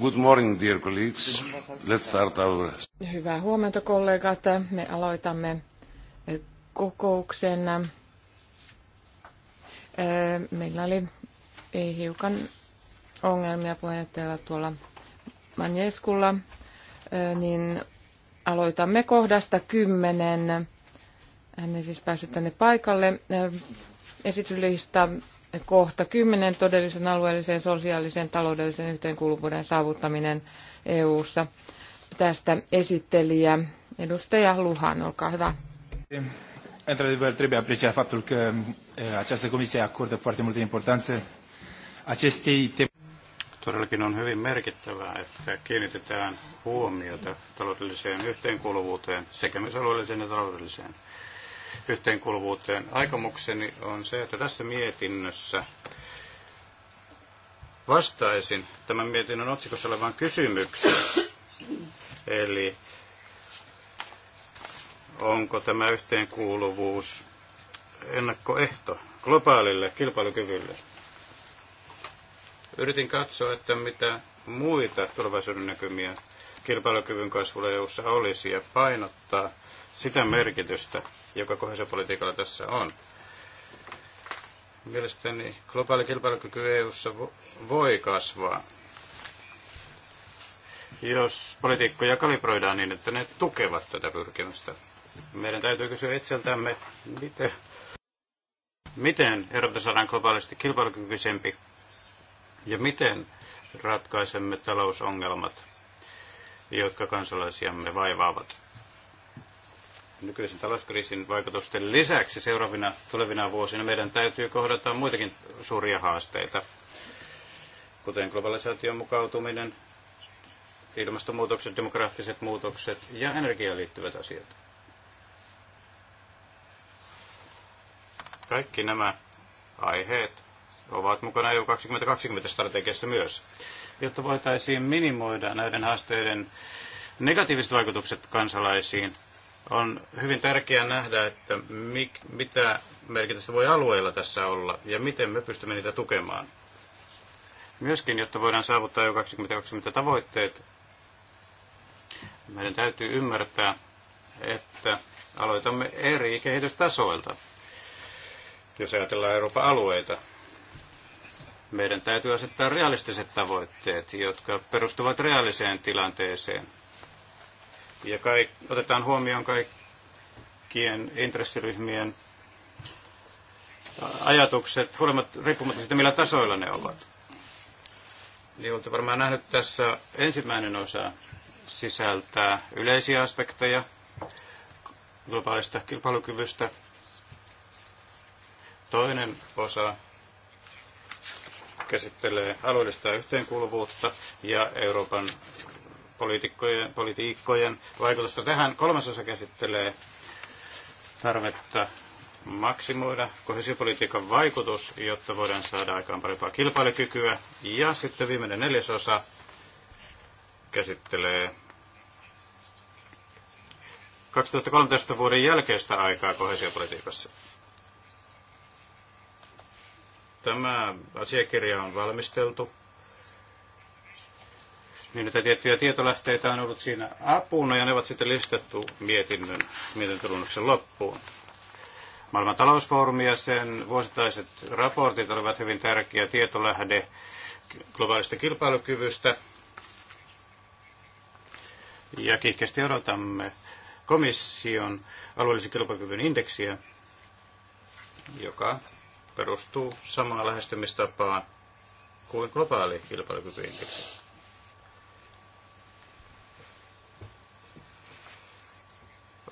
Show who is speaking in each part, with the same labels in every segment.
Speaker 1: Good morning, dear colleagues. Let's start our...
Speaker 2: Hyvää huomenta, kollegat. Me aloitamme eh, kokouksen. Eh, meillä oli hiukan ongelmia puheenjohtajalla tuolla Manjeskulla, eh, niin aloitamme kohdasta kymmenen. Hän ei siis päässyt tänne paikalle. Esityslista kohta 10 todellisen alueellisen, sosiaalisen, taloudellisen yhteenkuuluvuuden saavuttaminen EU-ssa. Tästä esittelijä edustaja Luhan, olkaa hyvä.
Speaker 3: Într-adevăr, trebuie apreciat
Speaker 4: faptul că eh, această comisie acordă foarte multă importanță acestei teme.
Speaker 3: Todellakin on hyvin merkittävää, että kiinnitetään huomiota taloudelliseen yhteenkuuluvuuteen sekä myös alueelliseen ja taloudelliseen yhteenkuuluvuuteen. Aikomukseni on se, että tässä mietinnössä vastaisin tämän mietinnön otsikossa olevaan kysymykseen. Eli onko tämä yhteenkuuluvuus ennakkoehto globaalille kilpailukyvylle? Yritin katsoa, että mitä muita tulevaisuuden näkymiä kilpailukyvyn kasvulla eu olisi ja painottaa sitä merkitystä, joka kohesiopolitiikalla tässä on. Mielestäni globaali kilpailukyky EU:ssa voi kasvaa, jos politiikkoja kalibroidaan niin, että ne tukevat tätä pyrkimystä. Meidän täytyy kysyä itseltämme, miten, miten Eurooppa saadaan globaalisti kilpailukykyisempi ja miten ratkaisemme talousongelmat, jotka kansalaisiamme vaivaavat nykyisen talouskriisin vaikutusten lisäksi seuraavina tulevina vuosina meidän täytyy kohdata muitakin suuria haasteita, kuten globalisaation mukautuminen, ilmastonmuutokset, demografiset muutokset ja energiaan liittyvät asiat. Kaikki nämä aiheet ovat mukana EU 2020-strategiassa myös, jotta voitaisiin minimoida näiden haasteiden negatiiviset vaikutukset kansalaisiin on hyvin tärkeää nähdä, että mik, mitä merkitystä voi alueilla tässä olla ja miten me pystymme niitä tukemaan. Myöskin, jotta voidaan saavuttaa jo 2020 tavoitteet, meidän täytyy ymmärtää, että aloitamme eri kehitystasoilta. Jos ajatellaan Euroopan alueita, meidän täytyy asettaa realistiset tavoitteet, jotka perustuvat reaaliseen tilanteeseen – ja kaik, otetaan huomioon kaikkien intressiryhmien ajatukset, huolimatta, riippumatta siitä, millä tasoilla ne ovat. Niin olette varmaan nähnyt tässä ensimmäinen osa sisältää yleisiä aspekteja globaalista kilpailukyvystä. Toinen osa käsittelee alueellista yhteenkuuluvuutta ja Euroopan poliitikkojen, politiikkojen vaikutusta tähän. Kolmasosa käsittelee tarvetta maksimoida kohesiopolitiikan vaikutus, jotta voidaan saada aikaan parempaa kilpailukykyä. Ja sitten viimeinen neljäsosa käsittelee 2013 vuoden jälkeistä aikaa kohesiopolitiikassa. Tämä asiakirja on valmisteltu niin näitä tiettyjä tietolähteitä on ollut siinä apuna ja ne ovat sitten listattu mietinnön, mietintöluonnoksen loppuun. Maailman talousfoorumi ja sen vuosittaiset raportit olivat hyvin tärkeä tietolähde globaalista kilpailukyvystä. Ja kiihkeästi odotamme komission alueellisen kilpailukyvyn indeksiä, joka perustuu samaan lähestymistapaan kuin globaali kilpailukykyindeksi.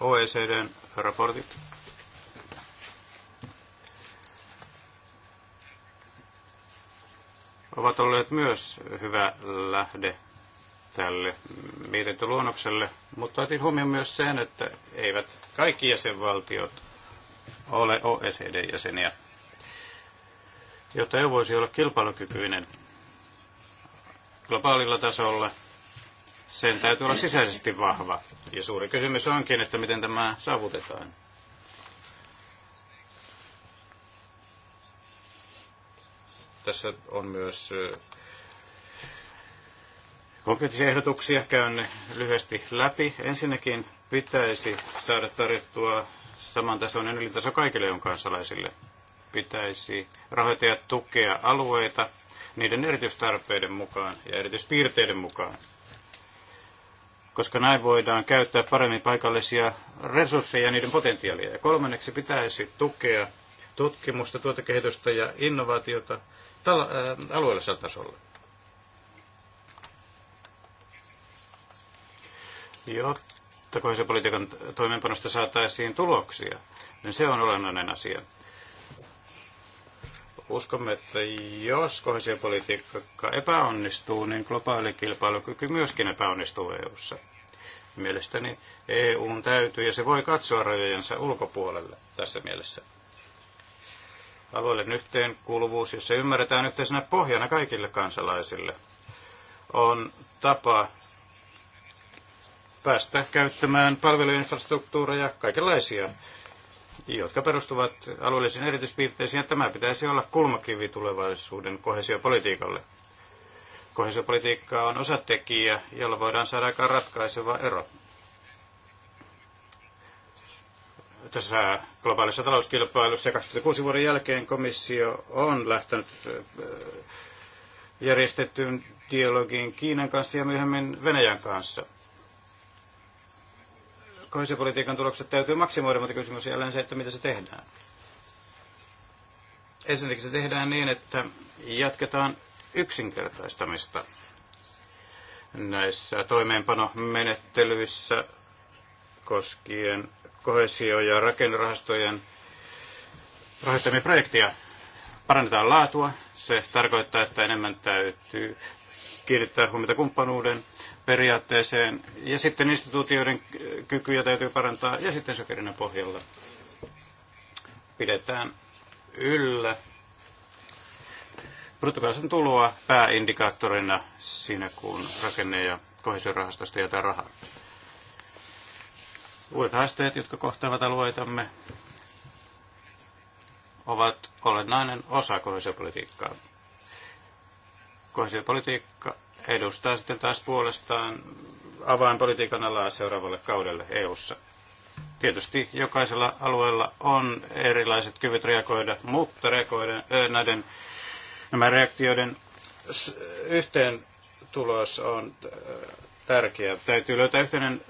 Speaker 3: OECDn raportit. ovat olleet myös hyvä lähde tälle mietintöluonnokselle, mutta otin huomioon myös sen, että eivät kaikki jäsenvaltiot ole OECD-jäseniä. Jotta EU voisi olla kilpailukykyinen globaalilla tasolla, sen täytyy olla sisäisesti vahva. Ja suuri kysymys onkin, että miten tämä saavutetaan. Tässä on myös konkreettisia ehdotuksia. Käyn ne lyhyesti läpi. Ensinnäkin pitäisi saada tarjottua saman tasoinen elintaso kaikille EUn kansalaisille. Pitäisi rahoittaa tukea alueita niiden erityistarpeiden mukaan ja erityispiirteiden mukaan koska näin voidaan käyttää paremmin paikallisia resursseja ja niiden potentiaalia. Ja kolmanneksi pitäisi tukea tutkimusta, tuotekehitystä ja innovaatiota tal- äh, alueellisella tasolla. Jotta kohdassa politiikan toimeenpanosta saataisiin tuloksia, niin se on olennainen asia. Uskomme, että jos kohesiopolitiikka epäonnistuu, niin globaali kilpailukyky myöskin epäonnistuu EU:ssa. Mielestäni EUn täytyy ja se voi katsoa rajojensa ulkopuolelle tässä mielessä. Alueellinen yhteenkuuluvuus, jossa ymmärretään yhteisenä pohjana kaikille kansalaisille, on tapa päästä käyttämään palveluinfrastruktuureja, kaikenlaisia jotka perustuvat alueellisiin erityispiirteisiin, ja tämä pitäisi olla kulmakivi tulevaisuuden kohesiopolitiikalle. Kohesiopolitiikka on osatekijä, jolla voidaan saada aika ratkaiseva ero. Tässä globaalissa talouskilpailussa 26 vuoden jälkeen komissio on lähtenyt äh, järjestettyyn dialogiin Kiinan kanssa ja myöhemmin Venäjän kanssa – kohesiopolitiikan tulokset täytyy maksimoida, mutta kysymys on jälleen se, että mitä se tehdään. Ensinnäkin se tehdään niin, että jatketaan yksinkertaistamista näissä toimeenpanomenettelyissä koskien kohesio- ja rakennerahastojen rahoittamia projekteja. Parannetaan laatua. Se tarkoittaa, että enemmän täytyy kiinnittää huomiota kumppanuuden periaatteeseen. Ja sitten instituutioiden kykyjä täytyy parantaa. Ja sitten sokerina pohjalla pidetään yllä bruttokansan tuloa pääindikaattorina siinä, kun rakenne- ja kohesiorahastosta jätetään rahaa. Uudet haasteet, jotka kohtaavat alueitamme, ovat olennainen osa kohesiopolitiikkaa. Kohesiopolitiikka edustaa sitten taas puolestaan avainpolitiikan alaa seuraavalle kaudelle EU:ssa. Tietysti jokaisella alueella on erilaiset kyvyt reagoida, mutta reagoiden, näiden, nämä reaktioiden yhteen tulos on tärkeä. Täytyy löytää yhteinen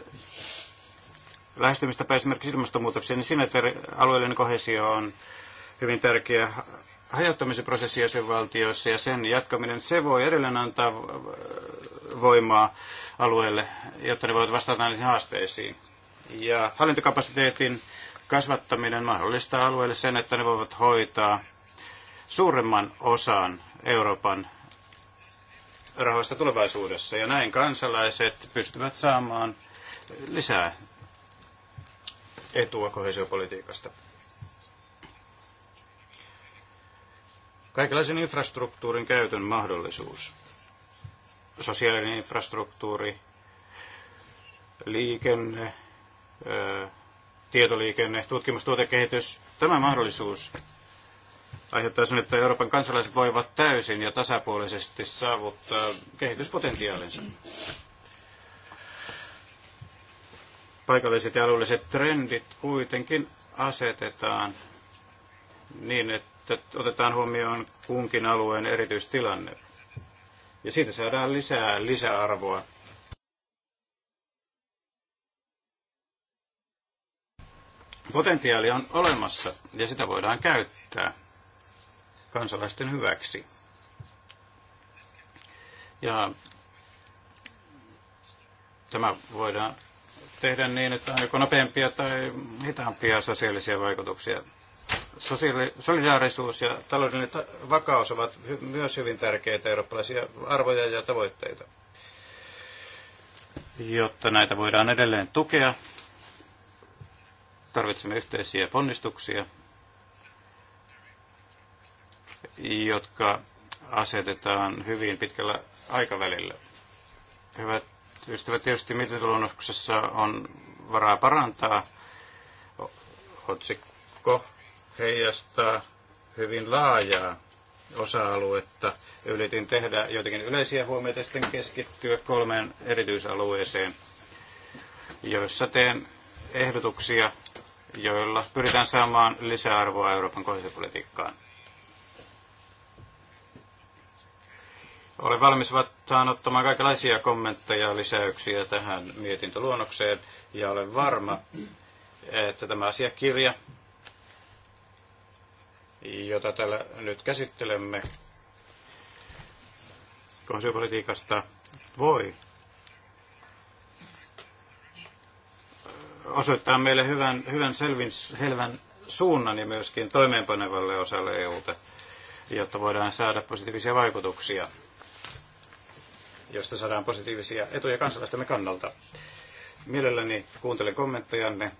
Speaker 3: lähestymistapa esimerkiksi ilmastonmuutokseen, niin siinä alueellinen kohesio on hyvin tärkeä hajauttamisen prosessi jäsenvaltioissa ja sen jatkaminen, se voi edelleen antaa voimaa alueelle, jotta ne voivat vastata näihin haasteisiin. Ja hallintokapasiteetin kasvattaminen mahdollistaa alueelle sen, että ne voivat hoitaa suuremman osan Euroopan rahoista tulevaisuudessa. Ja näin kansalaiset pystyvät saamaan lisää etua kohesiopolitiikasta. kaikenlaisen infrastruktuurin käytön mahdollisuus. Sosiaalinen infrastruktuuri, liikenne, tietoliikenne, tutkimustuotekehitys. Tämä mahdollisuus aiheuttaa sen, että Euroopan kansalaiset voivat täysin ja tasapuolisesti saavuttaa kehityspotentiaalinsa. Paikalliset ja alueelliset trendit kuitenkin asetetaan niin, että otetaan huomioon kunkin alueen erityistilanne. Ja siitä saadaan lisää lisäarvoa. Potentiaali on olemassa ja sitä voidaan käyttää kansalaisten hyväksi. Ja tämä voidaan tehdä niin, että on joko nopeampia tai hitaampia sosiaalisia vaikutuksia sosiaali- solidaarisuus ja taloudellinen vakaus ovat myös hyvin tärkeitä eurooppalaisia arvoja ja tavoitteita. Jotta näitä voidaan edelleen tukea, tarvitsemme yhteisiä ponnistuksia, jotka asetetaan hyvin pitkällä aikavälillä. Hyvät ystävät, tietysti mietintöluonnoksessa on varaa parantaa otsikko heijastaa hyvin laajaa osa-aluetta. Yritin tehdä joitakin yleisiä huomioita ja sitten keskittyä kolmeen erityisalueeseen, joissa teen ehdotuksia, joilla pyritään saamaan lisäarvoa Euroopan kohdistopolitiikkaan. Olen valmis ottamaan kaikenlaisia kommentteja ja lisäyksiä tähän mietintöluonnokseen ja olen varma, että tämä asiakirja jota täällä nyt käsittelemme kohesiopolitiikasta, voi osoittaa meille hyvän, hyvän selvin, selvän suunnan ja myöskin toimeenpanevalle osalle EUta, jotta voidaan saada positiivisia vaikutuksia, josta saadaan positiivisia etuja kansalaistemme kannalta. Mielelläni kuuntelen kommenttejanne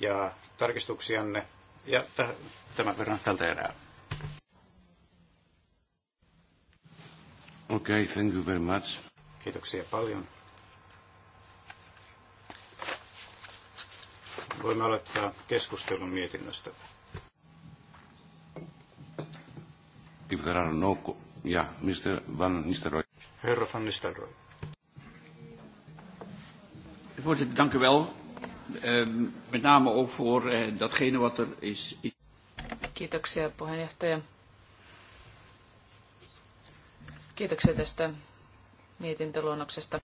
Speaker 3: ja tarkistuksianne. Ja t- tämän verran tältä erää.
Speaker 1: Okay, thank you very much.
Speaker 3: Kiitoksia paljon. Voimme aloittaa keskustelun mietinnöstä.
Speaker 1: If there are no... Yeah, Mr. Van Nistelrooy.
Speaker 4: Herra Van Nistelrooy. Voorzitter, dank u wel. Ehm, met name ook voor eh, datgene wat er is.
Speaker 5: Kiitoksia puheenjohtaja. Kiitoksia tästä mietintöluonnoksesta.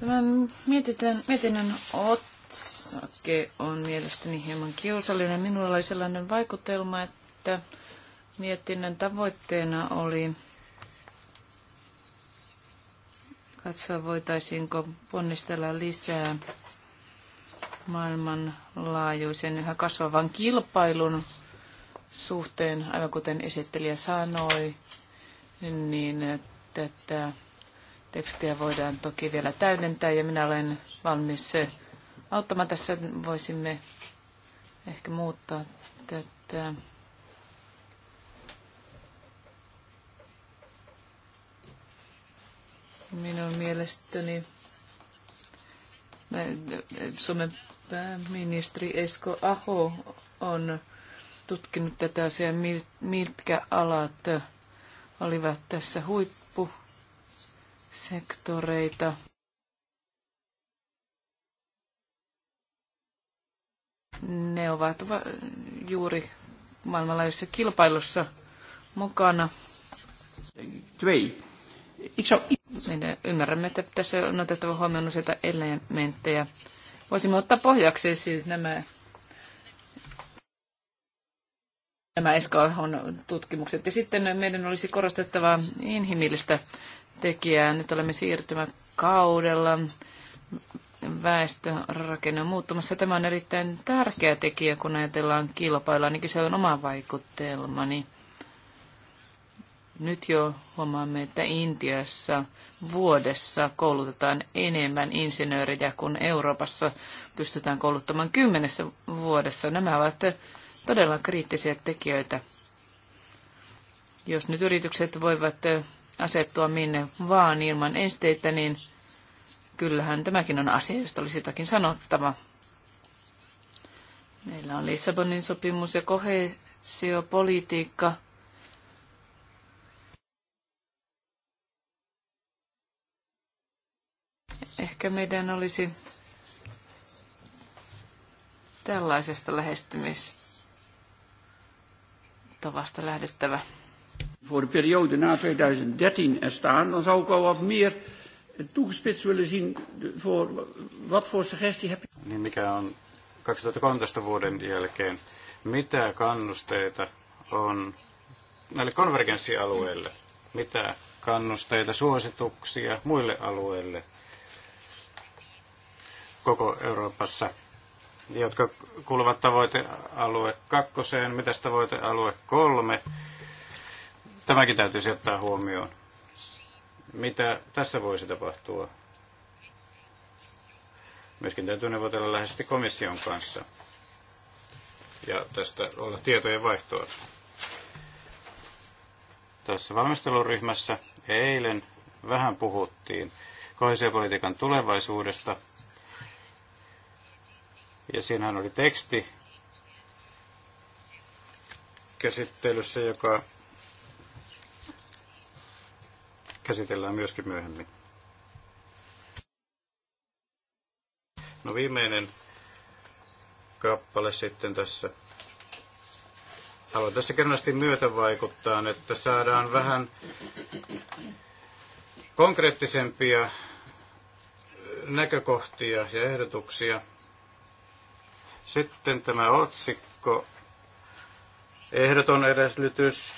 Speaker 5: Tämän mietitön, mietinnön otsake on mielestäni hieman kiusallinen. Minulla oli sellainen vaikutelma, että mietinnön tavoitteena oli katsoa, voitaisiinko ponnistella lisää maailmanlaajuisen yhä kasvavan kilpailun suhteen, aivan kuten esittelijä sanoi, niin tätä tekstiä voidaan toki vielä täydentää ja minä olen valmis auttamaan tässä. Voisimme ehkä muuttaa tätä Minun mielestäni Suomen pääministeri Esko Aho on tutkinut tätä asiaa, mitkä alat olivat tässä huippusektoreita. Ne ovat juuri maailmanlaajuisessa kilpailussa mukana. Twee. Meidän ymmärrämme, että tässä on otettava huomioon useita elementtejä. Voisimme ottaa pohjaksi siis nämä, nämä SKHn tutkimukset. Ja sitten meidän olisi korostettava inhimillistä tekijää. Nyt olemme siirtymäkaudella. Väestörakenne on muuttumassa. Tämä on erittäin tärkeä tekijä, kun ajatellaan kilpailla, Ainakin se on oma vaikutelmani. Niin nyt jo huomaamme, että Intiassa vuodessa koulutetaan enemmän insinöörejä kuin Euroopassa pystytään kouluttamaan kymmenessä vuodessa. Nämä ovat todella kriittisiä tekijöitä. Jos nyt yritykset voivat asettua minne vaan ilman esteitä, niin kyllähän tämäkin on asia, josta olisi jotakin sanottava. Meillä on Lissabonin sopimus ja kohesiopolitiikka. politiikka Ehkä meidän olisi tällaisesta lähestymistavasta lähdettävä.
Speaker 4: Voor de periode na 2013 er staan, dan zou ik wel wat meer toegespitst willen zien voor wat voor suggestie heb je. Niin mikä on 2013 vuoden jälkeen,
Speaker 3: mitä kannusteita on näille konvergenssialueille, mitä kannusteita, suosituksia muille alueille koko Euroopassa, jotka kuuluvat tavoitealue kakkoseen. Mitäs tavoitealue kolme? Tämäkin täytyisi ottaa huomioon. Mitä tässä voisi tapahtua? Myöskin täytyy neuvotella läheisesti komission kanssa ja tästä olla tietojen vaihtoa. Tässä valmisteluryhmässä eilen vähän puhuttiin kohesiopolitiikan tulevaisuudesta – ja siinähän oli teksti käsittelyssä, joka käsitellään myöskin myöhemmin. No viimeinen kappale sitten tässä. Haluan tässä kerrallisesti myötä vaikuttaa, että saadaan vähän konkreettisempia näkökohtia ja ehdotuksia sitten tämä otsikko, ehdoton edellytys,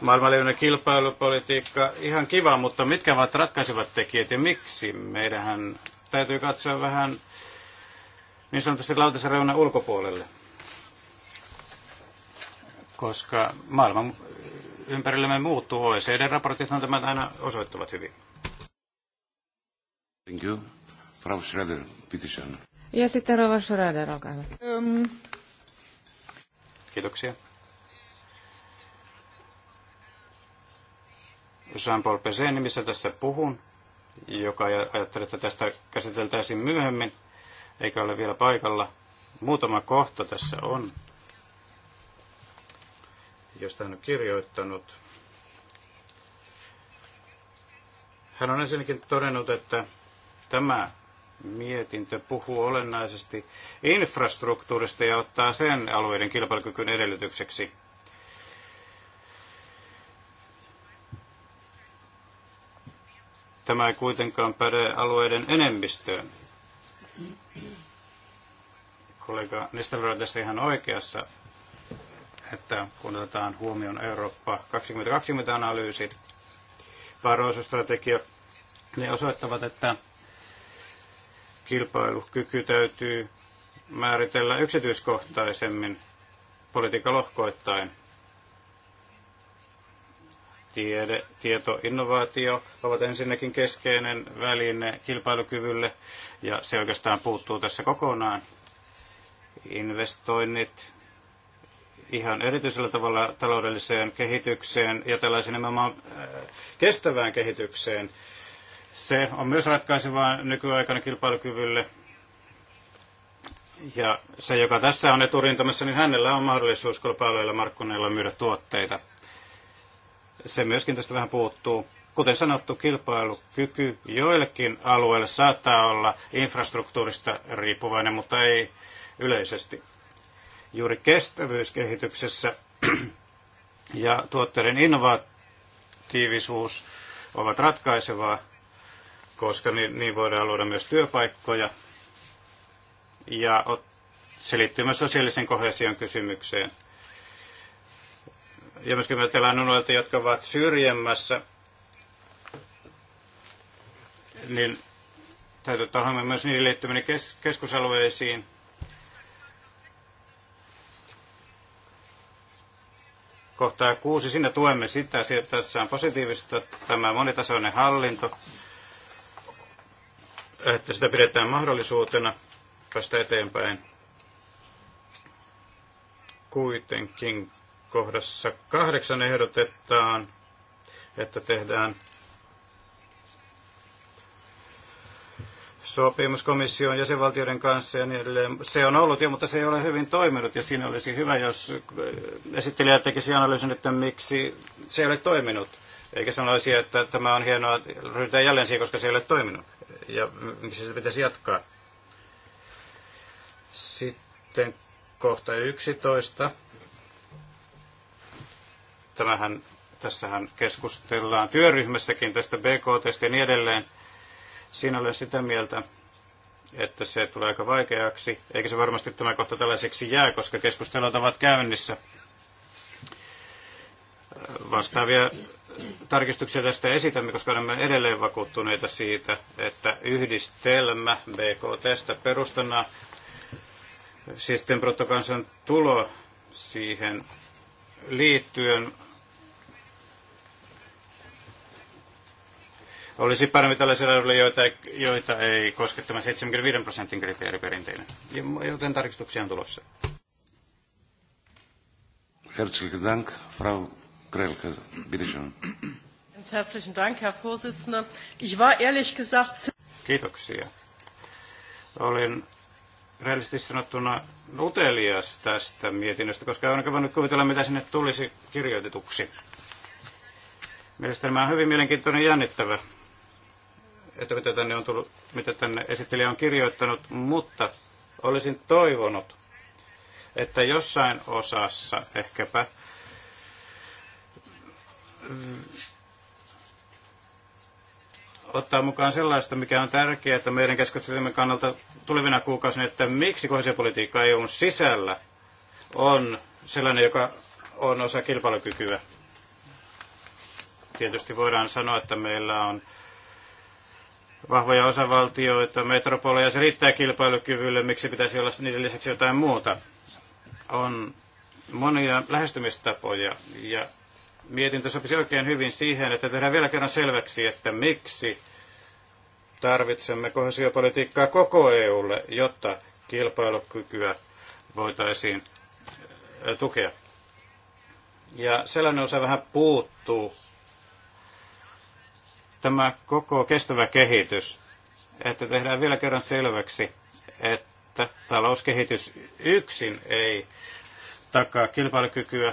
Speaker 3: maailmanlaajuinen kilpailupolitiikka, ihan kiva, mutta mitkä ovat ratkaisevat tekijät ja miksi? Meidän täytyy katsoa vähän niin sanotusti lautasreunan ulkopuolelle, koska maailman ympärillämme muuttuu.
Speaker 1: OECD-raportithan tämän aina osoittavat hyvin. Thank you. Frau Schröder, petition.
Speaker 2: Ja sitten Rova Schröder, olkaa hyvä.
Speaker 4: Um.
Speaker 1: Kiitoksia.
Speaker 3: Jean-Paul Peseen nimissä tässä puhun, joka ajattelee, että tästä käsiteltäisiin myöhemmin, eikä ole vielä paikalla. Muutama kohta tässä on, josta hän on kirjoittanut. Hän on ensinnäkin todennut, että tämä mietintö puhuu olennaisesti infrastruktuurista ja ottaa sen alueiden kilpailukykyyn edellytykseksi. Tämä ei kuitenkaan päde alueiden enemmistöön. Kollega Nistelrö tässä ihan oikeassa, että kun otetaan huomioon Eurooppa 2020-analyysi, varoisuusstrategia, ne osoittavat, että kilpailukyky täytyy määritellä yksityiskohtaisemmin politiikalohkoittain. Tiede, tieto, innovaatio ovat ensinnäkin keskeinen väline kilpailukyvylle ja se oikeastaan puuttuu tässä kokonaan. Investoinnit ihan erityisellä tavalla taloudelliseen kehitykseen ja tällaisen nimenomaan kestävään kehitykseen – se on myös ratkaisevaa nykyaikana kilpailukyvylle. Ja se, joka tässä on eturintamassa, niin hänellä on mahdollisuus kilpailuilla markkinoilla myydä tuotteita. Se myöskin tästä vähän puuttuu. Kuten sanottu, kilpailukyky joillekin alueille saattaa olla infrastruktuurista riippuvainen, mutta ei yleisesti. Juuri kestävyyskehityksessä ja tuotteiden innovatiivisuus ovat ratkaisevaa koska niin, niin voidaan luoda myös työpaikkoja. Ja se liittyy myös sosiaalisen kohesion kysymykseen. Ja myöskin ajatellaan nunoilta, jotka ovat syrjemmässä, niin täytyy ottaa huomioon myös niiden liittyminen kes- keskusalueisiin. Kohtaa kuusi, siinä tuemme sitä, että tässä on positiivista tämä monitasoinen hallinto, että sitä pidetään mahdollisuutena päästä eteenpäin. Kuitenkin kohdassa kahdeksan ehdotetaan, että tehdään sopimus komission jäsenvaltioiden kanssa ja niin edelleen. Se on ollut jo, mutta se ei ole hyvin toiminut ja siinä olisi hyvä, jos esittelijä tekisi analyysin, että miksi se ei ole toiminut. Eikä sanoisi, että tämä on hienoa ryhdytään jälleen siihen, koska se ei ole toiminut ja miksi sitä pitäisi jatkaa. Sitten kohta 11. Tämähän, tässähän keskustellaan työryhmässäkin tästä BKT ja niin edelleen. Siinä olen sitä mieltä, että se tulee aika vaikeaksi, eikä se varmasti tämä kohta tällaiseksi jää, koska keskustelut ovat käynnissä. Vastaavia tarkistuksia tästä esitämme, koska olemme edelleen vakuuttuneita siitä, että yhdistelmä BKTstä perustana, siis bruttokansan tulo siihen liittyen, olisi paremmin tällaisilla alueilla, joita, ei, joita ei koske tämä 75 prosentin kriteeri perinteinen. Joten tarkistuksia on tulossa.
Speaker 1: Herzlichen Dank, Frau Grelke,
Speaker 5: Herzlichen Dank, Herr Vorsitzender. Ich war ehrlich gesagt...
Speaker 1: Kiitoksia.
Speaker 3: Olin rehellisesti sanottuna utelias tästä mietinnöstä, koska en ole voinut kuvitella, mitä sinne tulisi kirjoitetuksi. Mielestäni tämä on hyvin mielenkiintoinen ja jännittävä, että mitä tänne, on tullut, mitä tänne esittelijä on kirjoittanut, mutta olisin toivonut, että jossain osassa ehkäpä ottaa mukaan sellaista, mikä on tärkeää, että meidän keskustelimme kannalta tulevina kuukausina, että miksi kohesiopolitiikka EUn sisällä on sellainen, joka on osa kilpailukykyä. Tietysti voidaan sanoa, että meillä on vahvoja osavaltioita, metropoleja, se riittää kilpailukyvylle, miksi pitäisi olla niiden lisäksi jotain muuta. On monia lähestymistapoja ja mietintö sopisi oikein hyvin siihen, että tehdään vielä kerran selväksi, että miksi tarvitsemme kohesiopolitiikkaa koko EUlle, jotta kilpailukykyä voitaisiin tukea. Ja sellainen osa vähän puuttuu, tämä koko kestävä kehitys, että tehdään vielä kerran selväksi, että talouskehitys yksin ei takaa kilpailukykyä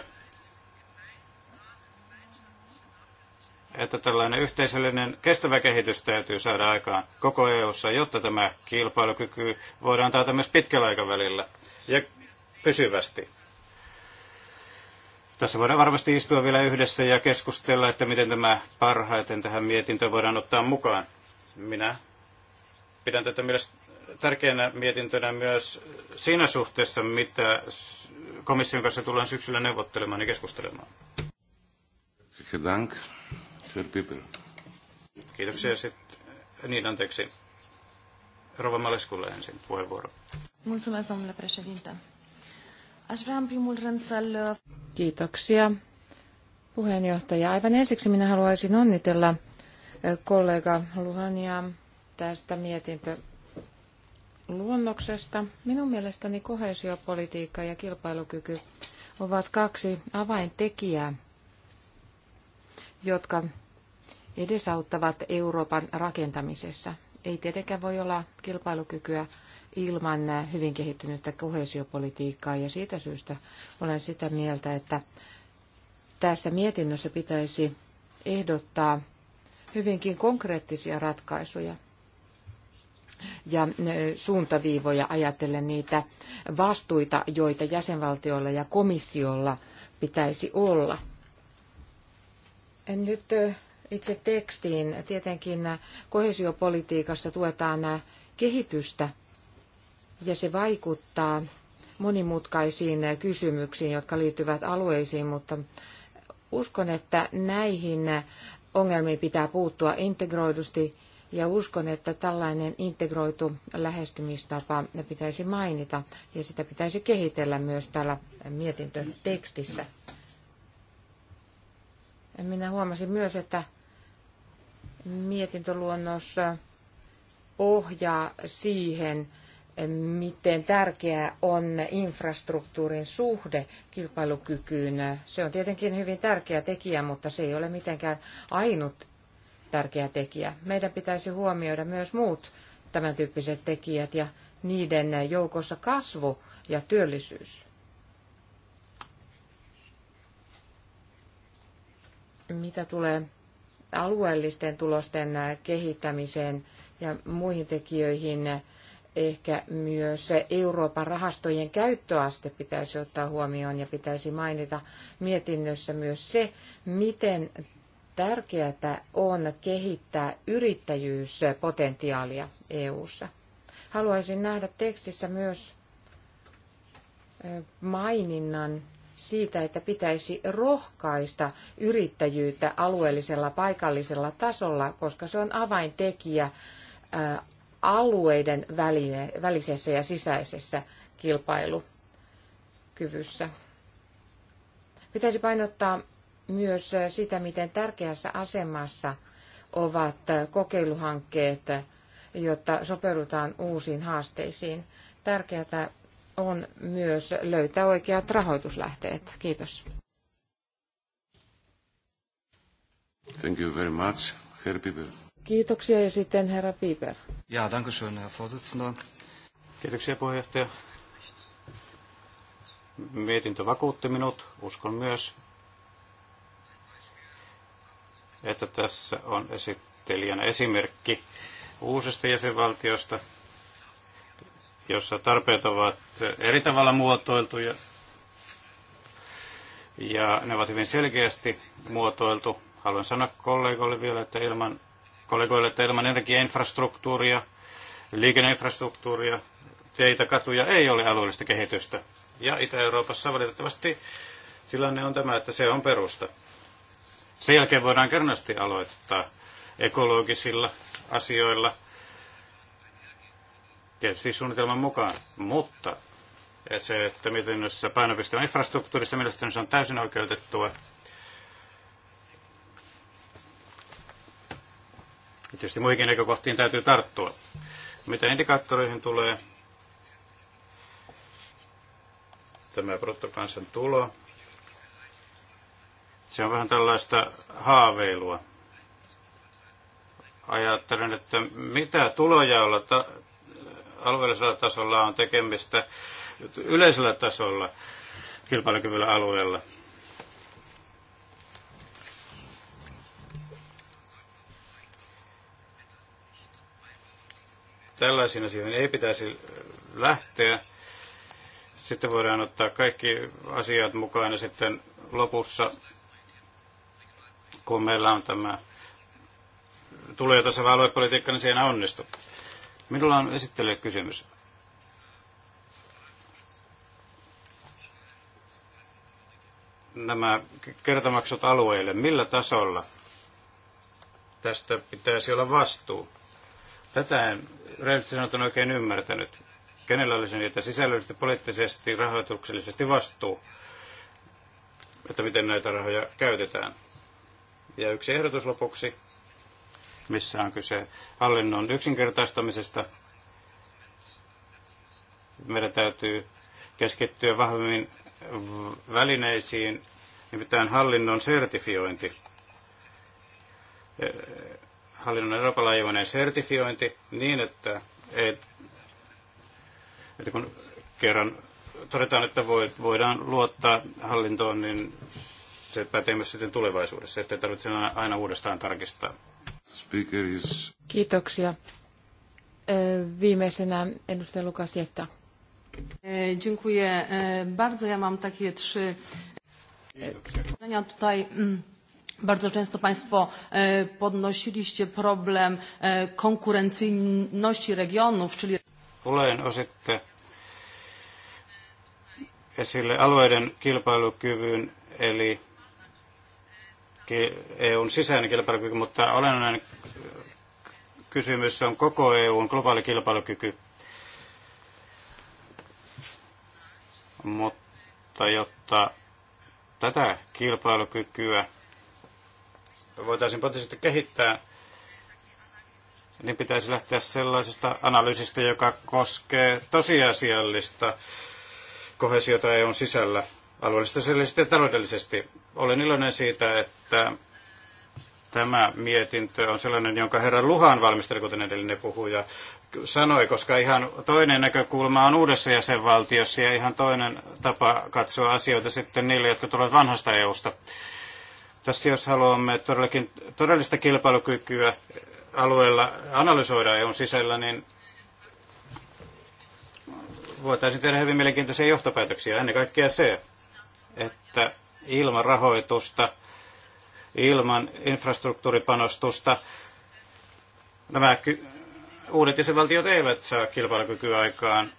Speaker 3: että tällainen yhteisöllinen kestävä kehitys täytyy saada aikaan koko EU:ssa, jotta tämä kilpailukyky voidaan taata myös pitkällä aikavälillä ja pysyvästi. Tässä voidaan varmasti istua vielä yhdessä ja keskustella, että miten tämä parhaiten tähän mietintöön voidaan ottaa mukaan. Minä pidän tätä myös tärkeänä mietintönä myös siinä suhteessa, mitä komission kanssa tullaan syksyllä neuvottelemaan ja keskustelemaan. Sir Pippen. Kiitoksia sitten. Niin, anteeksi. Rova Maleskulle ensin puheenvuoro.
Speaker 2: Mulțumesc, domnule președinte. Aș vrea în primul rând să-l... Kiitoksia, puheenjohtaja. Aivan ensiksi minä haluaisin onnitella eh, kollega Luhania tästä mietintö luonnoksesta. Minun mielestäni kohesiopolitiikka ja kilpailukyky ovat kaksi avaintekijää jotka edesauttavat Euroopan rakentamisessa. Ei tietenkään voi olla kilpailukykyä ilman hyvin kehittynyttä kohesiopolitiikkaa ja siitä syystä olen sitä mieltä, että tässä mietinnössä pitäisi ehdottaa hyvinkin konkreettisia ratkaisuja ja suuntaviivoja ajatellen niitä vastuita, joita jäsenvaltioilla ja komissiolla pitäisi olla – nyt itse tekstiin. Tietenkin kohesiopolitiikassa tuetaan kehitystä ja se vaikuttaa monimutkaisiin kysymyksiin, jotka liittyvät alueisiin, mutta uskon, että näihin ongelmiin pitää puuttua integroidusti ja uskon, että tällainen integroitu lähestymistapa pitäisi mainita ja sitä pitäisi kehitellä myös täällä mietintötekstissä. Minä huomasin myös, että mietintöluonnos ohjaa siihen, miten tärkeää on infrastruktuurin suhde kilpailukykyyn. Se on tietenkin hyvin tärkeä tekijä, mutta se ei ole mitenkään ainut tärkeä tekijä. Meidän pitäisi huomioida myös muut tämän tyyppiset tekijät ja niiden joukossa kasvu ja työllisyys. Mitä tulee alueellisten tulosten kehittämiseen ja muihin tekijöihin, ehkä myös Euroopan rahastojen käyttöaste pitäisi ottaa huomioon ja pitäisi mainita mietinnössä myös se, miten tärkeää on kehittää yrittäjyyspotentiaalia EU:ssa. Haluaisin nähdä tekstissä myös maininnan siitä, että pitäisi rohkaista yrittäjyyttä alueellisella paikallisella tasolla, koska se on avaintekijä alueiden väline, välisessä ja sisäisessä kilpailukyvyssä. Pitäisi painottaa myös sitä, miten tärkeässä asemassa ovat kokeiluhankkeet, jotta sopeudutaan uusiin haasteisiin. Tärkeää on myös löytää oikeat rahoituslähteet. Kiitos.
Speaker 1: Thank you very much, Herr Piper.
Speaker 2: Kiitoksia ja sitten herra Piper.
Speaker 1: Ja, danke schön, Herr
Speaker 3: Vorsitzender. Kiitoksia puheenjohtaja. Mietintö vakuutti minut, uskon myös, että tässä on esittelijän esimerkki uusista jäsenvaltiosta, jossa tarpeet ovat eri tavalla muotoiltuja ja ne ovat hyvin selkeästi muotoiltu. Haluan sanoa kollegoille vielä, että ilman, kollegoille, että ilman energiainfrastruktuuria, liikenneinfrastruktuuria, teitä, katuja ei ole alueellista kehitystä. Ja Itä-Euroopassa valitettavasti tilanne on tämä, että se on perusta. Sen jälkeen voidaan kernasti aloittaa ekologisilla asioilla – tietysti suunnitelman mukaan, mutta se, että miten painopiste on infrastruktuurissa, mielestäni se on täysin oikeutettua. Tietysti muihinkin näkökohtiin täytyy tarttua. Mitä indikaattoreihin tulee, tämä bruttokansan tulo, se on vähän tällaista haaveilua. Ajattelen, että mitä tulojaolla alueellisella tasolla on tekemistä yleisellä tasolla kilpailukyvyllä alueella. Tällaisiin asioihin ei pitäisi lähteä. Sitten voidaan ottaa kaikki asiat mukaan ja sitten lopussa, kun meillä on tämä tulee tasava aluepolitiikka, niin siinä onnistu. Minulla on esittelyä kysymys. Nämä kertomaksut alueille, millä tasolla tästä pitäisi olla vastuu? Tätä en rehellisesti sanottuna oikein ymmärtänyt. Kenellä olisi niitä sisällöllisesti, poliittisesti, rahoituksellisesti vastuu, että miten näitä rahoja käytetään. Ja yksi ehdotus lopuksi missä on kyse hallinnon yksinkertaistamisesta. Meidän täytyy keskittyä vahvemmin välineisiin, nimittäin hallinnon sertifiointi. Hallinnon Euroopan laajuinen sertifiointi niin, että, ei, että kun kerran todetaan, että voidaan luottaa hallintoon, niin se pätee myös sitten tulevaisuudessa, ettei tarvitse aina uudestaan
Speaker 1: tarkistaa. Speaker is...
Speaker 2: Kiitoksia. Viimeisenä edustaja Lukas Jefta. E, dziękuję e, bardzo. Ja mam takie trzy pytania tutaj. Mm, bardzo często Państwo e, podnosiliście problem konkurencyjności regionów, czyli...
Speaker 3: Olen ositte esille alueiden kilpailukyvyn, eli EUn sisäinen kilpailukyky, mutta olennainen kysymys on koko EUn globaali kilpailukyky. Mutta jotta tätä kilpailukykyä voitaisiin potisesti kehittää, niin pitäisi lähteä sellaisesta analyysistä, joka koskee tosiasiallista kohesiota EUn sisällä alueellisesti, sosiaalisesti ja taloudellisesti. Olen iloinen siitä, että tämä mietintö on sellainen, jonka herra Luhan valmisteli, kuten edellinen puhuja sanoi, koska ihan toinen näkökulma on uudessa jäsenvaltiossa ja ihan toinen tapa katsoa asioita sitten niille, jotka tulevat vanhasta EUsta. Tässä jos haluamme todellakin todellista kilpailukykyä alueella analysoida EUn sisällä, niin voitaisiin tehdä hyvin mielenkiintoisia johtopäätöksiä. Ennen kaikkea se, että ilman rahoitusta, ilman infrastruktuuripanostusta. Nämä uudet jäsenvaltiot eivät saa kilpailukykyä aikaan.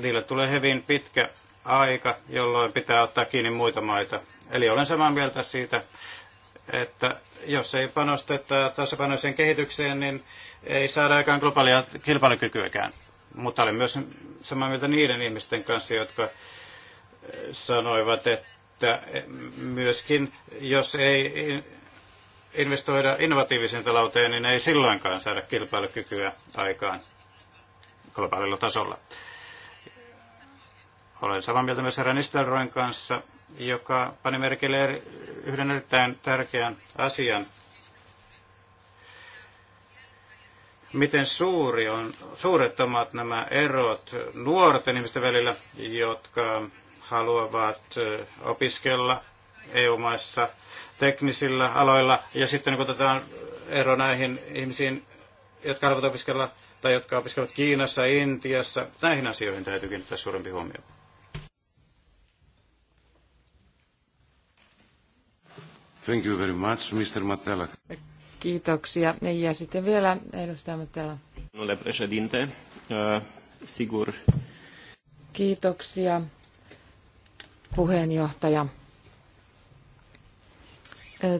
Speaker 3: Niille tulee hyvin pitkä aika, jolloin pitää ottaa kiinni muita maita. Eli olen samaa mieltä siitä, että jos ei panosteta tasapainoiseen kehitykseen, niin ei saada aikaan globaalia kilpailukykyäkään. Mutta olen myös samaa mieltä niiden ihmisten kanssa, jotka sanoivat, että myöskin jos ei investoida innovatiiviseen talouteen, niin ei silloinkaan saada kilpailukykyä aikaan globaalilla tasolla. Olen samaa mieltä myös herra kanssa, joka pani merkille yhden erittäin tärkeän asian. Miten suuri on, suuret ovat nämä erot nuorten ihmisten välillä, jotka haluavat opiskella EU-maissa teknisillä aloilla. Ja sitten kun otetaan ero näihin ihmisiin, jotka haluavat opiskella tai jotka opiskelevat Kiinassa, Intiassa, näihin asioihin täytyy kiinnittää suurempi huomio.
Speaker 1: Thank you very much, Mr. Matella.
Speaker 2: Kiitoksia. Niin, ja sitten vielä edustaja Matella. Sigur. Kiitoksia puheenjohtaja.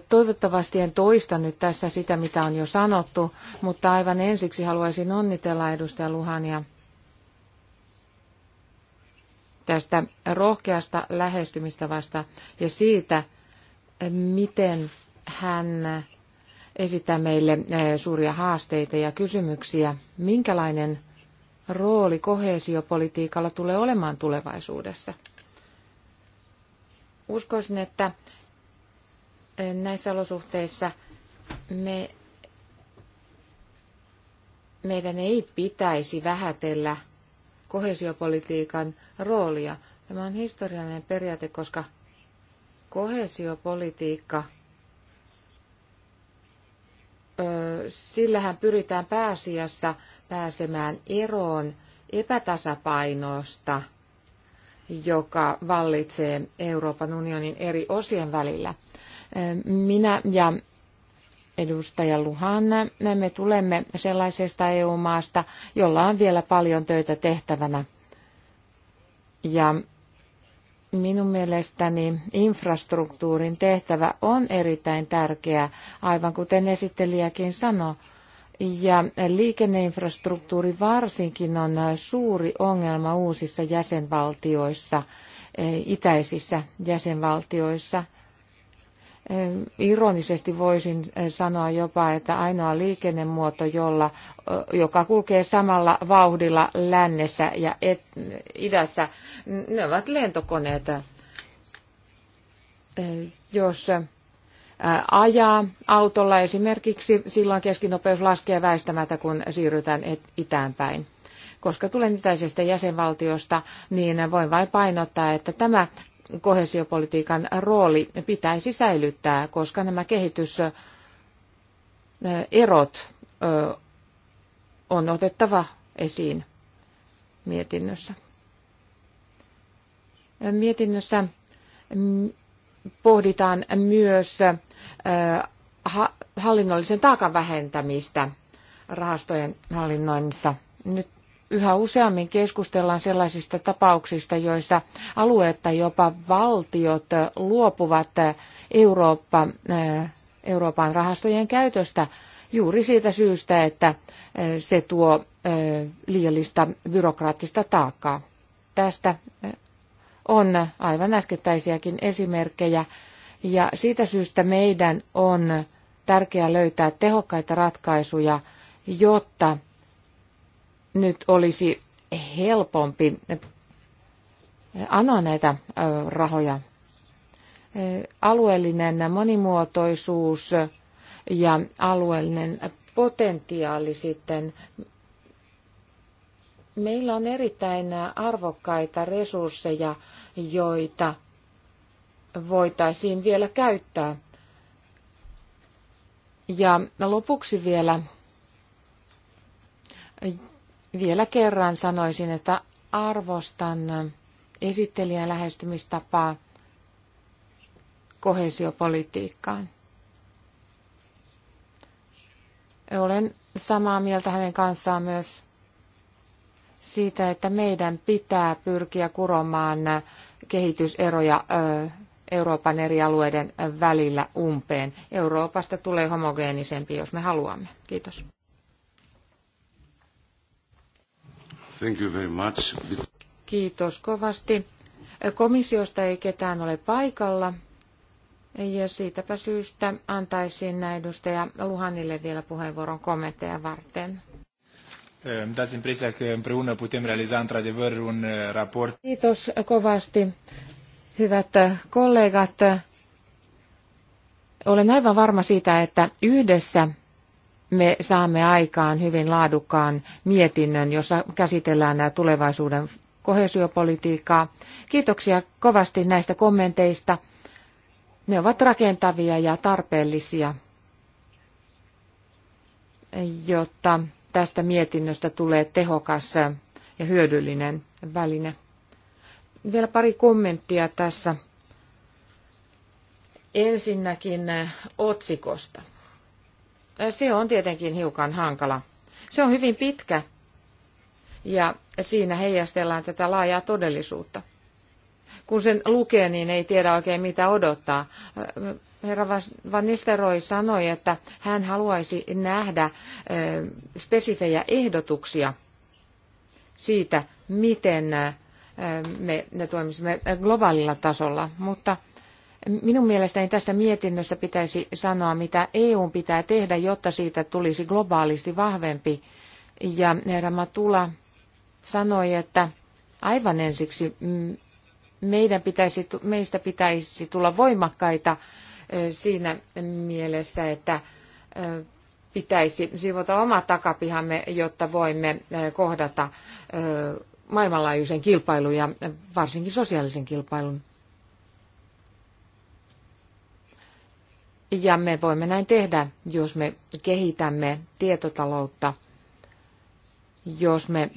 Speaker 2: Toivottavasti en toista nyt tässä sitä, mitä on jo sanottu, mutta aivan ensiksi haluaisin onnitella edustaja Luhania tästä rohkeasta lähestymistavasta ja siitä, miten hän esittää meille suuria haasteita ja kysymyksiä. Minkälainen rooli koheesiopolitiikalla tulee olemaan tulevaisuudessa? uskoisin, että eh, näissä olosuhteissa me, meidän ei pitäisi vähätellä kohesiopolitiikan roolia. Tämä on historiallinen periaate, koska kohesiopolitiikka, sillähän pyritään pääasiassa pääsemään eroon epätasapainosta – joka vallitsee Euroopan unionin eri osien välillä. Minä ja edustaja Luhan, me tulemme sellaisesta EU-maasta, jolla on vielä paljon töitä tehtävänä. Ja minun mielestäni infrastruktuurin tehtävä on erittäin tärkeä, aivan kuten esittelijäkin sanoi. Ja liikenneinfrastruktuuri varsinkin on suuri ongelma uusissa jäsenvaltioissa, eh, itäisissä jäsenvaltioissa. Eh, ironisesti voisin eh, sanoa jopa, että ainoa liikennemuoto, jolla, joka kulkee samalla vauhdilla lännessä ja et, idässä, ne ovat lentokoneet. Jos ajaa autolla esimerkiksi silloin keskinopeus laskee väistämättä, kun siirrytään itään päin. Koska tulen itäisestä jäsenvaltiosta, niin voin vain painottaa, että tämä kohesiopolitiikan rooli pitäisi säilyttää, koska nämä kehityserot on otettava esiin mietinnössä. Mietinnössä pohditaan myös hallinnollisen taakan vähentämistä rahastojen hallinnoinnissa. Nyt yhä useammin keskustellaan sellaisista tapauksista, joissa alueet tai jopa valtiot luopuvat Eurooppa, Euroopan rahastojen käytöstä juuri siitä syystä, että se tuo liiallista byrokraattista taakkaa. Tästä on aivan äskettäisiäkin esimerkkejä. Ja siitä syystä meidän on tärkeää löytää tehokkaita ratkaisuja, jotta nyt olisi helpompi anoa näitä rahoja. Alueellinen monimuotoisuus ja alueellinen potentiaali sitten Meillä on erittäin arvokkaita resursseja, joita voitaisiin vielä käyttää. Ja lopuksi vielä, vielä kerran sanoisin, että arvostan esittelijän lähestymistapaa kohesiopolitiikkaan. Olen samaa mieltä hänen kanssaan myös siitä, että meidän pitää pyrkiä kuromaan kehityseroja Euroopan eri alueiden välillä umpeen. Euroopasta tulee homogeenisempi, jos me haluamme. Kiitos.
Speaker 1: Thank you very much.
Speaker 2: Kiitos kovasti. Komissiosta ei ketään ole paikalla. Ja siitäpä syystä antaisin edustaja Luhanille vielä puheenvuoron kommentteja varten.
Speaker 4: Ehm, dați
Speaker 3: impresia că împreună putem realiza într-adevăr un eh, raport.
Speaker 2: Kiitos kovasti, hyvät eh, kollegat. Olen aivan varma siitä, että yhdessä me saamme aikaan hyvin laadukkaan mietinnön, jossa käsitellään nämä tulevaisuuden kohesiopolitiikkaa. Kiitoksia kovasti näistä kommenteista. Ne ovat rakentavia ja tarpeellisia, jotta tästä mietinnöstä tulee tehokas ja hyödyllinen väline. Vielä pari kommenttia tässä. Ensinnäkin otsikosta. Se on tietenkin hiukan hankala. Se on hyvin pitkä ja siinä heijastellaan tätä laajaa todellisuutta. Kun sen lukee, niin ei tiedä oikein mitä odottaa herra Van Nistelrooy sanoi, että hän haluaisi nähdä spesifejä ehdotuksia siitä, miten me, me toimisimme globaalilla tasolla, mutta minun mielestäni tässä mietinnössä pitäisi sanoa, mitä EU pitää tehdä, jotta siitä tulisi globaalisti vahvempi. Ja herra Matula sanoi, että aivan ensiksi meidän pitäisi, meistä pitäisi tulla voimakkaita siinä mielessä, että pitäisi siivota oma takapihamme, jotta voimme kohdata maailmanlaajuisen kilpailun ja varsinkin sosiaalisen kilpailun. Ja me voimme näin tehdä, jos me kehitämme tietotaloutta, jos me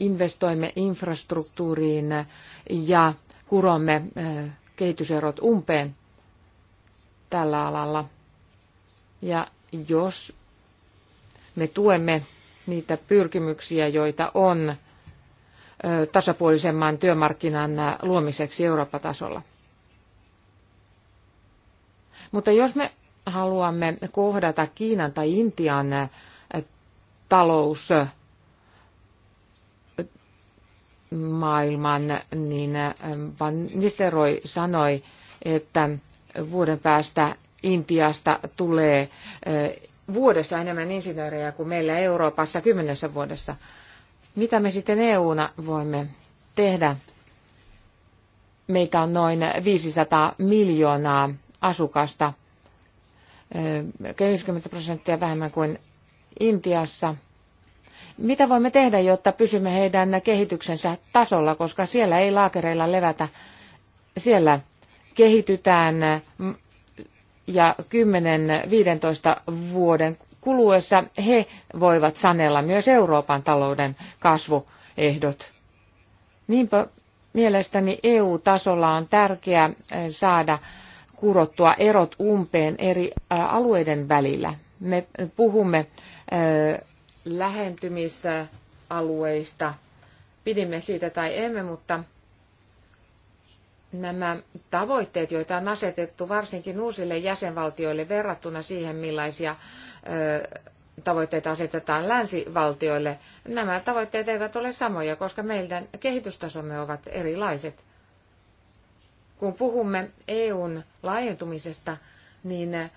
Speaker 2: investoimme infrastruktuuriin ja kuromme kehityserot umpeen tällä alalla. Ja jos me tuemme niitä pyrkimyksiä, joita on tasapuolisemman työmarkkinan luomiseksi Euroopan tasolla. Mutta jos me haluamme kohdata Kiinan tai Intian talous maailman, niin Van Nisteroi sanoi, että vuoden päästä Intiasta tulee vuodessa enemmän insinöörejä kuin meillä Euroopassa kymmenessä vuodessa. Mitä me sitten EU: EU-na voimme tehdä? Meitä on noin 500 miljoonaa asukasta, 90 prosenttia vähemmän kuin Intiassa. Mitä voimme tehdä, jotta pysymme heidän kehityksensä tasolla, koska siellä ei laakereilla levätä. Siellä kehitytään ja 10-15 vuoden kuluessa he voivat sanella myös Euroopan talouden kasvuehdot. Niinpä mielestäni EU-tasolla on tärkeää eh, saada kurottua erot umpeen eri eh, alueiden välillä. Me puhumme eh, lähentymisalueista, pidimme siitä tai emme, mutta nämä tavoitteet, joita on asetettu varsinkin uusille jäsenvaltioille verrattuna siihen, millaisia tavoitteita asetetaan länsivaltioille, nämä tavoitteet eivät ole samoja, koska meidän kehitystasomme ovat erilaiset. Kun puhumme EUn laajentumisesta, niin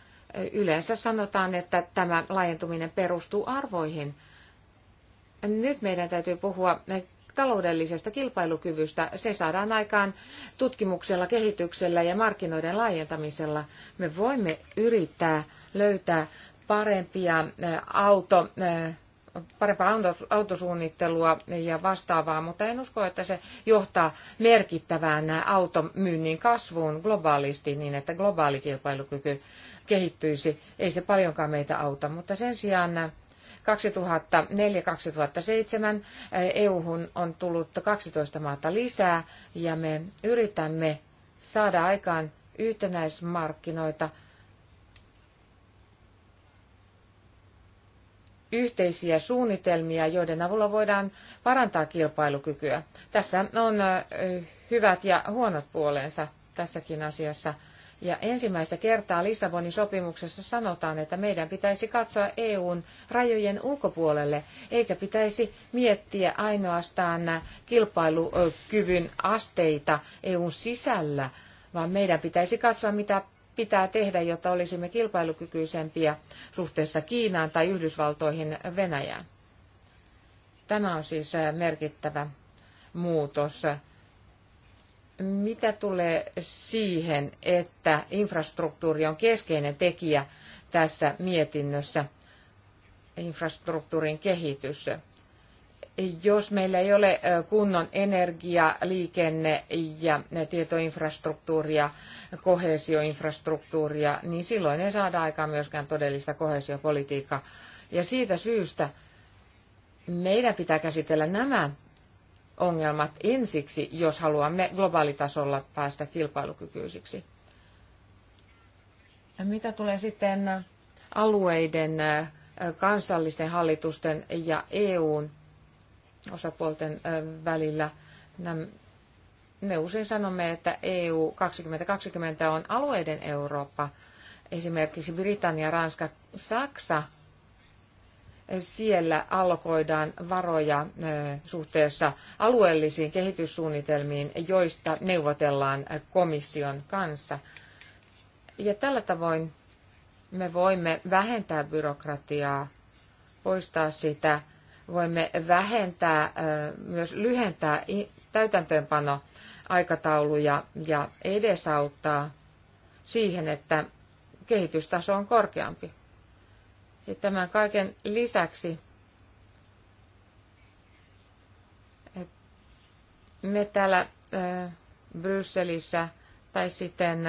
Speaker 2: yleensä sanotaan, että tämä laajentuminen perustuu arvoihin. Nyt meidän täytyy puhua taloudellisesta kilpailukyvystä. Se saadaan aikaan tutkimuksella, kehityksellä ja markkinoiden laajentamisella. Me voimme yrittää löytää parempia auto, parempaa autosuunnittelua ja vastaavaa, mutta en usko, että se johtaa merkittävään automyynnin kasvuun globaalisti niin, että globaali kilpailukyky kehittyisi. Ei se paljonkaan meitä auta, mutta sen sijaan 2004-2007 eh, EU-hun on tullut 12 maata lisää ja me yritämme saada aikaan yhtenäismarkkinoita yhteisiä suunnitelmia, joiden avulla voidaan parantaa kilpailukykyä. Tässä on eh, hyvät ja huonot puolensa tässäkin asiassa. Ja ensimmäistä kertaa Lissabonin sopimuksessa sanotaan, että meidän pitäisi katsoa EUn rajojen ulkopuolelle, eikä pitäisi miettiä ainoastaan kilpailukyvyn asteita EUn sisällä, vaan meidän pitäisi katsoa, mitä pitää tehdä, jotta olisimme kilpailukykyisempiä suhteessa Kiinaan tai Yhdysvaltoihin Venäjään. Tämä on siis merkittävä muutos mitä tulee siihen, että infrastruktuuri on keskeinen tekijä tässä mietinnössä, infrastruktuurin kehitys. Jos meillä ei ole kunnon energia, liikenne ja tietoinfrastruktuuria, kohesioinfrastruktuuria, niin silloin ei saada aikaan myöskään todellista kohesiopolitiikkaa. Ja siitä syystä meidän pitää käsitellä nämä ongelmat ensiksi, jos haluamme globaalitasolla päästä kilpailukykyisiksi. Mitä tulee sitten alueiden, kansallisten hallitusten ja EUn osapuolten välillä, me usein sanomme, että EU 2020 on alueiden Eurooppa. Esimerkiksi Britannia, Ranska, Saksa siellä allokoidaan varoja suhteessa alueellisiin kehityssuunnitelmiin, joista neuvotellaan komission kanssa. Ja tällä tavoin me voimme vähentää byrokratiaa, poistaa sitä, voimme vähentää, myös lyhentää täytäntöönpano aikatauluja ja edesauttaa siihen, että kehitystaso on korkeampi. Ja tämän kaiken lisäksi me täällä Brysselissä tai sitten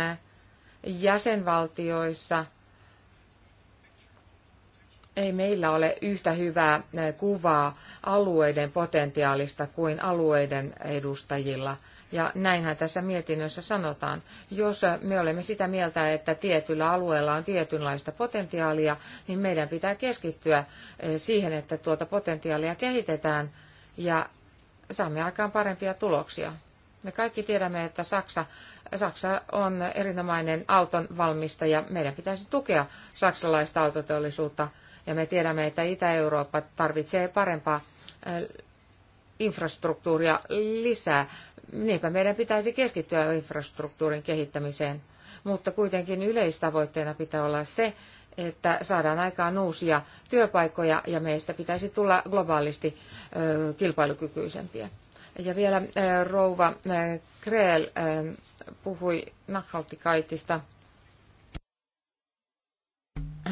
Speaker 2: jäsenvaltioissa ei meillä ole yhtä hyvää kuvaa alueiden potentiaalista kuin alueiden edustajilla – ja näinhän tässä mietinnössä sanotaan. Jos me olemme sitä mieltä, että tietyllä alueella on tietynlaista potentiaalia, niin meidän pitää keskittyä eh, siihen, että tuota potentiaalia kehitetään ja saamme aikaan parempia tuloksia. Me kaikki tiedämme, että Saksa, Saksa on erinomainen auton valmistaja. Meidän pitäisi tukea saksalaista autoteollisuutta. Ja me tiedämme, että Itä-Eurooppa tarvitsee parempaa eh, infrastruktuuria lisää. Niinpä meidän pitäisi keskittyä infrastruktuurin kehittämiseen, mutta kuitenkin yleistavoitteena pitää olla se, että saadaan aikaan uusia työpaikkoja ja meistä pitäisi tulla globaalisti kilpailukykyisempiä. Ja vielä rouva Kreel puhui nakhaltikaitista.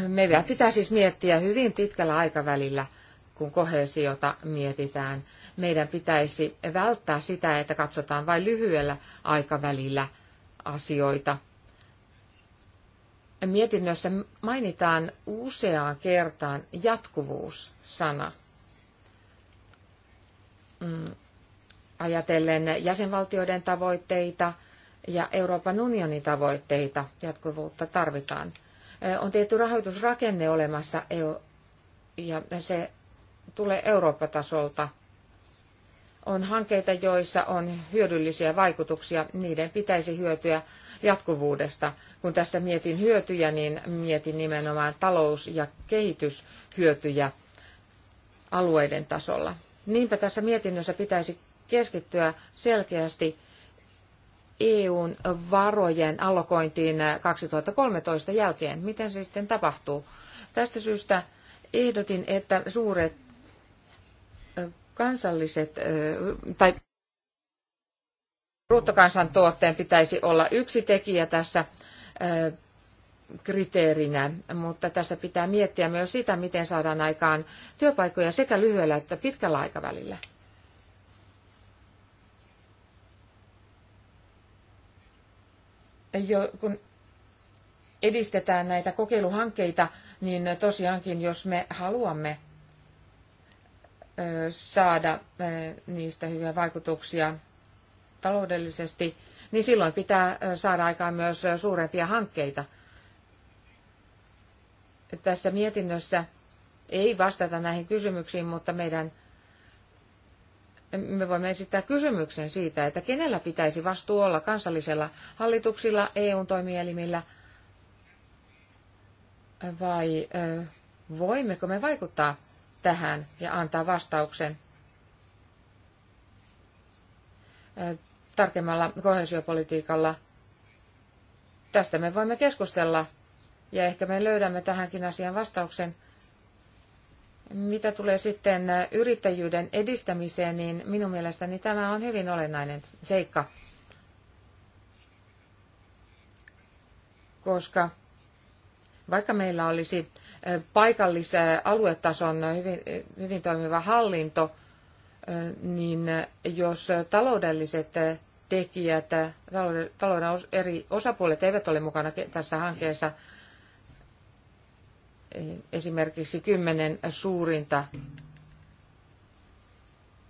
Speaker 2: Meidän pitää siis miettiä hyvin pitkällä aikavälillä – kun kohesiota mietitään. Meidän pitäisi välttää sitä, että katsotaan vain lyhyellä aikavälillä asioita. Mietinnössä mainitaan useaan kertaan jatkuvuus-sana. Mm, ajatellen jäsenvaltioiden tavoitteita ja Euroopan unionin tavoitteita jatkuvuutta tarvitaan. On tietty rahoitusrakenne olemassa e- ja se tulee Eurooppa-tasolta. On hankkeita, joissa on hyödyllisiä vaikutuksia, niiden pitäisi hyötyä jatkuvuudesta. Kun tässä mietin hyötyjä, niin mietin nimenomaan talous- ja kehityshyötyjä alueiden tasolla. Niinpä tässä mietinnössä pitäisi keskittyä selkeästi EUn varojen allokointiin 2013 jälkeen. Miten se sitten tapahtuu? Tästä syystä ehdotin, että suuret kansalliset tai bruttokansantuotteen pitäisi olla yksi tekijä tässä kriteerinä, mutta tässä pitää miettiä myös sitä, miten saadaan aikaan työpaikkoja sekä lyhyellä että pitkällä aikavälillä. Jo, kun edistetään näitä kokeiluhankkeita, niin tosiaankin jos me haluamme saada niistä hyviä vaikutuksia taloudellisesti, niin silloin pitää saada aikaan myös suurempia hankkeita. Tässä mietinnössä ei vastata näihin kysymyksiin, mutta meidän me voimme esittää kysymyksen siitä, että kenellä pitäisi vastuu olla kansallisella hallituksilla, EU-toimielimillä, vai voimmeko me vaikuttaa tähän ja antaa vastauksen tarkemmalla kohesiopolitiikalla. Tästä me voimme keskustella ja ehkä me löydämme tähänkin asian vastauksen. Mitä tulee sitten yrittäjyyden edistämiseen, niin minun mielestäni tämä on hyvin olennainen seikka, koska vaikka meillä olisi paikallis- aluetason hyvin, hyvin toimiva hallinto, niin jos taloudelliset tekijät, talouden eri osapuolet eivät ole mukana tässä hankkeessa, esimerkiksi kymmenen suurinta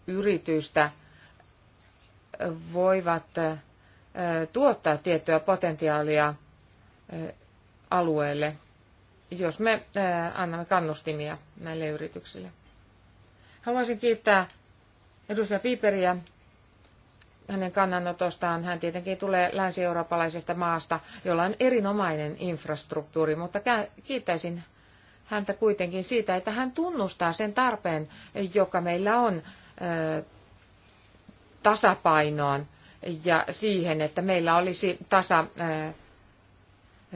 Speaker 2: yritystä voivat tuottaa tiettyä potentiaalia alueelle jos me annamme kannustimia näille yrityksille. Haluaisin kiittää edustaja Piiperiä hänen kannanotostaan. Hän tietenkin tulee länsi-eurooppalaisesta maasta, jolla on erinomainen infrastruktuuri, mutta kiittäisin häntä kuitenkin siitä, että hän tunnustaa sen tarpeen, joka meillä on tasapainoon ja siihen, että meillä olisi tasa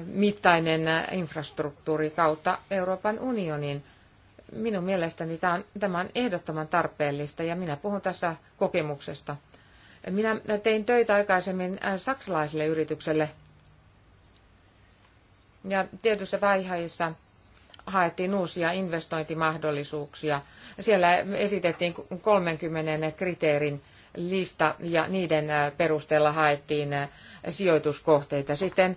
Speaker 2: mittainen infrastruktuuri kautta Euroopan unionin. Minun mielestäni tämä on, tämä on ehdottoman tarpeellista ja minä puhun tässä kokemuksesta. Minä tein töitä aikaisemmin äh, saksalaiselle yritykselle ja tietyissä vaiheissa haettiin uusia investointimahdollisuuksia. Siellä esitettiin 30 kriteerin lista ja niiden äh, perusteella haettiin äh, sijoituskohteita. Sitten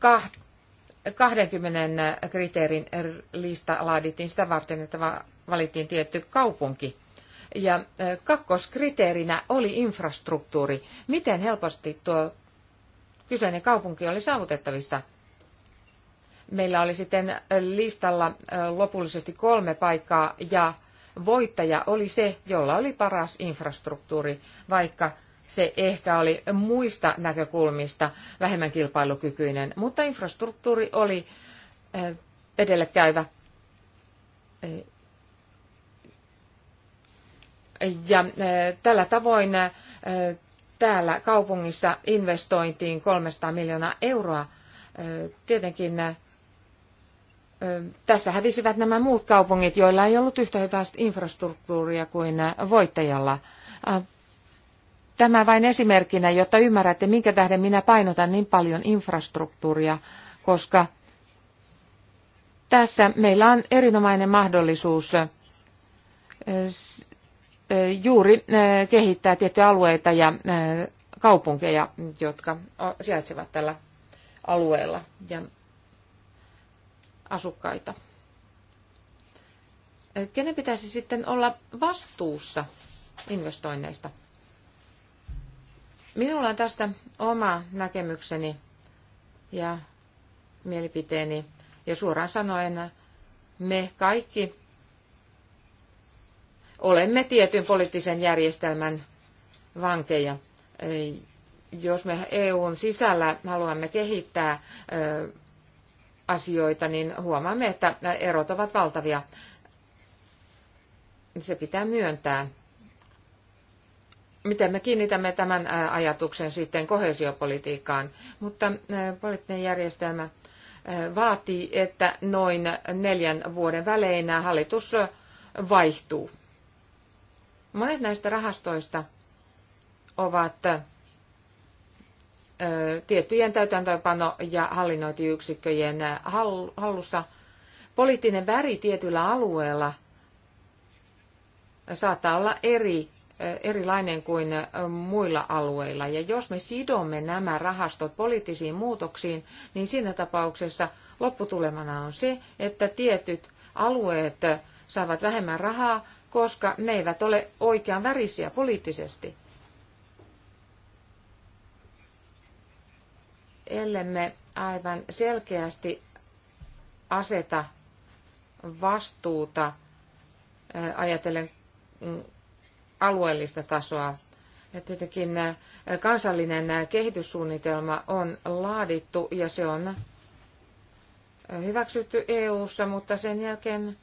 Speaker 2: 20 kriteerin lista laadittiin sitä varten, että valittiin tietty kaupunki. Ja e, kakkoskriteerinä oli infrastruktuuri. Miten helposti tuo kyseinen kaupunki oli saavutettavissa? Meillä oli sitten listalla e, lopullisesti kolme paikkaa ja voittaja oli se, jolla oli paras infrastruktuuri, vaikka se ehkä oli muista näkökulmista vähemmän kilpailukykyinen, mutta infrastruktuuri oli edelläkäyvä. Ja tällä tavoin täällä kaupungissa investointiin 300 miljoonaa euroa. Tietenkin tässä hävisivät nämä muut kaupungit, joilla ei ollut yhtä hyvää infrastruktuuria kuin voittajalla. Tämä vain esimerkkinä, jotta ymmärrätte, minkä tähden minä painotan niin paljon infrastruktuuria, koska tässä meillä on erinomainen mahdollisuus juuri kehittää tiettyjä alueita ja kaupunkeja, jotka sijaitsevat tällä alueella ja asukkaita. Kenen pitäisi sitten olla vastuussa investoinneista? Minulla on tästä oma näkemykseni ja mielipiteeni. Ja suoraan sanoen, me kaikki olemme tietyn poliittisen järjestelmän vankeja. Jos me EUn sisällä haluamme kehittää asioita, niin huomaamme, että erot ovat valtavia. Se pitää myöntää miten me kiinnitämme tämän ajatuksen sitten kohesiopolitiikkaan. Mutta poliittinen järjestelmä vaatii, että noin neljän vuoden välein hallitus vaihtuu. Monet näistä rahastoista ovat tiettyjen täytäntöönpano- ja hallinnointiyksikköjen hallussa. Poliittinen väri tietyllä alueella saattaa olla eri erilainen kuin äh, muilla alueilla. Ja jos me sidomme nämä rahastot poliittisiin muutoksiin, niin siinä tapauksessa lopputulemana on se, että tietyt alueet äh, saavat vähemmän rahaa, koska ne eivät ole oikean värisiä poliittisesti. Ellemme aivan selkeästi aseta vastuuta äh, ajatellen mm, alueellista tasoa. Ja tietenkin kansallinen kehityssuunnitelma on laadittu ja se on hyväksytty EU:ssa, mutta sen jälkeen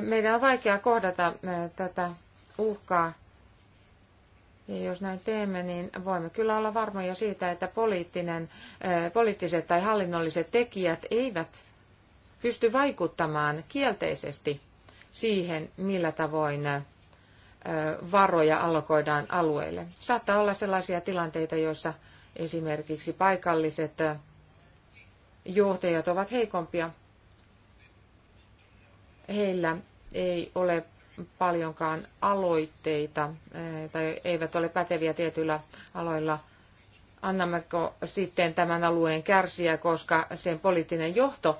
Speaker 2: meidän on vaikea kohdata tätä uhkaa. Ja jos näin teemme, niin voimme kyllä olla varmoja siitä, että poliittinen, poliittiset tai hallinnolliset tekijät eivät pysty vaikuttamaan kielteisesti siihen, millä tavoin varoja allokoidaan alueille. Saattaa olla sellaisia tilanteita, joissa esimerkiksi paikalliset johtajat ovat heikompia. Heillä ei ole paljonkaan aloitteita tai eivät ole päteviä tietyillä aloilla. Annammeko sitten tämän alueen kärsiä, koska sen poliittinen johto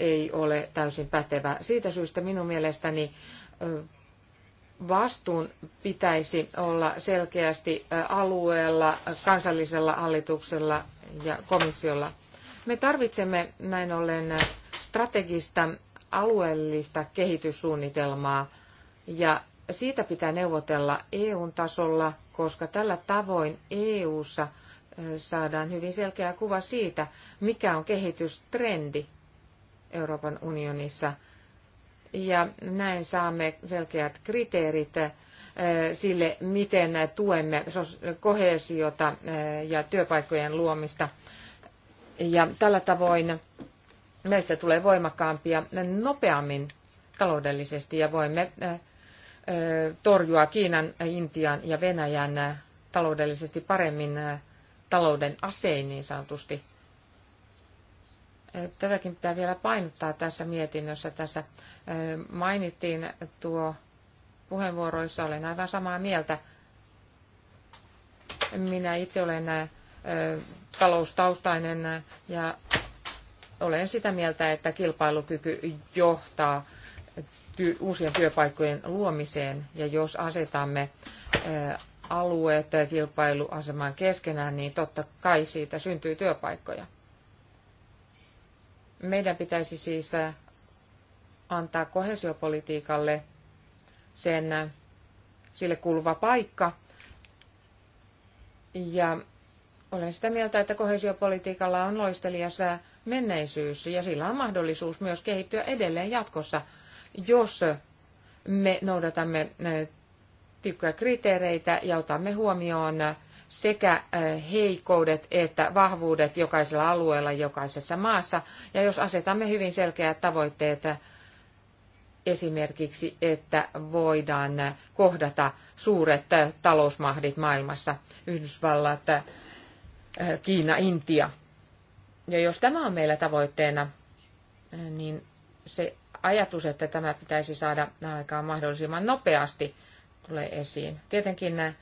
Speaker 2: ei ole täysin pätevä. Siitä syystä minun mielestäni vastuun pitäisi olla selkeästi alueella, kansallisella hallituksella ja komissiolla. Me tarvitsemme näin ollen strategista alueellista kehityssuunnitelmaa ja siitä pitää neuvotella eu tasolla, koska tällä tavoin EUssa saadaan hyvin selkeä kuva siitä, mikä on kehitystrendi Euroopan unionissa. Ja näin saamme selkeät kriteerit eh, sille, miten tuemme kohesiota eh, ja työpaikkojen luomista. Ja tällä tavoin meistä tulee voimakkaampia nopeammin taloudellisesti ja voimme eh, torjua Kiinan, Intian ja Venäjän taloudellisesti paremmin talouden asein niin sanotusti. Tätäkin pitää vielä painottaa tässä mietinnössä. Tässä mainittiin tuo puheenvuoroissa, olen aivan samaa mieltä. Minä itse olen taloustaustainen ja olen sitä mieltä, että kilpailukyky johtaa uusien työpaikkojen luomiseen. Ja jos asetamme alueet kilpailuasemaan keskenään, niin totta kai siitä syntyy työpaikkoja. Meidän pitäisi siis äh, antaa kohesiopolitiikalle sen äh, sille kuuluva paikka. Ja olen sitä mieltä, että kohesiopolitiikalla on loistelias äh, menneisyys ja sillä on mahdollisuus myös kehittyä edelleen jatkossa, jos me noudatamme tiukkoja kriteereitä ja otamme huomioon sekä eh, heikoudet että vahvuudet jokaisella alueella, jokaisessa maassa. Ja jos asetamme hyvin selkeät tavoitteet esimerkiksi, että voidaan kohdata suuret eh, talousmahdit maailmassa, Yhdysvallat, eh, Kiina, Intia. Ja jos tämä on meillä tavoitteena, niin se ajatus, että tämä pitäisi saada aikaan mahdollisimman nopeasti, tulee esiin. Tietenkin äh,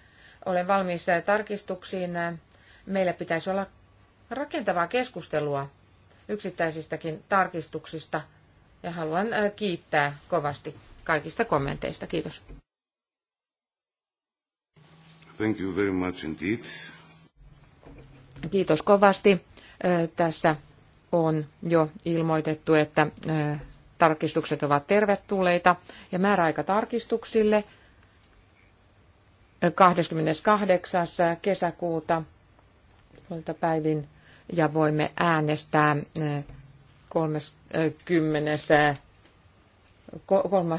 Speaker 2: olen valmis äh, tarkistuksiin. Äh, meillä pitäisi olla rakentavaa keskustelua yksittäisistäkin tarkistuksista ja haluan kiittää kovasti kaikista kommenteista. Kiitos.
Speaker 1: Thank you very much indeed.
Speaker 2: Kiitos kovasti. Tässä on jo ilmoitettu, että tarkistukset ovat tervetulleita ja määräaika tarkistuksille – 28. kesäkuuta puolta päivin ja voimme äänestää 30. 3.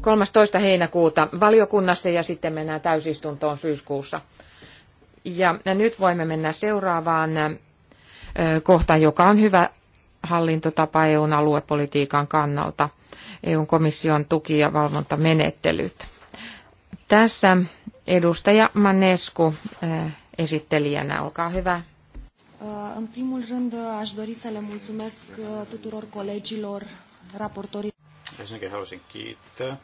Speaker 2: 13. heinäkuuta valiokunnassa ja sitten mennään täysistuntoon syyskuussa. Ja nyt voimme mennä seuraavaan eh, kohtaan, joka on hyvä hallintotapa EUn aluepolitiikan kannalta, EUn komission tuki- ja valvontamenettelyt. Tässä edustaja Manescu äh, esittelijänä, olkaa hyvä. În primul rând, aș dori să le mulțumesc uh, tuturor colegilor, raportorii.
Speaker 3: Ensinnäkin haluaisin kiittää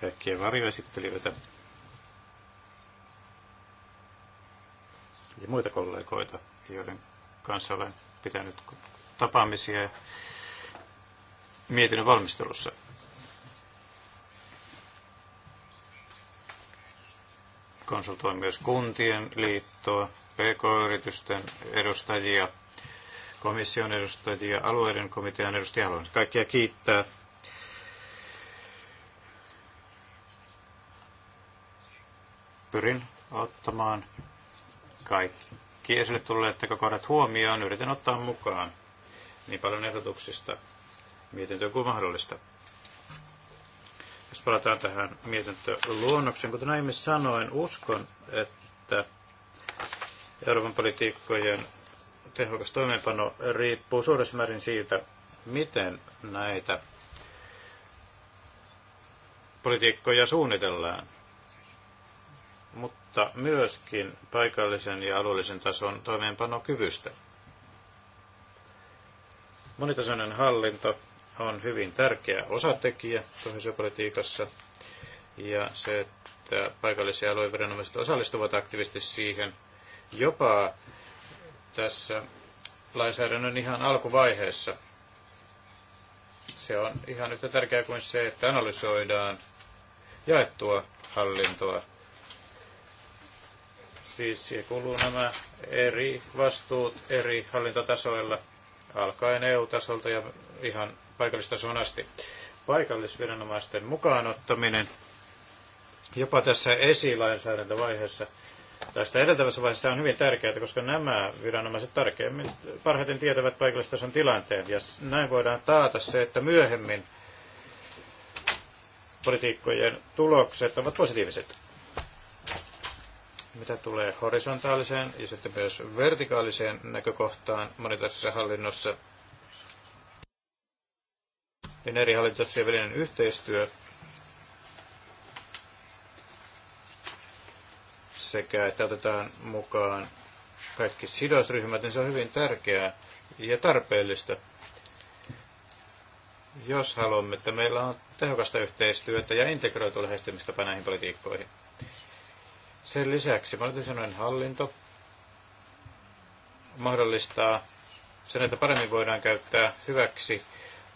Speaker 3: kaikkia varjoesittelijöitä ja muita kollegoita, joiden kanssa olen pitänyt tapaamisia mietinnön valmistelussa. konsultoin myös kuntien liittoa, PK-yritysten edustajia, komission edustajia, alueiden komitean edustajia. Haluan kaikkia kiittää. Pyrin ottamaan kaikki esille tulleet näkökohdat huomioon. Yritän ottaa mukaan niin paljon ehdotuksista mietintöön kuin mahdollista. Jos palataan tähän mietintöluonnokseen, kuten aiemmin sanoin, uskon, että Euroopan politiikkojen tehokas toimeenpano riippuu suuressa määrin siitä, miten näitä politiikkoja suunnitellaan, mutta myöskin paikallisen ja alueellisen tason toimeenpanokyvystä. Monitasoinen hallinto on hyvin tärkeä osatekijä kohesiopolitiikassa ja se, että paikallisia alueviranomaiset osallistuvat aktiivisesti siihen jopa tässä lainsäädännön ihan alkuvaiheessa. Se on ihan yhtä tärkeää kuin se, että analysoidaan jaettua hallintoa. Siis siihen kuuluu nämä eri vastuut eri hallintotasoilla, alkaen EU-tasolta ja ihan paikallistason asti. Paikallisviranomaisten ottaminen jopa tässä esilainsäädäntövaiheessa tai sitä edeltävässä vaiheessa on hyvin tärkeää, koska nämä viranomaiset tarkemmin parhaiten tietävät paikallistason tilanteen. Ja näin voidaan taata se, että myöhemmin politiikkojen tulokset ovat positiiviset. Mitä tulee horisontaaliseen ja sitten myös vertikaaliseen näkökohtaan monitaisessa hallinnossa, eri hallituksien välinen yhteistyö sekä että otetaan mukaan kaikki sidosryhmät, niin se on hyvin tärkeää ja tarpeellista. Jos haluamme, että meillä on tehokasta yhteistyötä ja integroitu lähestymistapa näihin politiikkoihin. Sen lisäksi monitoisinnoinen hallinto mahdollistaa sen, että paremmin voidaan käyttää hyväksi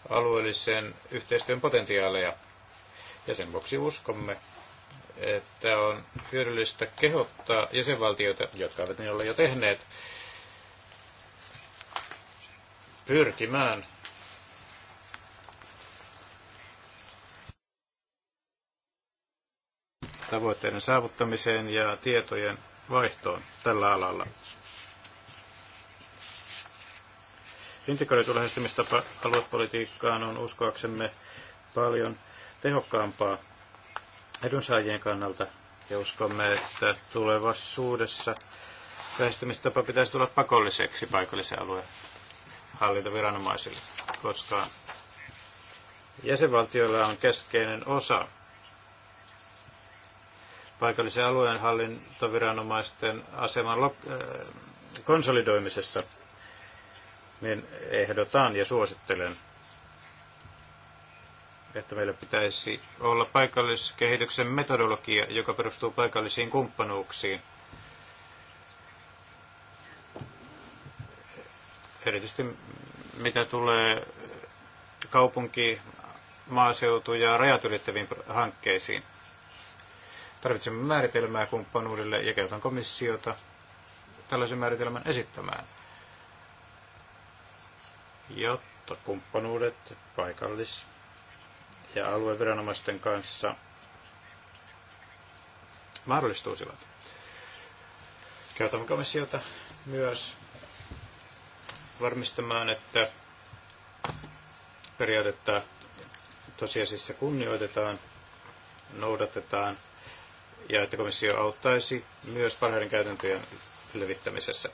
Speaker 3: alueellisen yhteistyön potentiaaleja. Ja sen vuoksi uskomme, että on hyödyllistä kehottaa jäsenvaltioita, jotka eivät niin ole jo tehneet, pyrkimään tavoitteiden saavuttamiseen ja tietojen vaihtoon tällä alalla. Integroitu lähestymistapa aluepolitiikkaan on uskoaksemme paljon tehokkaampaa edunsaajien kannalta ja uskomme, että tulevaisuudessa lähestymistapa pitäisi tulla pakolliseksi paikallisen alueen hallintoviranomaisille, koska jäsenvaltioilla on keskeinen osa paikallisen alueen hallintoviranomaisten aseman äh, konsolidoimisessa – niin ehdotan ja suosittelen, että meillä pitäisi olla paikalliskehityksen metodologia, joka perustuu paikallisiin kumppanuuksiin. Erityisesti mitä tulee kaupunki, maaseutu ja rajat ylittäviin hankkeisiin. Tarvitsemme määritelmää kumppanuudelle ja käytän komissiota tällaisen määritelmän esittämään jotta kumppanuudet paikallis- ja alueviranomaisten kanssa mahdollistuisivat. Käytämme komissiota myös varmistamaan, että periaatetta tosiasiassa kunnioitetaan, noudatetaan ja että komissio auttaisi myös parhaiden käytäntöjen levittämisessä.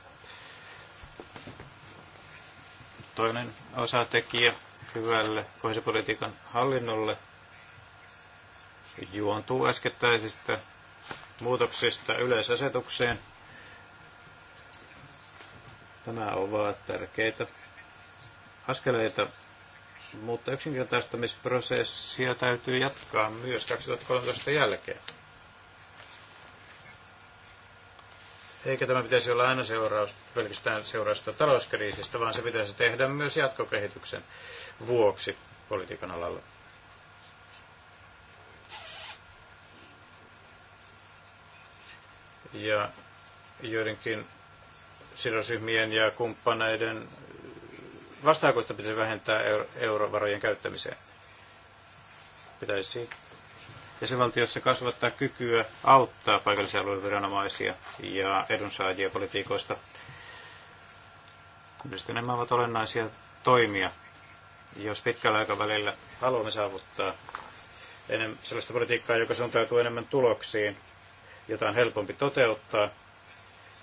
Speaker 3: toinen osatekijä hyvälle kohdipolitiikan hallinnolle juontuu äskettäisistä muutoksista yleisasetukseen. Nämä ovat tärkeitä askeleita, mutta yksinkertaistamisprosessia täytyy jatkaa myös 2013 jälkeen. Eikä tämä pitäisi olla aina seuraus, pelkästään seurausta talouskriisistä, vaan se pitäisi tehdä myös jatkokehityksen vuoksi politiikan alalla. Ja joidenkin sidosryhmien ja kumppaneiden vastaakoista pitäisi vähentää eurovarojen käyttämiseen. Pitäisi jäsenvaltiossa kasvattaa kykyä auttaa paikallisia alueen viranomaisia ja edunsaajia politiikoista. Mielestäni nämä ovat olennaisia toimia, jos pitkällä aikavälillä haluamme saavuttaa enemmän sellaista politiikkaa, joka suuntautuu enemmän tuloksiin, jota on helpompi toteuttaa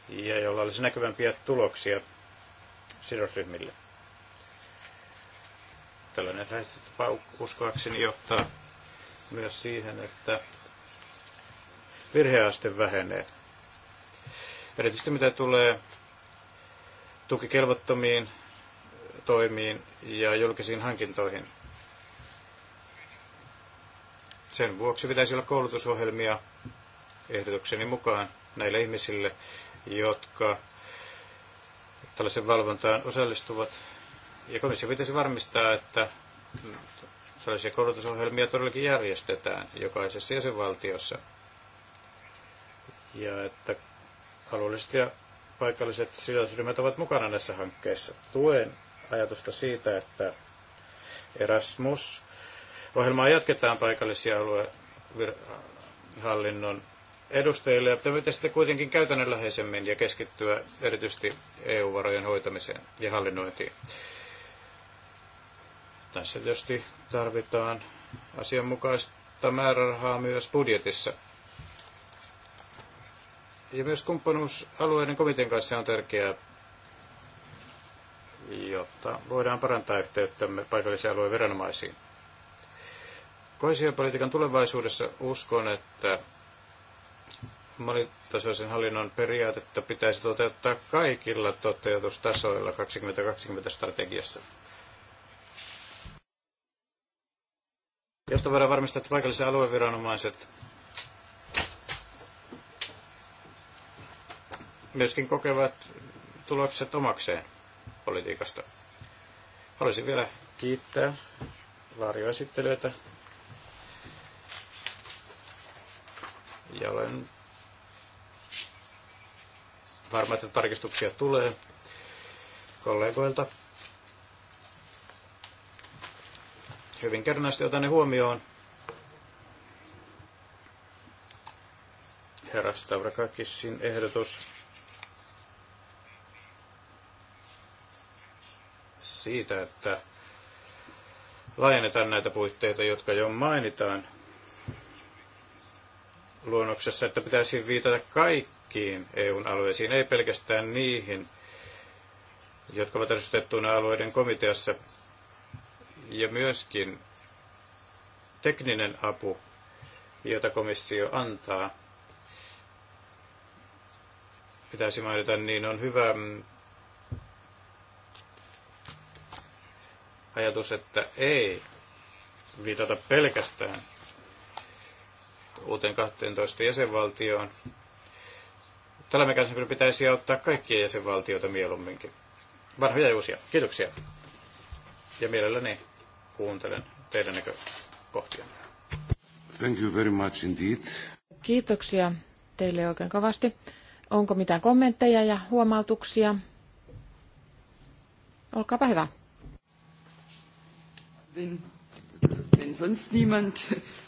Speaker 3: ja jolla olisi näkyvämpiä tuloksia sidosryhmille. Tällainen lähestymistapa uskoakseni johtaa myös siihen, että virheaste vähenee. Erityisesti mitä tulee tukikelvottomiin toimiin ja julkisiin hankintoihin. Sen vuoksi pitäisi olla koulutusohjelmia ehdotukseni mukaan näille ihmisille, jotka tällaisen valvontaan osallistuvat. Ja komissio pitäisi varmistaa, että tällaisia koulutusohjelmia todellakin järjestetään jokaisessa jäsenvaltiossa. Ja että alueelliset ja paikalliset sidosryhmät ovat mukana näissä hankkeissa. Tuen ajatusta siitä, että Erasmus-ohjelmaa jatketaan paikallisia aluehallinnon edustajille, ja pitäisi sitten kuitenkin käytännönläheisemmin ja keskittyä erityisesti EU-varojen hoitamiseen ja hallinnointiin. Tässä tietysti tarvitaan asianmukaista määrärahaa myös budjetissa. Ja myös kumppanuusalueiden komitean kanssa on tärkeää, jotta voidaan parantaa yhteyttämme paikallisen alueen viranomaisiin. Kohesiopolitiikan tulevaisuudessa uskon, että monitasoisen hallinnon periaatetta pitäisi toteuttaa kaikilla toteutustasoilla 2020 strategiassa. jotta voidaan varmistaa, että paikalliset alueviranomaiset myöskin kokevat tulokset omakseen politiikasta. Haluaisin vielä kiittää varjoesittelyitä. Ja olen varma, että tarkistuksia tulee kollegoilta. Hyvin kernaasti otan ne huomioon. Herra Stavrakakissin ehdotus siitä, että laajennetaan näitä puitteita, jotka jo mainitaan luonnoksessa, että pitäisi viitata kaikkiin EUn alueisiin, ei pelkästään niihin, jotka ovat edustettuina alueiden komiteassa ja myöskin tekninen apu, jota komissio antaa, pitäisi mainita, niin on hyvä mm, ajatus, että ei viitata pelkästään uuteen 12 jäsenvaltioon. Tällä mekanismilla pitäisi auttaa kaikkia jäsenvaltioita mieluumminkin. Vanhoja ja uusia. Kiitoksia. Ja mielelläni kuuntelen teidän näkökohtia.
Speaker 1: Thank you very much indeed.
Speaker 2: Kiitoksia teille oikein kovasti. Onko mitään kommentteja ja huomautuksia? Olkaapa hyvä.
Speaker 4: Wenn, wenn sonst niemand,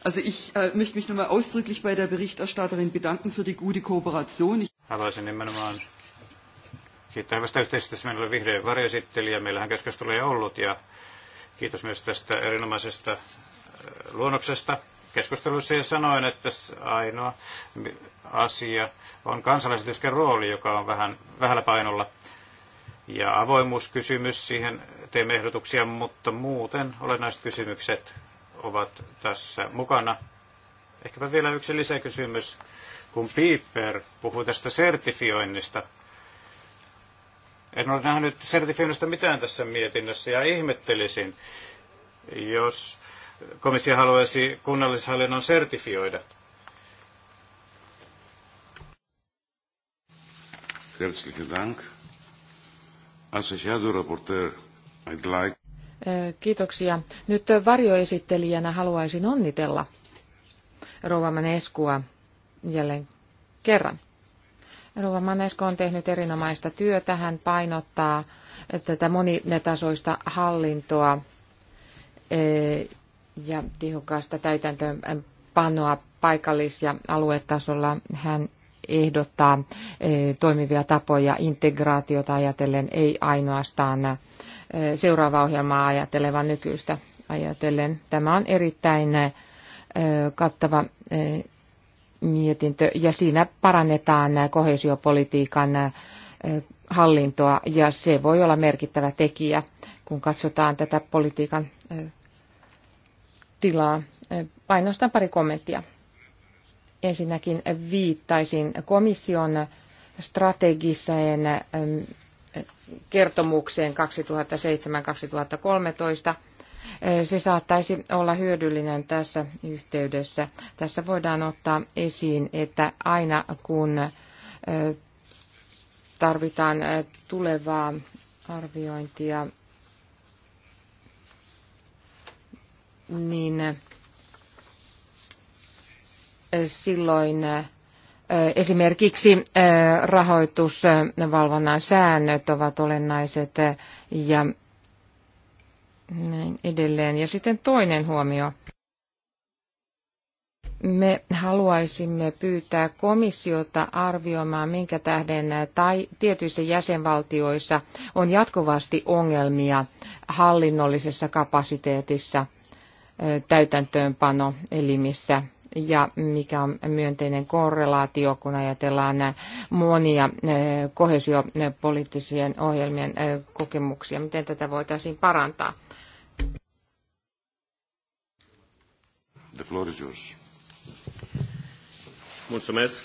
Speaker 4: also ich äh, möchte mich nochmal ausdrücklich bei der Berichterstatterin bedanken für die gute Kooperation. Ich
Speaker 3: Haluaisin nimenomaan kiittää hyvästä yhteistyöstä. Meillä oli vihreä varjoesittelijä, meillähän keskustelua ei ollut ja Kiitos myös tästä erinomaisesta äh, luonnoksesta. Keskustelussa ja sanoin, että ainoa asia on kansalaisetisken rooli, joka on vähän, vähällä painolla. Ja avoimuuskysymys, siihen teemme ehdotuksia, mutta muuten olennaiset kysymykset ovat tässä mukana. Ehkäpä vielä yksi lisäkysymys, kun Piper puhuu tästä sertifioinnista – en ole nähnyt sertifioinnista mitään tässä mietinnössä ja ihmettelisin, jos komissio haluaisi kunnallishallinnon sertifioida.
Speaker 1: Herzlichen Dank.
Speaker 2: Kiitoksia. Nyt varjoesittelijänä haluaisin onnitella Rouva Maneskua jälleen kerran. Rova Manesko on tehnyt erinomaista työtä. Hän painottaa tätä monitasoista hallintoa e, ja tehokasta täytäntöönpanoa paikallis- ja aluetasolla. Hän ehdottaa e, toimivia tapoja integraatiota ajatellen, ei ainoastaan e, seuraavaa ohjelmaa ajatelevan nykyistä ajatellen. Tämä on erittäin kattava mietintö ja siinä parannetaan kohesiopolitiikan äh, hallintoa ja se voi olla merkittävä tekijä, kun katsotaan tätä politiikan äh, tilaa. Äh, ainoastaan pari kommenttia. Ensinnäkin viittaisin komission strategiseen ähm, kertomukseen 2007-2013 se saattaisi olla hyödyllinen tässä yhteydessä. Tässä voidaan ottaa esiin, että aina kun tarvitaan tulevaa arviointia, niin silloin esimerkiksi rahoitusvalvonnan säännöt ovat olennaiset ja näin edelleen. Ja sitten toinen huomio. Me haluaisimme pyytää komissiota arvioimaan, minkä tähden tai tietyissä jäsenvaltioissa on jatkuvasti ongelmia hallinnollisessa kapasiteetissa täytäntöönpanoelimissä ja mikä on myönteinen korrelaatio, kun ajatellaan monia kohesiopoliittisien ohjelmien kokemuksia, miten tätä voitaisiin parantaa.
Speaker 3: The floor is yours. Mulțumesc.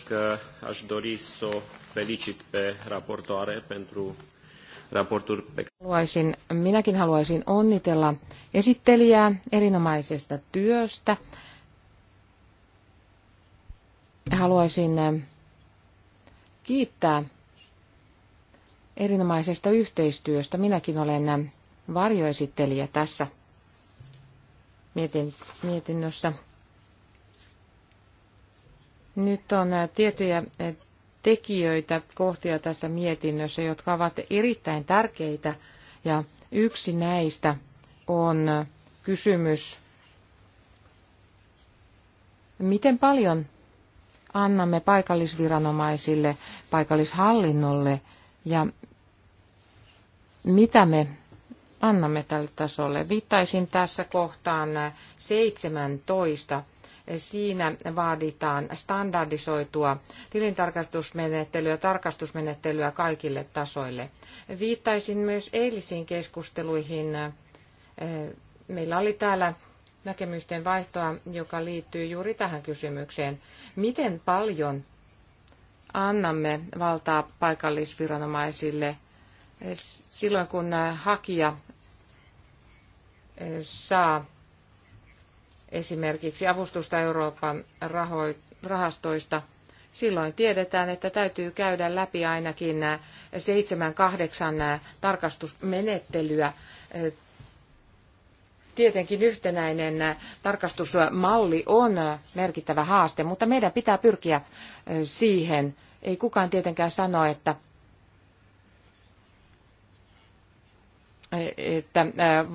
Speaker 3: Aș dori să o felicit pe raportoare pentru raportul pe
Speaker 2: Haluaisin, minäkin haluaisin onnitella esittelijää erinomaisesta työstä. Haluaisin eh, kiittää erinomaisesta yhteistyöstä. Minäkin olen eh, varjoesittelijä tässä mietinnössä. Nyt on äh, tiettyjä äh, tekijöitä, kohtia tässä mietinnössä, jotka ovat erittäin tärkeitä. Ja yksi näistä on äh, kysymys, miten paljon annamme paikallisviranomaisille, paikallishallinnolle ja mitä me annamme tälle tasolle. Viittaisin tässä kohtaan 17. Siinä vaaditaan standardisoitua tilintarkastusmenettelyä, tarkastusmenettelyä kaikille tasoille. Viittaisin myös eilisiin keskusteluihin. Meillä oli täällä näkemysten vaihtoa, joka liittyy juuri tähän kysymykseen. Miten paljon annamme valtaa paikallisviranomaisille silloin, kun hakija saa esimerkiksi avustusta Euroopan rahastoista, silloin tiedetään, että täytyy käydä läpi ainakin 7-8 tarkastusmenettelyä. Tietenkin yhtenäinen tarkastusmalli on merkittävä haaste, mutta meidän pitää pyrkiä siihen. Ei kukaan tietenkään sano, että että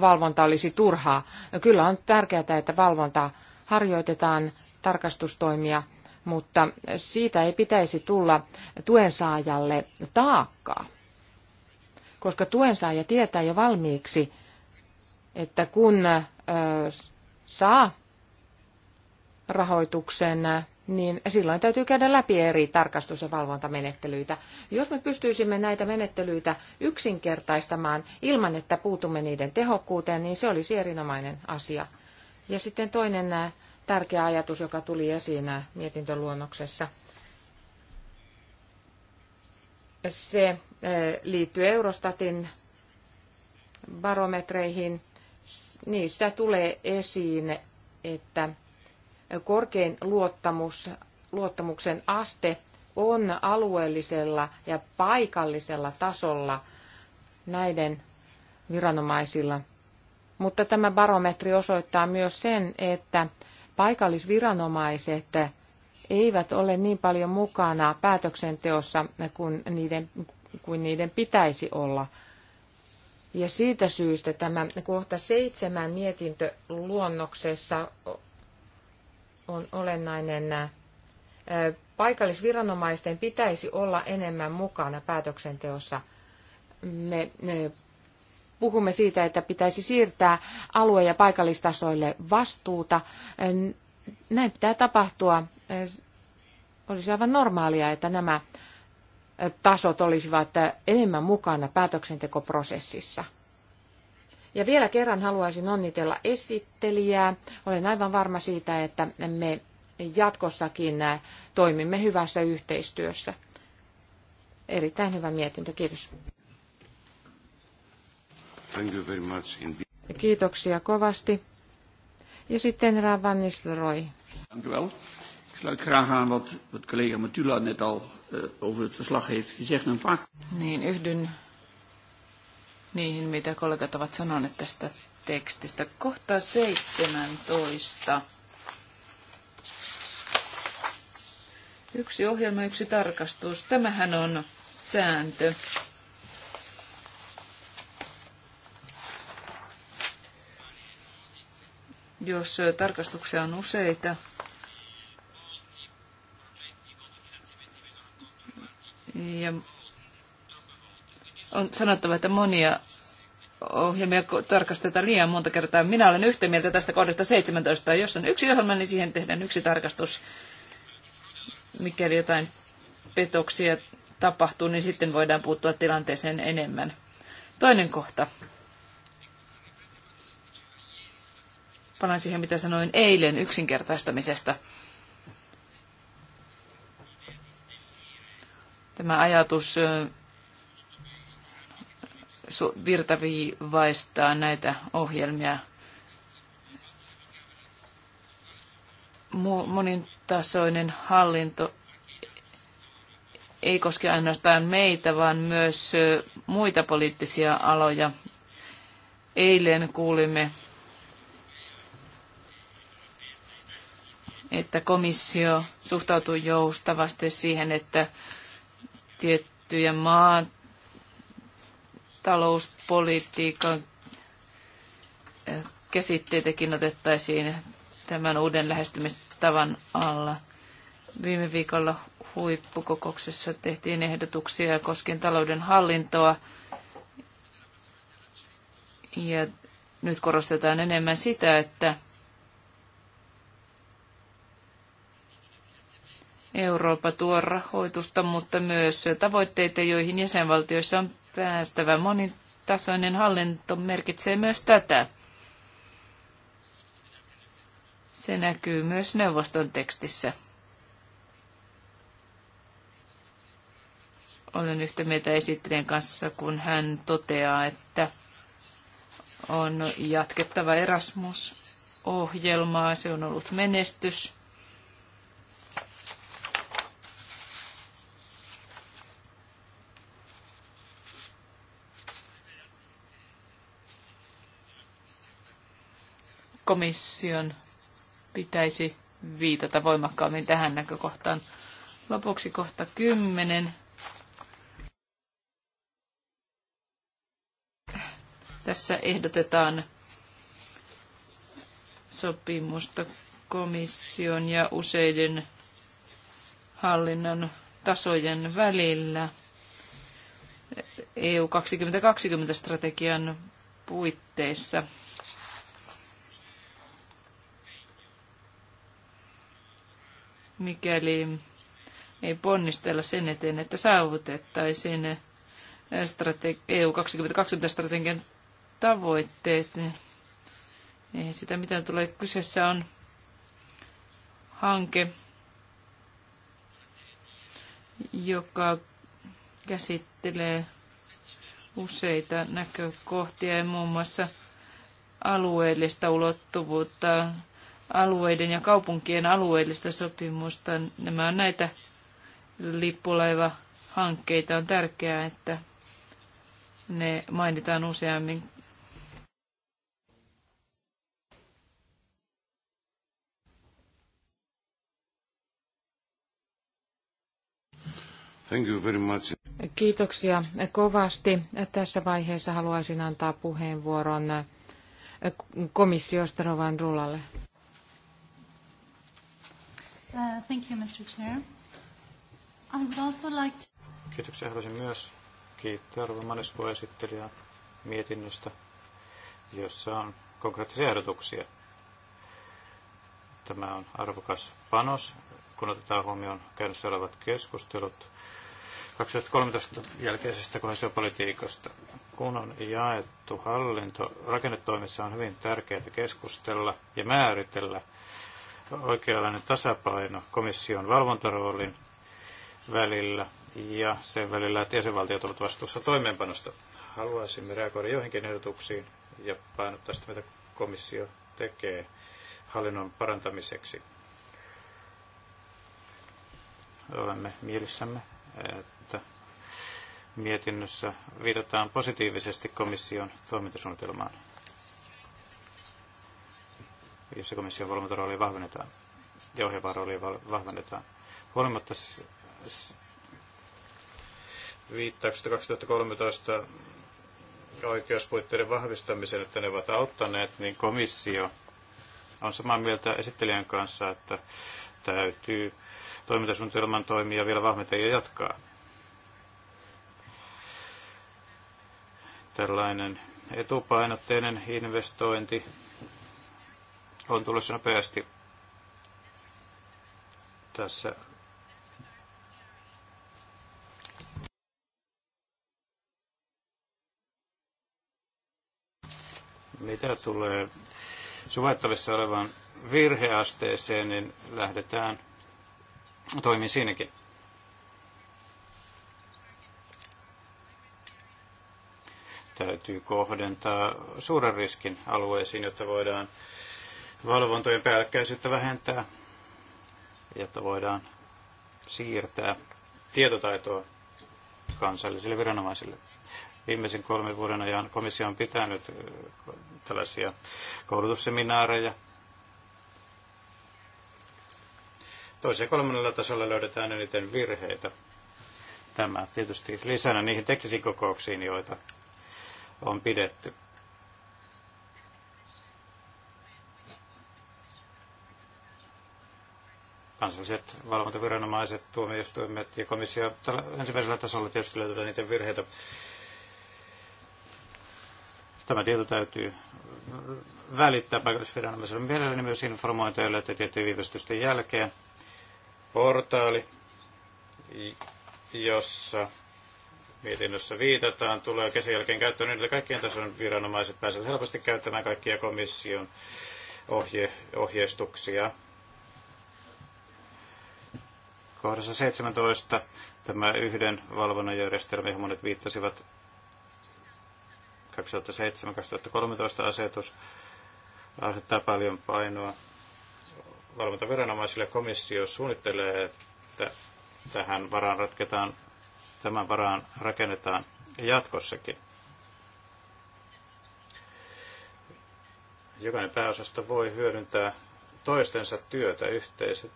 Speaker 2: valvonta olisi turhaa. Kyllä on tärkeää, että valvonta harjoitetaan, tarkastustoimia, mutta siitä ei pitäisi tulla tuensaajalle taakkaa, koska tuensaaja tietää jo valmiiksi, että kun saa rahoituksen niin silloin täytyy käydä läpi eri tarkastus- ja valvontamenettelyitä. Jos me pystyisimme näitä menettelyitä yksinkertaistamaan ilman, että puutumme niiden tehokkuuteen, niin se olisi erinomainen asia. Ja sitten toinen äh, tärkeä ajatus, joka tuli esiin äh, mietintöluonnoksessa, se äh, liittyy Eurostatin barometreihin. Niissä tulee esiin, että korkein luottamus, luottamuksen aste on alueellisella ja paikallisella tasolla näiden viranomaisilla. Mutta tämä barometri osoittaa myös sen, että paikallisviranomaiset eivät ole niin paljon mukana päätöksenteossa kuin niiden, kuin niiden pitäisi olla. Ja siitä syystä tämä kohta seitsemän mietintöluonnoksessa on olennainen. Paikallisviranomaisten pitäisi olla enemmän mukana päätöksenteossa. Me puhumme siitä, että pitäisi siirtää alue- ja paikallistasoille vastuuta. Näin pitää tapahtua. Olisi aivan normaalia, että nämä tasot olisivat enemmän mukana päätöksentekoprosessissa. Ja vielä kerran haluaisin onnitella esittelijää. Olen aivan varma siitä, että me jatkossakin toimimme hyvässä yhteistyössä. Erittäin hyvä mietintö. Kiitos. Kiitoksia kovasti. Ja sitten Ravan Nistelrooy.
Speaker 4: Dank u wel. Ik sluit graag aan wat, wat collega Matula net al uh, over het verslag heeft gezegd. Een paar...
Speaker 5: Niin, yhdyn niihin, mitä kollegat ovat sanoneet tästä tekstistä. Kohta 17. Yksi ohjelma, yksi tarkastus. Tämähän on sääntö. Jos tarkastuksia on useita, ja on sanottava, että monia ohjelmia tarkastetaan liian monta kertaa. Minä olen yhtä mieltä tästä kohdasta 17. Jos on yksi ohjelma, niin siihen tehdään yksi tarkastus. Mikäli jotain petoksia tapahtuu, niin sitten voidaan puuttua tilanteeseen enemmän. Toinen kohta. Palaan siihen, mitä sanoin eilen yksinkertaistamisesta. Tämä ajatus virtaviivaistaa näitä ohjelmia monintasoinen hallinto ei koske ainoastaan meitä, vaan myös muita poliittisia aloja. Eilen kuulimme, että komissio suhtautuu joustavasti siihen, että tiettyjä maat talouspolitiikan käsitteitäkin otettaisiin tämän uuden lähestymistavan alla. Viime viikolla huippukokouksessa tehtiin ehdotuksia koskien talouden hallintoa. Ja nyt korostetaan enemmän sitä, että Eurooppa tuo rahoitusta, mutta myös tavoitteita, joihin jäsenvaltioissa on päästävä. Monitasoinen hallinto merkitsee myös tätä. Se näkyy myös neuvoston tekstissä. Olen yhtä mieltä esittelijän kanssa, kun hän toteaa, että on jatkettava Erasmus-ohjelmaa. Se on ollut menestys. komission pitäisi viitata voimakkaammin tähän näkökohtaan. Lopuksi kohta 10. Tässä ehdotetaan sopimusta komission ja useiden hallinnon tasojen välillä EU e 2020-strategian puitteissa. mikäli ei ponnistella sen eteen, että saavutettaisiin EU e 2020-strategian tavoitteet. Eihän sitä mitään tule. Kyseessä on hanke, joka käsittelee useita näkökohtia ja muun muassa alueellista ulottuvuutta, alueiden ja kaupunkien alueellista sopimusta. Nämä on näitä lippulaivahankkeita. On tärkeää, että ne mainitaan useammin
Speaker 2: Kiitoksia kovasti. Tässä vaiheessa haluaisin antaa puheenvuoron komissiosta Rovan Rulalle.
Speaker 5: Uh, thank you, Mr. Chair. I would also like to...
Speaker 3: Kiitoksia. Haluaisin myös kiittää Rova Maniskuun esittelijää mietinnöstä, jossa on konkreettisia ehdotuksia. Tämä on arvokas panos, kun otetaan huomioon käynnissä olevat keskustelut 2013 jälkeisestä kohesiopolitiikasta. Kun on jaettu hallinto, rakennetoimissa on hyvin tärkeää keskustella ja määritellä oikeanlainen tasapaino komission valvontaroolin välillä ja sen välillä, että jäsenvaltiot ovat vastuussa toimeenpanosta. Haluaisimme reagoida joihinkin ehdotuksiin ja painottaa sitä, mitä komissio tekee hallinnon parantamiseksi. Olemme mielissämme, että mietinnössä viitataan positiivisesti komission toimintasuunnitelmaan jossa komission valvontaroolia vahvennetaan ja ohjaavaa roolia vahvennetaan. Huolimatta viittauksesta 2013 oikeuspuitteiden vahvistamiseen, että ne ovat auttaneet, niin komissio on samaa mieltä esittelijän kanssa, että täytyy toimintasuunnitelman toimia vielä vahventaa ja jatkaa. Tällainen etupainotteinen investointi on tulossa nopeasti tässä mitä tulee suvaittavissa olevaan virheasteeseen, niin lähdetään toimiin siinäkin. Täytyy kohdentaa suuren riskin alueisiin, jotta voidaan valvontojen päällekkäisyyttä vähentää, jotta voidaan siirtää tietotaitoa kansallisille viranomaisille. Viimeisen kolmen vuoden ajan komissio on pitänyt tällaisia koulutusseminaareja. Toisen ja kolmannella tasolla löydetään eniten virheitä. Tämä tietysti lisänä niihin teknisiin kokouksiin, joita on pidetty. kansalliset valvontaviranomaiset, tuomioistuimet ja komissio ensimmäisellä tasolla tietysti löytyy niiden virheitä. Tämä tieto täytyy välittää paikallisviranomaisille mielelläni myös informointeille, että tiettyjen viivästysten jälkeen portaali, jossa mietinnössä viitataan, tulee kesän jälkeen käyttöön, niin kaikkien tason viranomaiset pääsevät helposti käyttämään kaikkia komission ohje, ohjeistuksia Kohdassa 17 tämä yhden valvonnan järjestelmä, johon monet viittasivat 2007-2013 asetus, asettaa paljon painoa valvontaviranomaisille. Komissio suunnittelee, että tähän varaan ratketaan, tämän varaan rakennetaan jatkossakin. Jokainen pääosasta voi hyödyntää toistensa työtä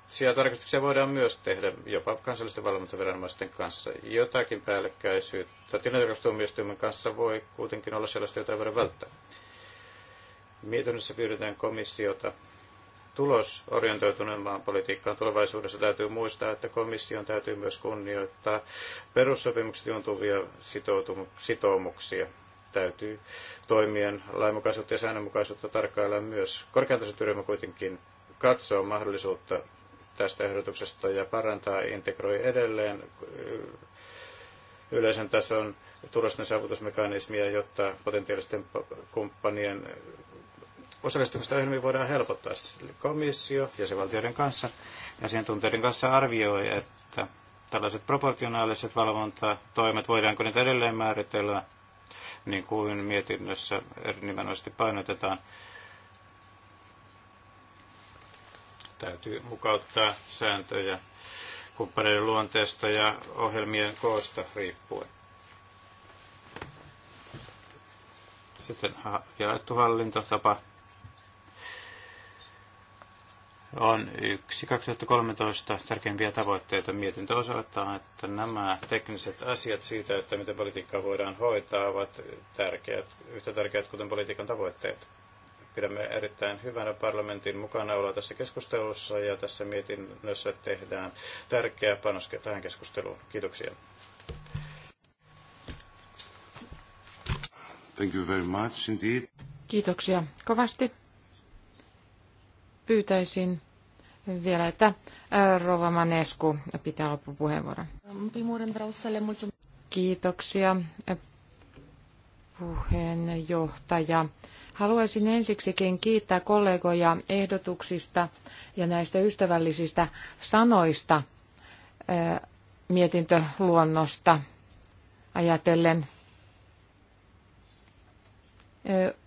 Speaker 3: Siellä tarkastuksia voidaan myös tehdä jopa kansallisten valvontaviranomaisten kanssa. Jotakin päällekkäisyyttä tilintarkastustuomioistuimen kanssa voi kuitenkin olla sellaista, jota ei voida välttää. Mietinnössä pyydetään komissiota maan politiikkaan tulevaisuudessa täytyy muistaa, että komission täytyy myös kunnioittaa perussopimukset juontuvia sitoumuksia. Täytyy toimien lainmukaisuutta ja säännönmukaisuutta tarkkailla myös. työryhmä kuitenkin katsoa mahdollisuutta tästä ehdotuksesta ja parantaa ja integroi edelleen äh, yleisen tason turvallisten saavutusmekanismia, jotta potentiaalisten kumppanien osallistumista ohjelmiin voidaan helpottaa. Komissio ja se valtioiden kanssa ja asiantuntijoiden kanssa arvioi, että tällaiset proportionaaliset valvontatoimet, voidaanko niitä edelleen määritellä, niin kuin mietinnössä nimenomaisesti painotetaan, Täytyy mukauttaa sääntöjä kumppaneiden luonteesta ja ohjelmien koosta riippuen. Sitten jaettu hallintotapa on yksi 2013 tärkeimpiä tavoitteita. Mietintö osoittaa, että nämä tekniset asiat siitä, että miten politiikkaa voidaan hoitaa, ovat tärkeät, yhtä tärkeät kuten politiikan tavoitteet. Pidämme erittäin hyvänä parlamentin mukanaoloa tässä keskustelussa ja tässä mietinnössä tehdään tärkeä panos tähän keskusteluun. Kiitoksia.
Speaker 1: Thank you very much indeed.
Speaker 2: Kiitoksia kovasti. Pyytäisin vielä, että Rova Manescu pitää loppupuheenvuoron. Kiitoksia puheenjohtaja. Haluaisin ensiksikin kiittää kollegoja ehdotuksista ja näistä ystävällisistä sanoista mietintöluonnosta ajatellen.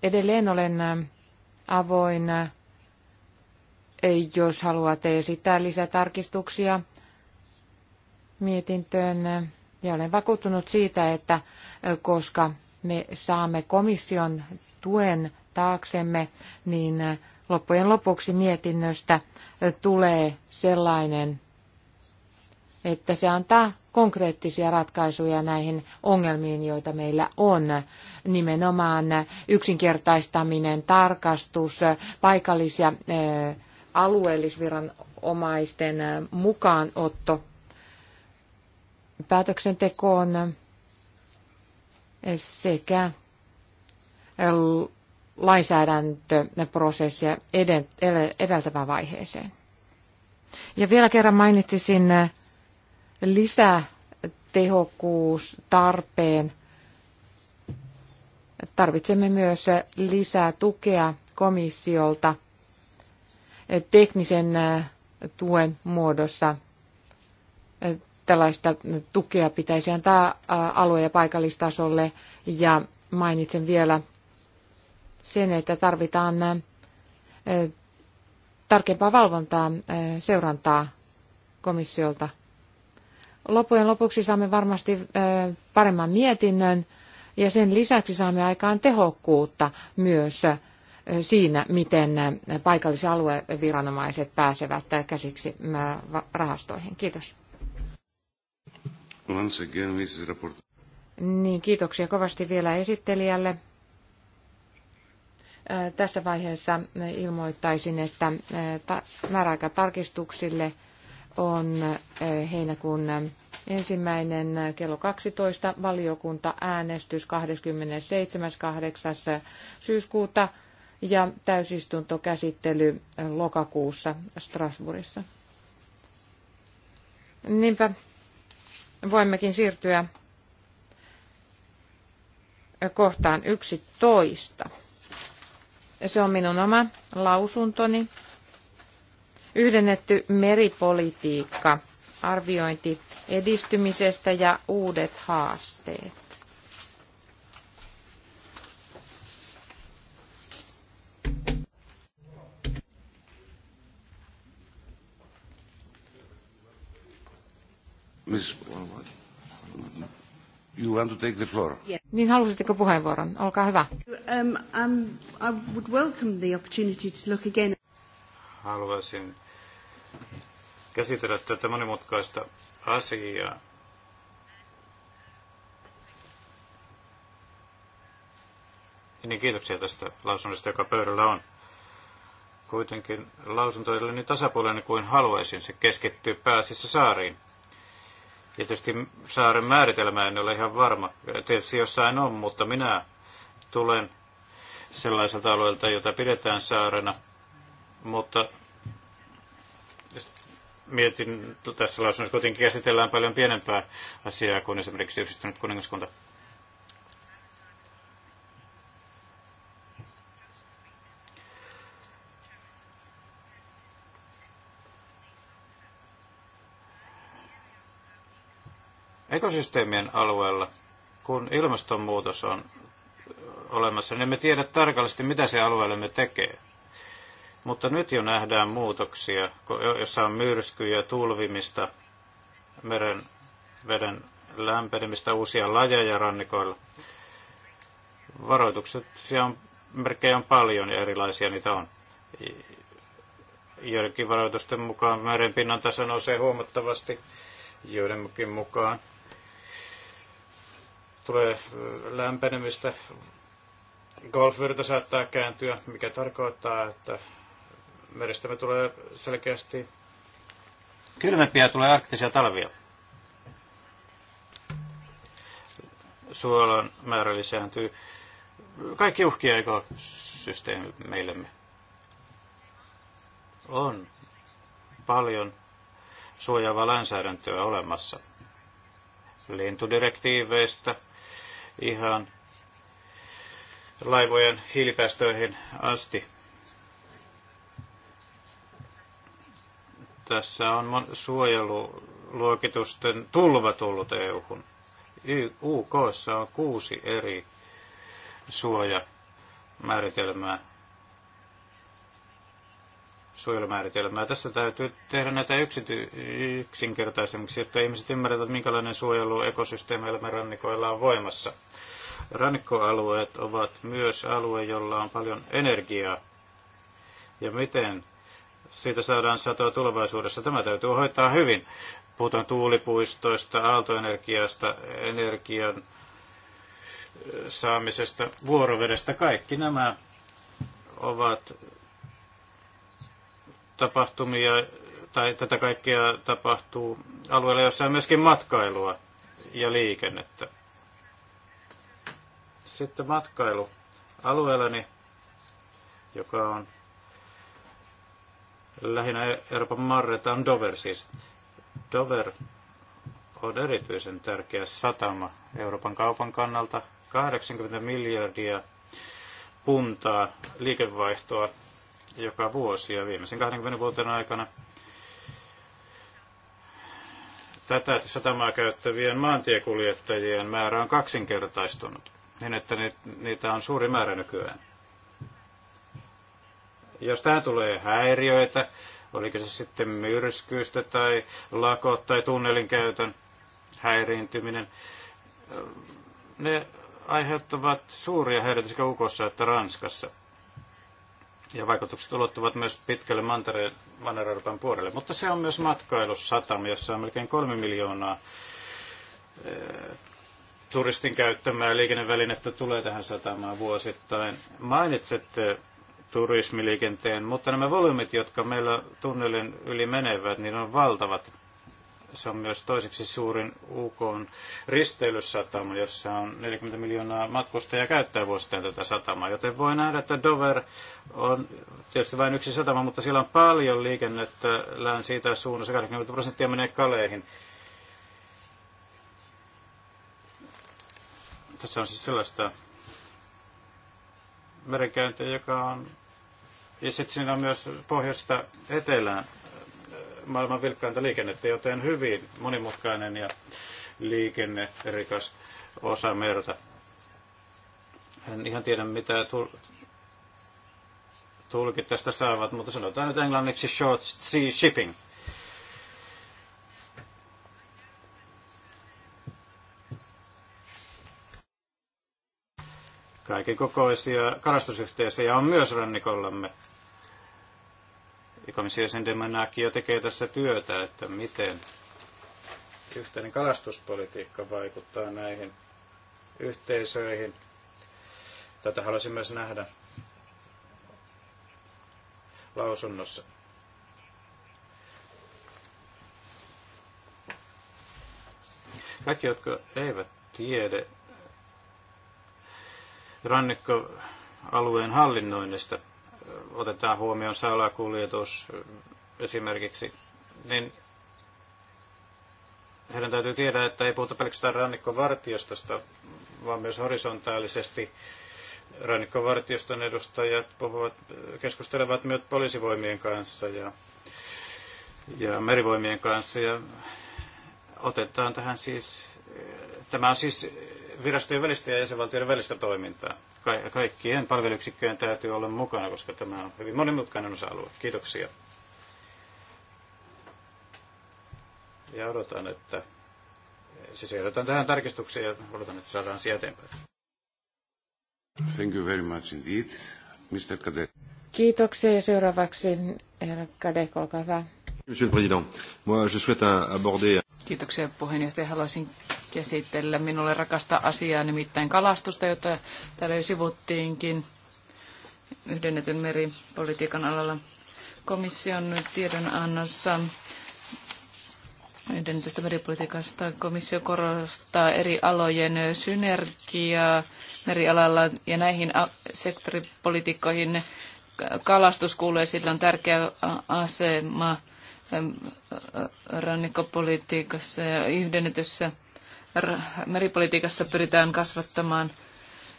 Speaker 2: Edelleen olen avoin, jos haluatte esittää lisätarkistuksia mietintöön. Ja olen vakuuttunut siitä, että koska me saamme komission tuen taaksemme, niin loppujen lopuksi mietinnöstä tulee sellainen, että se antaa konkreettisia ratkaisuja näihin ongelmiin, joita meillä on. Nimenomaan yksinkertaistaminen, tarkastus, paikallis- ja alueellisviranomaisten mukaanotto päätöksentekoon sekä lainsäädäntöprosessia edeltävään vaiheeseen. Ja vielä kerran mainitsisin äh, lisätehokkuustarpeen. Tarvitsemme myös äh, lisää tukea komissiolta äh, teknisen tuen muodossa tällaista tukea pitäisi antaa alue- ja paikallistasolle. Ja mainitsen vielä sen, että tarvitaan tarkempaa valvontaa, seurantaa komissiolta. Lopujen lopuksi saamme varmasti paremman mietinnön ja sen lisäksi saamme aikaan tehokkuutta myös siinä, miten alueviranomaiset pääsevät käsiksi rahastoihin. Kiitos.
Speaker 1: Once again, Mrs.
Speaker 2: Niin, kiitoksia kovasti vielä esittelijälle. Tässä vaiheessa ilmoittaisin, että määräaika tarkistuksille on heinäkuun ensimmäinen kello 12 valiokunta äänestys 27.8. syyskuuta ja täysistuntokäsittely lokakuussa Strasbourgissa. Niinpä voimmekin siirtyä kohtaan 11. Se on minun oma lausuntoni. Yhdennetty meripolitiikka, arviointi edistymisestä ja uudet haasteet.
Speaker 1: Miss, you want to take the floor? Yeah.
Speaker 2: Niin halusitteko puheenvuoron? Olkaa hyvä. Um, um, I would welcome the opportunity to look again. Haluaisin
Speaker 3: käsitellä tätä monimutkaista asiaa. Niin kiitoksia tästä lausunnosta, joka pöydällä on. Kuitenkin lausunto ei ole niin tasapuolinen kuin haluaisin. Se keskittyy pääasiassa saariin. Tietysti saaren määritelmä en ole ihan varma. Tietysti jossain on, mutta minä tulen sellaiselta alueelta, jota pidetään saarena. Mutta mietin, tässä lausunnossa kuitenkin käsitellään paljon pienempää asiaa kuin esimerkiksi yhdistynyt kuningaskunta. ekosysteemien alueella, kun ilmastonmuutos on olemassa, niin emme tiedä tarkallisesti, mitä se alueellemme tekee. Mutta nyt jo nähdään muutoksia, jossa on myrskyjä, tulvimista, meren veden lämpenemistä, uusia lajeja rannikoilla. Varoitukset, on, merkkejä on paljon ja erilaisia niitä on. Joidenkin varoitusten mukaan merenpinnan taso nousee huomattavasti, joidenkin mukaan tulee lämpenemistä. Golfvirta saattaa kääntyä, mikä tarkoittaa, että meristämme tulee selkeästi kylmempiä tulee arktisia talvia. Suolan määrä lisääntyy. Kaikki uhkia ekosysteemi meillemme. On paljon suojaavaa lainsäädäntöä olemassa. Lintudirektiiveistä ihan laivojen hiilipäästöihin asti. Tässä on suojeluluokitusten tulva tullut EU-hun. UKssa on kuusi eri suojamääritelmää suojelumääritelmää. Tässä täytyy tehdä näitä yksity- yksinkertaisemmiksi, jotta ihmiset ymmärtävät, minkälainen suojelu ekosysteemeillä rannikoilla on voimassa. Rannikkoalueet ovat myös alue, jolla on paljon energiaa. Ja miten siitä saadaan satoa tulevaisuudessa, tämä täytyy hoitaa hyvin. Puhutaan tuulipuistoista, aaltoenergiasta, energian saamisesta, vuorovedestä. Kaikki nämä ovat tapahtumia tai tätä kaikkea tapahtuu alueella, jossa on myöskin matkailua ja liikennettä. Sitten matkailu alueellani, joka on lähinnä Euroopan marreta, on Dover siis. Dover on erityisen tärkeä satama Euroopan kaupan kannalta. 80 miljardia puntaa liikevaihtoa joka vuosi ja viimeisen 20 vuoden aikana tätä satamaa käyttävien maantiekuljettajien määrä on kaksinkertaistunut, niin että niitä on suuri määrä nykyään. Jos tähän tulee häiriöitä, oliko se sitten myrskyistä tai lakot tai tunnelin käytön häiriintyminen, ne aiheuttavat suuria häiriöitä sekä Ukossa että Ranskassa. Ja vaikutukset ulottuvat myös pitkälle Manner-Euroopan puolelle. Mutta se on myös matkailusatama, jossa on melkein kolme miljoonaa eh, turistin käyttämää liikennevälinettä tulee tähän satamaan vuosittain. Mainitsette turismiliikenteen, mutta nämä volyymit, jotka meillä tunnelin yli menevät, niin on valtavat. Se on myös toiseksi suurin UK risteilysatama, jossa on 40 miljoonaa matkustajaa käyttää vuosittain tätä satamaa. Joten voi nähdä, että Dover on tietysti vain yksi satama, mutta siellä on paljon liikennettä länsi suunnassa. 80 prosenttia menee kaleihin. Tässä on siis sellaista merenkäyntiä, joka on... Ja sitten siinä on myös pohjoista etelään maailman vilkkainta liikennettä, joten hyvin monimutkainen ja liikennerikas osa merta. En ihan tiedä, mitä tulkit tästä saavat, mutta sanotaan nyt englanniksi short sea shipping. Kaikki kokoisia kalastusyhteisöjä on myös rannikollamme komissio Sendemanaki jo tekee tässä työtä, että miten yhteinen kalastuspolitiikka vaikuttaa näihin yhteisöihin. Tätä haluaisin myös nähdä lausunnossa. Kaikki, jotka eivät tiedä rannikkoalueen hallinnoinnista, otetaan huomioon salakuljetus esimerkiksi, niin heidän täytyy tiedä, että ei puhuta pelkästään rannikkovartiostosta, vaan myös horisontaalisesti rannikkovartioston edustajat puhuvat, keskustelevat myös poliisivoimien kanssa ja, ja merivoimien kanssa. Ja otetaan tähän siis, tämä on siis virastojen välistä ja jäsenvaltioiden välistä toimintaa. Ka- kaikkien palveluyksikköjen täytyy olla mukana, koska tämä on hyvin monimutkainen osa-alue. Kiitoksia. Ja odotan, että siis ehdotan tähän tarkistuksia
Speaker 1: ja odotan, että saadaan se eteenpäin. Thank you very much indeed, Mr. Kadek.
Speaker 5: Kiitoksia ja seuraavaksi herra Kadek, olkaa hyvä.
Speaker 1: Monsieur le Président, moi je souhaite aborder...
Speaker 5: Kiitoksia puheenjohtaja. Haluaisin käsitellä minulle rakasta asiaa, nimittäin kalastusta, jota täällä jo sivuttiinkin yhdennetyn meripolitiikan alalla komission tiedonannossa yhdennetystä meripolitiikasta. Komissio korostaa eri alojen synergiaa merialalla ja näihin sektoripolitiikkoihin kalastus kuuluu sillä on tärkeä asema rannikkopolitiikassa ja yhdennetyssä meripolitiikassa pyritään kasvattamaan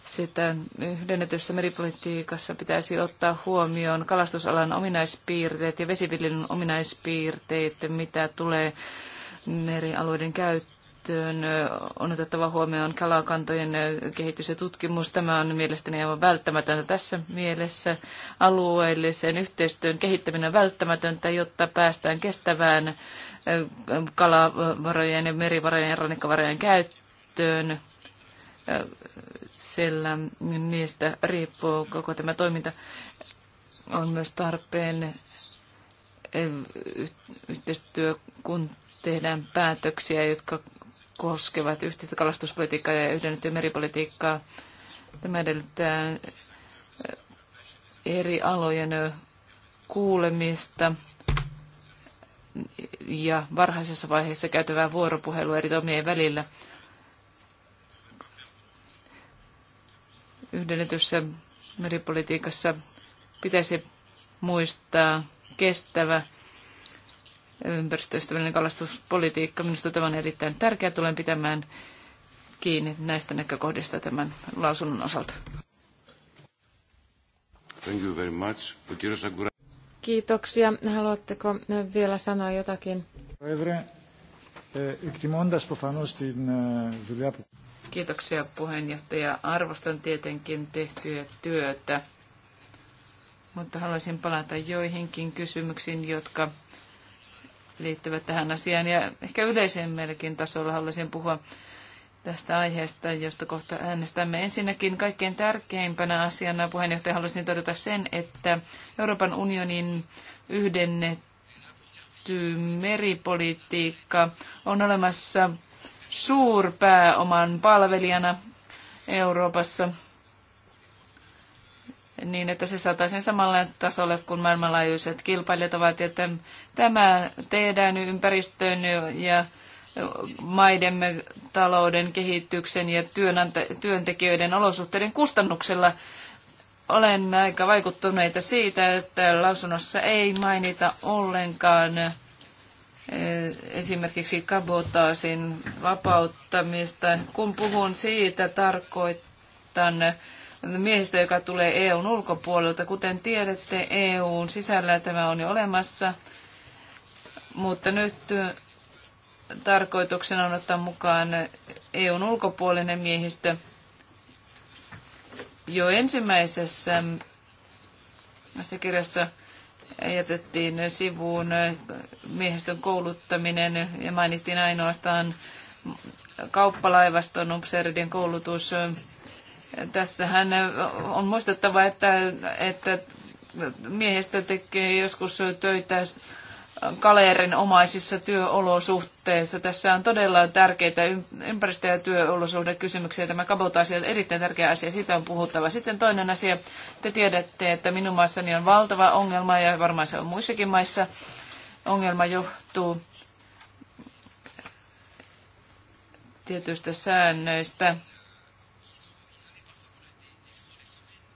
Speaker 5: sitä yhdennetyssä meripolitiikassa pitäisi ottaa huomioon kalastusalan ominaispiirteet ja vesiviljelyn ominaispiirteet, mitä tulee merialueiden käyttöön. On otettava huomioon kalakantojen kehitys ja tutkimus. Tämä on mielestäni aivan välttämätöntä tässä mielessä. Alueelliseen yhteistyön kehittäminen on välttämätöntä, jotta päästään kestävään kalavarojen ja merivarojen ja rannikkavarojen käyttöön, sillä niistä riippuu koko tämä toiminta. On myös tarpeen eh, yhteistyö, kun tehdään päätöksiä, jotka koskevat yhteistä kalastuspolitiikkaa ja yhdennettyä meripolitiikkaa. Tämä edellyttää eh, eri alojen kuulemista ja varhaisessa vaiheessa käytävää vuoropuhelua eri toimien välillä. Yhdennetyssä meripolitiikassa pitäisi muistaa kestävä ympäristöystävällinen kalastuspolitiikka. Minusta tämä on erittäin tärkeää. Tulen pitämään kiinni näistä näkökohdista tämän lausunnon osalta.
Speaker 1: Thank you very much.
Speaker 5: Kiitoksia.
Speaker 2: Haluatteko vielä sanoa jotakin?
Speaker 1: Eh, eh,
Speaker 5: Kiitoksia puheenjohtaja. Arvostan tietenkin tehtyä työtä, mutta haluaisin palata joihinkin kysymyksiin, jotka liittyvät tähän asiaan ja ehkä yleisemmälläkin tasolla haluaisin puhua tästä aiheesta, josta kohta äänestämme. Ensinnäkin kaikkein tärkeimpänä asiana puheenjohtaja haluaisin todeta sen, että Euroopan unionin yhdennetty meripolitiikka on olemassa suurpääoman palvelijana Euroopassa niin, että se saataisiin samalle tasolle kuin maailmanlaajuiset kilpailijat ovat, että tämä tehdään ympäristöön ja maidemme talouden kehityksen ja työntekijöiden olosuhteiden kustannuksella. Olen aika vaikuttuneita siitä, että lausunnossa ei mainita ollenkaan eh, esimerkiksi kabotaasin vapauttamista. Kun puhun siitä, tarkoitan miehistä, joka tulee EUn ulkopuolelta. Kuten tiedätte, EUn sisällä tämä on jo olemassa, mutta nyt tarkoituksena on ottaa mukaan EUn ulkopuolinen miehistö. Jo ensimmäisessä asiakirjassa jätettiin sivuun miehistön kouluttaminen ja mainittiin ainoastaan kauppalaivaston upseeriden koulutus. Tässähän on muistettava, että, että miehistö tekee joskus töitä Kaleerin omaisissa työolosuhteissa. Tässä on todella tärkeitä ympäristö- ja työolosuhdekysymyksiä. Tämä kabotaasi on erittäin tärkeä asia, siitä on puhuttava. Sitten toinen asia, te tiedätte, että minun maassani on valtava ongelma ja varmaan se on muissakin maissa. Ongelma johtuu tietyistä säännöistä.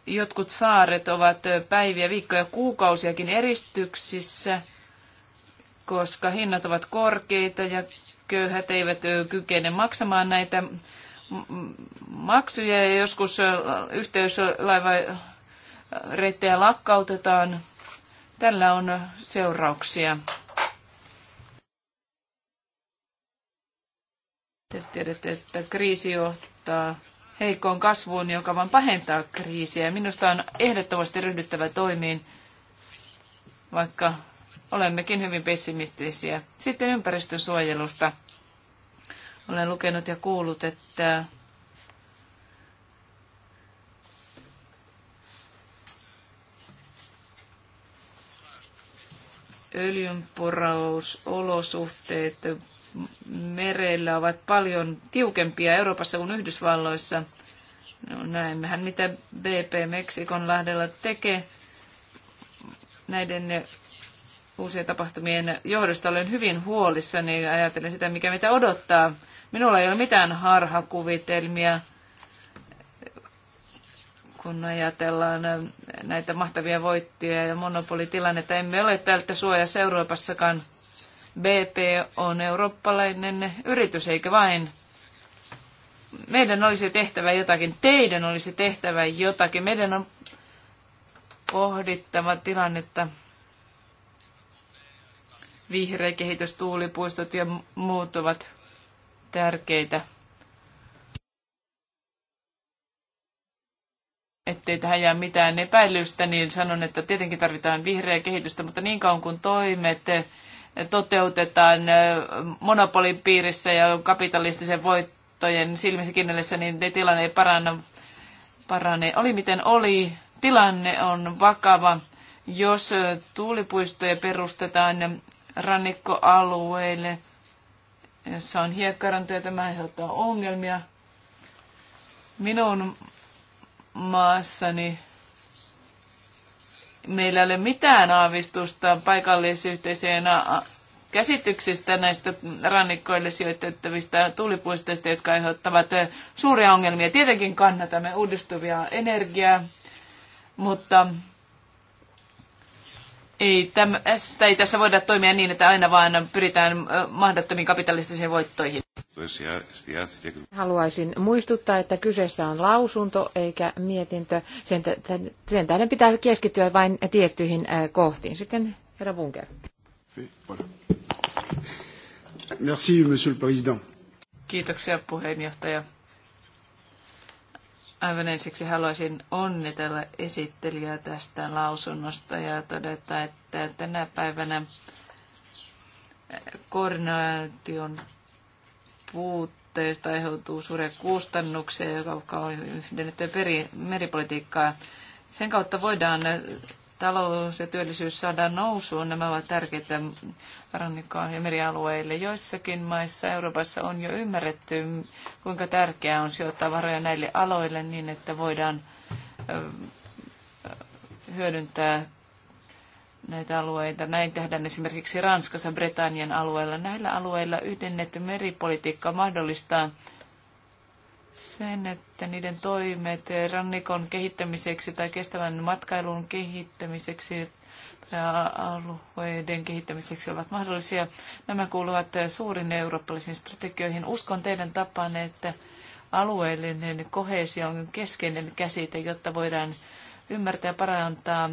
Speaker 5: Jotkut saaret ovat päiviä, viikkoja, kuukausiakin eristyksissä – koska hinnat ovat korkeita ja köyhät eivät kykene maksamaan näitä maksuja ja joskus yhteyslaivareittejä lakkautetaan. Tällä on seurauksia. Te tiedätte, että kriisi johtaa heikkoon kasvuun, joka vain pahentaa kriisiä. Minusta on ehdottomasti ryhdyttävä toimiin, vaikka olemmekin hyvin pessimistisiä. Sitten ympäristönsuojelusta. Olen lukenut ja kuullut, että öljynporausolosuhteet merellä ovat paljon tiukempia Euroopassa kuin Yhdysvalloissa. No näemmehän, mitä BP lahdella tekee näiden uusien tapahtumien johdosta olen hyvin huolissani ja ajatellen sitä, mikä mitä odottaa. Minulla ei ole mitään harhakuvitelmia, kun ajatellaan näitä mahtavia voittoja ja monopolitilannetta. Emme ole tältä suojassa Euroopassakaan. BP on eurooppalainen yritys, eikä vain meidän olisi tehtävä jotakin, teidän olisi tehtävä jotakin. Meidän on pohdittava tilannetta vihreä kehitys, tuulipuistot ja muut ovat tärkeitä. Ettei tähän jää mitään epäilystä, niin sanon, että tietenkin tarvitaan vihreää kehitystä, mutta niin kauan kuin toimet toteutetaan monopolin piirissä ja kapitalistisen voittojen silmissä kinnellessä, niin tilanne ei paranna, parane. Oli miten oli, tilanne on vakava. Jos tuulipuistoja perustetaan rannikkoalueille, jossa on hiekkarantoja. Tämä aiheuttaa ongelmia. Minun maassani meillä ei ole mitään aavistusta paikallisyhteisöjen käsityksistä näistä rannikkoille sijoitettavista tuulipuistoista, jotka aiheuttavat suuria ongelmia. Tietenkin kannatamme uudistuvia energiaa, mutta ei, täm, tästä ei tässä voida toimia niin, että aina vaan pyritään mahdottomiin kapitalistisiin voittoihin.
Speaker 2: Haluaisin muistuttaa, että kyseessä on lausunto eikä mietintö. Sen, sen tähden pitää keskittyä vain tiettyihin kohtiin. Sitten herra Bunker.
Speaker 4: Merci, monsieur le président.
Speaker 5: Kiitoksia puheenjohtaja. Aivan ensiksi haluaisin onnitella esittelijää tästä lausunnosta ja todeta, että tänä päivänä eh, koordinaation puutteesta aiheutuu suuria kustannuksia, joka on yhdennettyä meripolitiikkaa. Sen kautta voidaan talous ja työllisyys saadaan nousuun, nämä ovat tärkeitä rannikkoa ja merialueille. Joissakin maissa Euroopassa on jo ymmärretty, kuinka tärkeää on sijoittaa varoja näille aloille niin, että voidaan hyödyntää näitä alueita. Näin tehdään esimerkiksi Ranskassa, Britannian alueella. Näillä alueilla yhdennetty meripolitiikka mahdollistaa sen, että niiden toimet rannikon kehittämiseksi tai kestävän matkailun kehittämiseksi ja alueiden kehittämiseksi ovat mahdollisia. Nämä kuuluvat suurin eurooppalaisiin strategioihin. Uskon teidän tapaan, että alueellinen kohesio on keskeinen käsite, jotta voidaan ymmärtää ja parantaa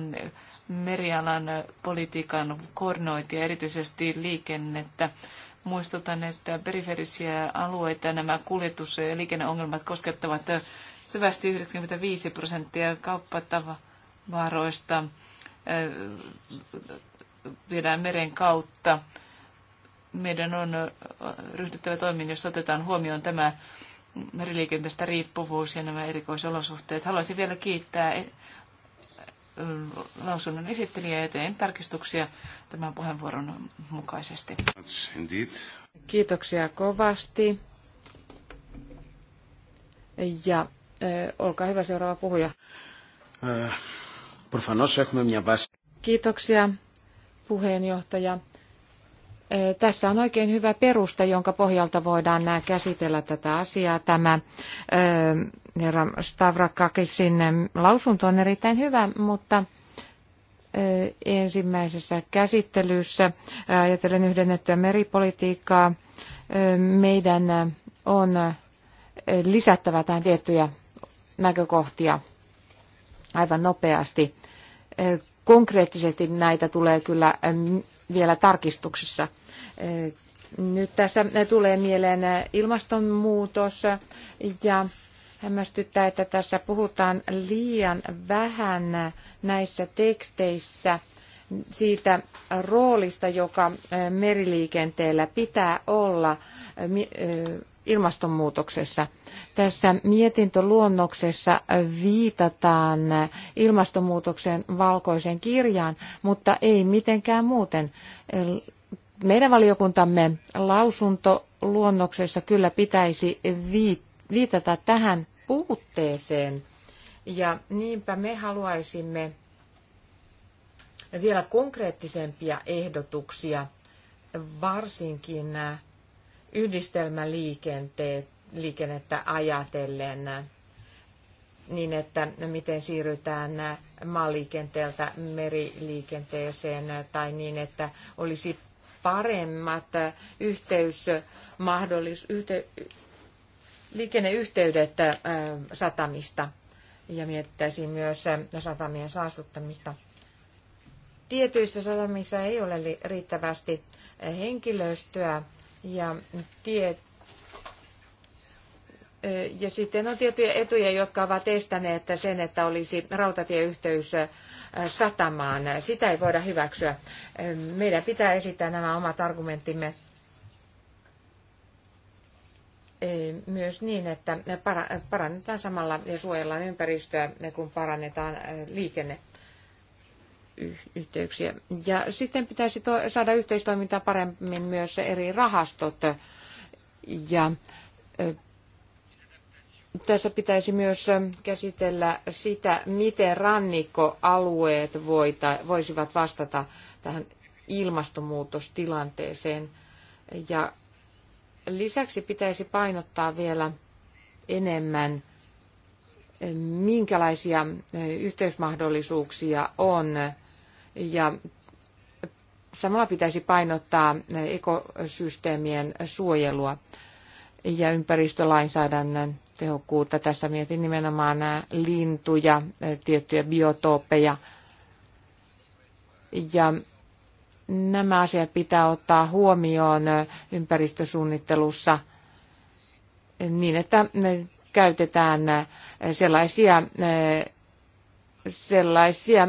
Speaker 5: merialan politiikan koordinointia, erityisesti liikennettä Muistutan, että periferisiä alueita nämä kuljetus- ja liikenneongelmat koskettavat syvästi 95 prosenttia kauppatavaroista eh, viedään meren kautta. Meidän on eh, ryhdyttävä toimiin, jos otetaan huomioon tämä meriliikenteestä riippuvuus ja nämä erikoisolosuhteet. Haluaisin vielä kiittää lausunnon esittelijä ja teen tarkistuksia tämän puheenvuoron mukaisesti. Kiitoksia kovasti.
Speaker 2: Ja äh, olkaa hyvä seuraava puhuja. Äh, Kiitoksia puheenjohtaja. Tässä on oikein hyvä perusta, jonka pohjalta voidaan äh, käsitellä tätä asiaa. Tämä herra Stavrakakisin äh, lausunto on erittäin hyvä, mutta ensimmäisessä käsittelyssä äh, ajatellen yhdennettyä meripolitiikkaa meidän on lisättävä tähän tiettyjä näkökohtia aivan nopeasti. Konkreettisesti näitä tulee kyllä vielä tarkistuksissa. Nyt tässä tulee mieleen ilmastonmuutos ja hämmästyttää, että tässä puhutaan liian vähän näissä teksteissä siitä roolista, joka meriliikenteellä pitää olla ilmastonmuutoksessa. Tässä mietintöluonnoksessa viitataan ilmastonmuutoksen valkoiseen kirjaan, mutta ei mitenkään muuten. Meidän valiokuntamme lausuntoluonnoksessa kyllä pitäisi viitata tähän puutteeseen. Ja niinpä me haluaisimme vielä konkreettisempia ehdotuksia, varsinkin yhdistelmäliikennettä ajatellen, niin että miten siirrytään maaliikenteeltä meriliikenteeseen tai niin, että olisi paremmat yhteysmahdollis, yhte, liikenneyhteydet satamista ja mietittäisiin myös satamien saastuttamista. Tietyissä satamissa ei ole riittävästi henkilöstöä ja, tie, ja sitten on tiettyjä etuja, jotka ovat estäneet sen, että olisi rautatieyhteys satamaan. Sitä ei voida hyväksyä. Meidän pitää esittää nämä omat argumenttimme myös niin, että parannetaan samalla ja suojellaan ympäristöä, kun parannetaan liikenne yhteyksiä. Ja sitten pitäisi saada yhteistoimintaa paremmin myös eri rahastot. Ja tässä pitäisi myös käsitellä sitä, miten rannikkoalueet voita, voisivat vastata tähän ilmastonmuutostilanteeseen. Ja lisäksi pitäisi painottaa vielä enemmän, minkälaisia yhteysmahdollisuuksia on ja samalla pitäisi painottaa ekosysteemien suojelua ja ympäristölainsäädännön tehokkuutta. Tässä mietin nimenomaan nämä lintuja, tiettyjä biotooppeja. Ja nämä asiat pitää ottaa huomioon ympäristösuunnittelussa niin, että käytetään sellaisia, sellaisia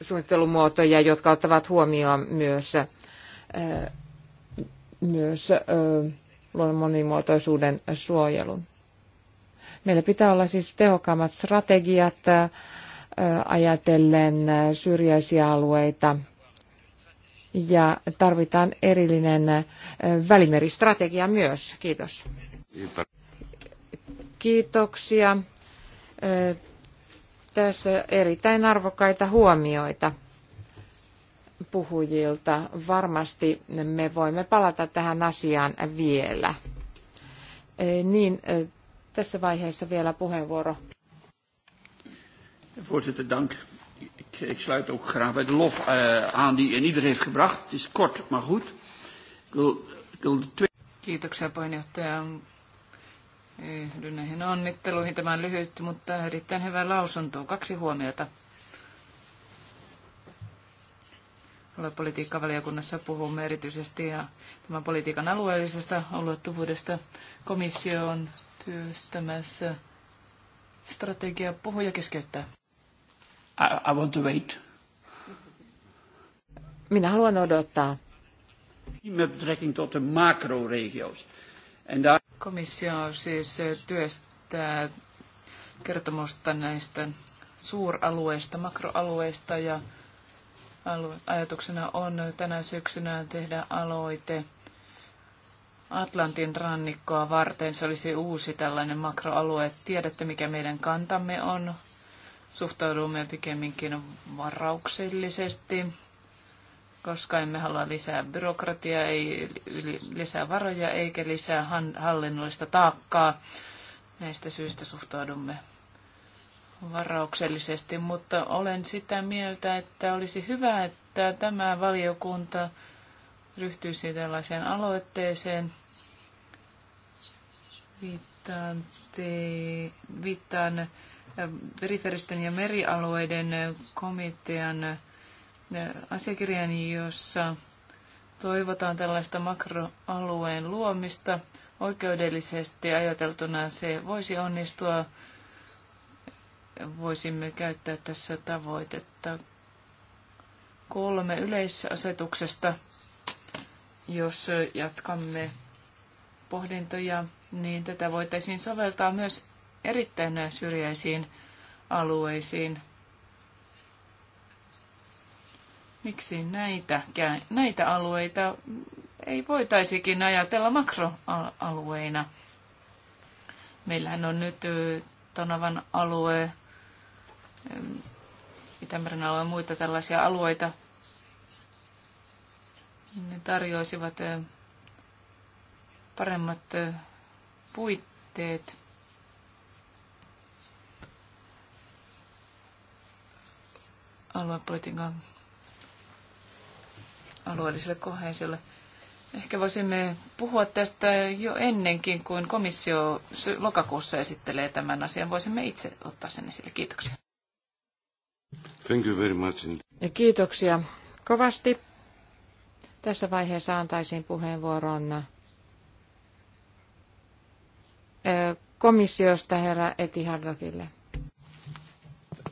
Speaker 2: suunnittelumuotoja, jotka ottavat huomioon myös, myös luonnon monimuotoisuuden suojelun. Meillä pitää olla siis tehokkaammat strategiat ajatellen syrjäisiä alueita ja tarvitaan erillinen välimeristrategia myös. Kiitos. Kiitoksia tässä erittäin arvokkaita huomioita puhujilta. Varmasti me voimme palata tähän asiaan vielä. E, niin, e, tässä vaiheessa vielä puheenvuoro.
Speaker 4: Voorzitter, dank. Ik, ik sluit ook graag bij de lof uh, aan die in ieder heeft gebracht. Het is kort, maar goed. Ik wil, ik wil de
Speaker 5: twee... Kiitoksia puheenjohtaja. Yhdyn näihin onnitteluihin. Tämä on lyhyt, mutta erittäin hyvä lausunto. Kaksi huomiota. Aluepolitiikkavaliokunnassa puhumme erityisesti ja tämän politiikan alueellisesta ulottuvuudesta. Komissio on työstämässä strategia puhuja keskeyttää.
Speaker 4: I, I want to wait.
Speaker 5: Minä haluan odottaa. Met betrekking tot de macroregio's. En daar Komissio siis työstää kertomusta näistä suuralueista, makroalueista ja ajatuksena on tänä syksynä tehdä aloite Atlantin rannikkoa varten. Se olisi uusi tällainen makroalue. Tiedätte, mikä meidän kantamme on. Suhtaudumme pikemminkin varauksellisesti koska emme halua lisää byrokratiaa, ei lisää varoja eikä lisää hallinnollista taakkaa. Näistä syistä suhtaudumme varauksellisesti, mutta olen sitä mieltä, että olisi hyvä, että tämä valiokunta ryhtyisi tällaiseen aloitteeseen. Viittaan, te, viittaan periferisten ja merialueiden komitean asiakirjan, jossa toivotaan tällaista makroalueen luomista. Oikeudellisesti ajateltuna se voisi onnistua. Voisimme käyttää tässä tavoitetta kolme yleisasetuksesta, jos jatkamme pohdintoja, niin tätä voitaisiin soveltaa myös erittäin syrjäisiin alueisiin – Miksi näitä, näitä alueita ei voitaisikin ajatella makroalueina? Meillähän on nyt Tanavan alue, Itämeren alue ja muita tällaisia alueita. Ne tarjoisivat paremmat puitteet. aluepolitiikan alueellisille koheisille. Ehkä voisimme puhua tästä jo ennenkin, kuin komissio lokakuussa esittelee tämän asian. Voisimme itse ottaa sen esille. Kiitoksia.
Speaker 1: Thank you very much.
Speaker 5: Kiitoksia kovasti. Tässä vaiheessa
Speaker 2: antaisin puheenvuoron komissiosta herra Eti Hardokille.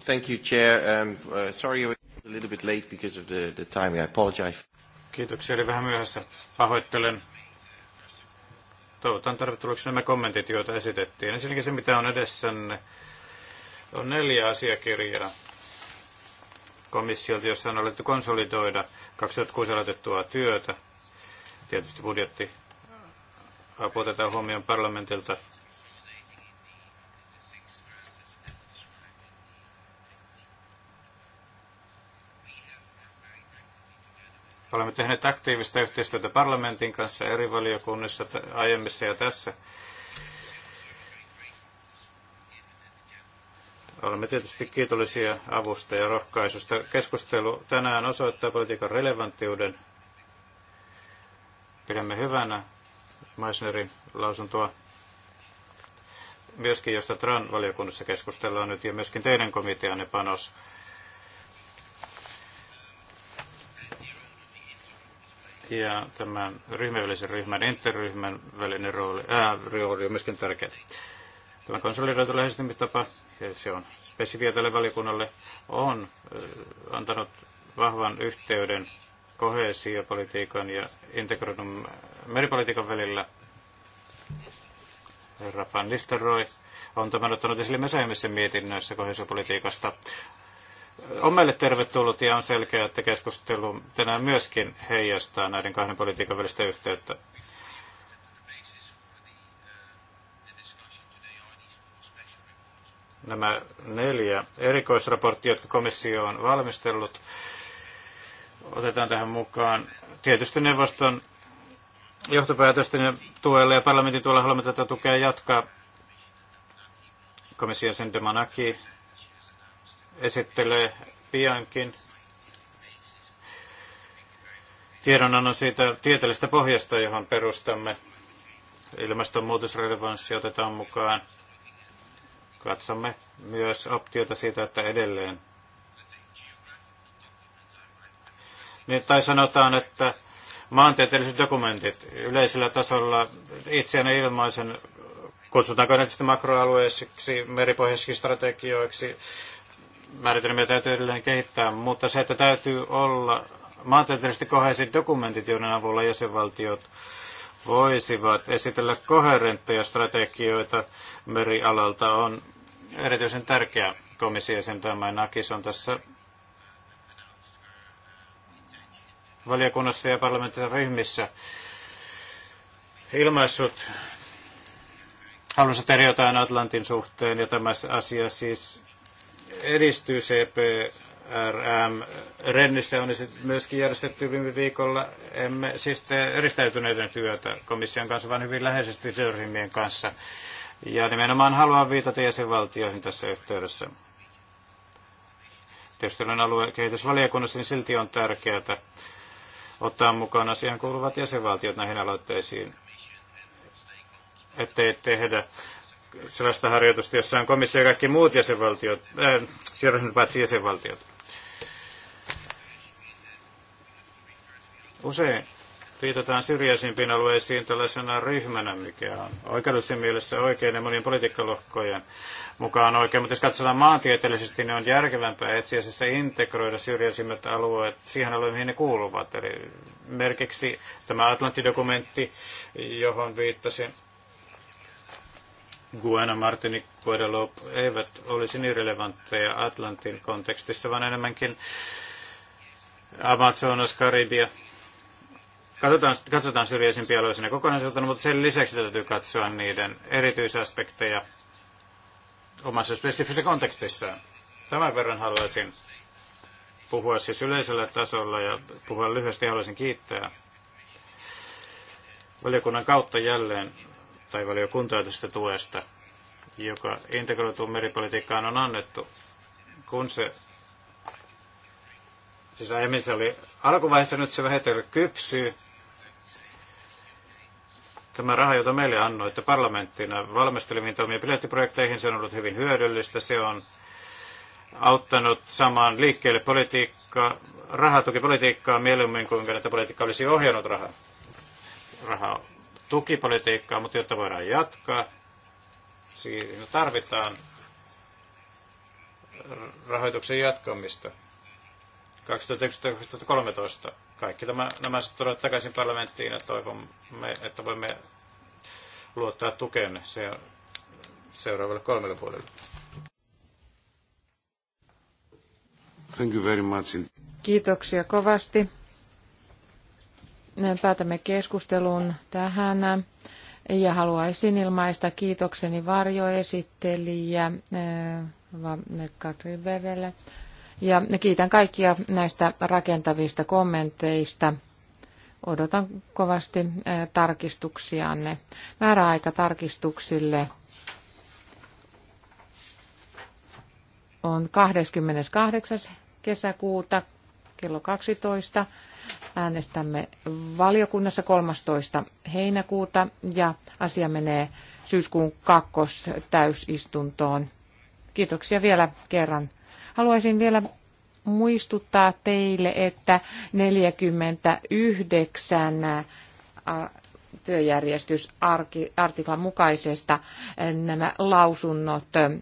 Speaker 4: Thank you, Chair. Um, uh, sorry I was a little bit late because of the, the timing. I apologize.
Speaker 3: Kiitoksia, oli vähän myöhässä. Pahoittelen. Toivotan tervetulleeksi nämä kommentit, joita esitettiin. Ensinnäkin se, mitä on edessänne, on neljä asiakirjaa komissiolta, jossa on alettu konsolidoida 2006 aloitettua työtä. Tietysti budjetti apu otetaan huomioon parlamentilta Olemme tehneet aktiivista yhteistyötä parlamentin kanssa eri valiokunnissa aiemmissa ja tässä. Olemme tietysti kiitollisia avusta ja rohkaisusta. Keskustelu tänään osoittaa politiikan relevanttiuden. Pidämme hyvänä Meissnerin lausuntoa myöskin, josta TRAN-valiokunnassa keskustellaan nyt, ja myöskin teidän komiteanne panos Ja tämän ryhmän välisen ryhmän, interryhmän välinen rooli, ää, äh, rooli on myöskin tärkeä. Tämä konsolidoitu lähestymistapa, ja se on spesifiä tälle valiokunnalle, on äh, antanut vahvan yhteyden kohesiopolitiikan ja integroidun meripolitiikan välillä. Herra Van Listeroy on tämän ottanut esille myös mietinnöissä kohesiopolitiikasta on meille tervetullut ja on selkeää, että keskustelu tänään myöskin heijastaa näiden kahden politiikan välistä yhteyttä. Nämä neljä erikoisraporttia, jotka komissio on valmistellut, otetaan tähän mukaan. Tietysti neuvoston johtopäätösten tuella ja parlamentin tuella haluamme tätä tukea jatkaa. Komission sen Demanaki esittelee piankin tiedonannon siitä tieteellisestä pohjasta, johon perustamme ilmastonmuutosrelevanssi otetaan mukaan. Katsomme myös optiota siitä, että edelleen. Niin, tai sanotaan, että maantieteelliset dokumentit yleisellä tasolla itseään ilmaisen, kutsutaanko ne makroalueisiksi, meripohjaisiksi strategioiksi, määritelmiä täytyy edelleen kehittää, mutta se, että täytyy olla maantieteellisesti koheiset dokumentit, joiden avulla jäsenvaltiot voisivat esitellä koherentteja strategioita merialalta, on erityisen tärkeä komission tämä Nakis on tässä valiokunnassa ja parlamentissa ryhmissä ilmaissut halunsa tehdä jotain Atlantin suhteen, ja tämä asia siis edistyy CPRM. Rennissä on myöskin järjestetty viime viikolla. Emme siis tee eristäytyneiden työtä komission kanssa, vaan hyvin läheisesti työryhmien kanssa. Ja nimenomaan haluan viitata jäsenvaltioihin tässä yhteydessä. Tietysti olen aluekehitysvaliokunnassa, niin silti on tärkeää ottaa mukaan asiaan kuuluvat jäsenvaltiot näihin aloitteisiin, ettei tehdä sellaista harjoitusta, jossa on komissio ja kaikki muut jäsenvaltiot, äh, paitsi jäsenvaltiot. Usein viitataan syrjäisimpiin alueisiin tällaisena ryhmänä, mikä on oikeudellisen mielessä oikein ja monien politiikkalohkojen mukaan oikein. Mutta jos katsotaan maantieteellisesti, niin on järkevämpää etsiä se integroida syrjäisimmät alueet siihen alueen, mihin ne kuuluvat. Eli merkiksi tämä Atlantti-dokumentti, johon viittasin, Guana, Martini, Guadeloupe eivät olisi niin relevantteja Atlantin kontekstissa, vaan enemmänkin Amazonas, Karibia. Katsotaan, katsotaan syrjäisimpiä sinne kokonaisuutena, mutta sen lisäksi täytyy katsoa niiden erityisaspekteja omassa spesifisessä kontekstissaan. Tämän verran haluaisin puhua siis yleisellä tasolla ja puhua lyhyesti haluaisin kiittää valiokunnan kautta jälleen tai valiokuntaa tästä tuesta, joka integroituun meripolitiikkaan on annettu. Kun se, siis aiemmin se oli alkuvaiheessa, nyt se vähitellen kypsyy. Tämä raha, jota meille annoitte parlamenttina valmistelemiin toimia pilottiprojekteihin, se on ollut hyvin hyödyllistä. Se on auttanut samaan liikkeelle politiikkaa, rahatukipolitiikkaa mieluummin kuin että politiikka olisi ohjannut rahaa. Rahaa tukipolitiikkaa, mutta jotta voidaan jatkaa, siinä tarvitaan rahoituksen jatkamista. 2011-2013 kaikki tämä, nämä tulevat takaisin parlamenttiin ja toivomme, että voimme luottaa tukeen se, seuraavalle kolmelle vuodelle.
Speaker 1: Thank you very much.
Speaker 2: Kiitoksia kovasti päätämme keskustelun tähän ja haluaisin ilmaista kiitokseni varjoesittelijä eh, Katri Verelle. Ja kiitän kaikkia näistä rakentavista kommenteista. Odotan kovasti eh, tarkistuksianne. Määräaika tarkistuksille on 28. kesäkuuta kello 12. Äänestämme valiokunnassa 13. heinäkuuta ja asia menee syyskuun kakkos täysistuntoon. Kiitoksia vielä kerran. Haluaisin vielä muistuttaa teille, että 49 artiklan mukaisesta eh, nämä lausunnot eh,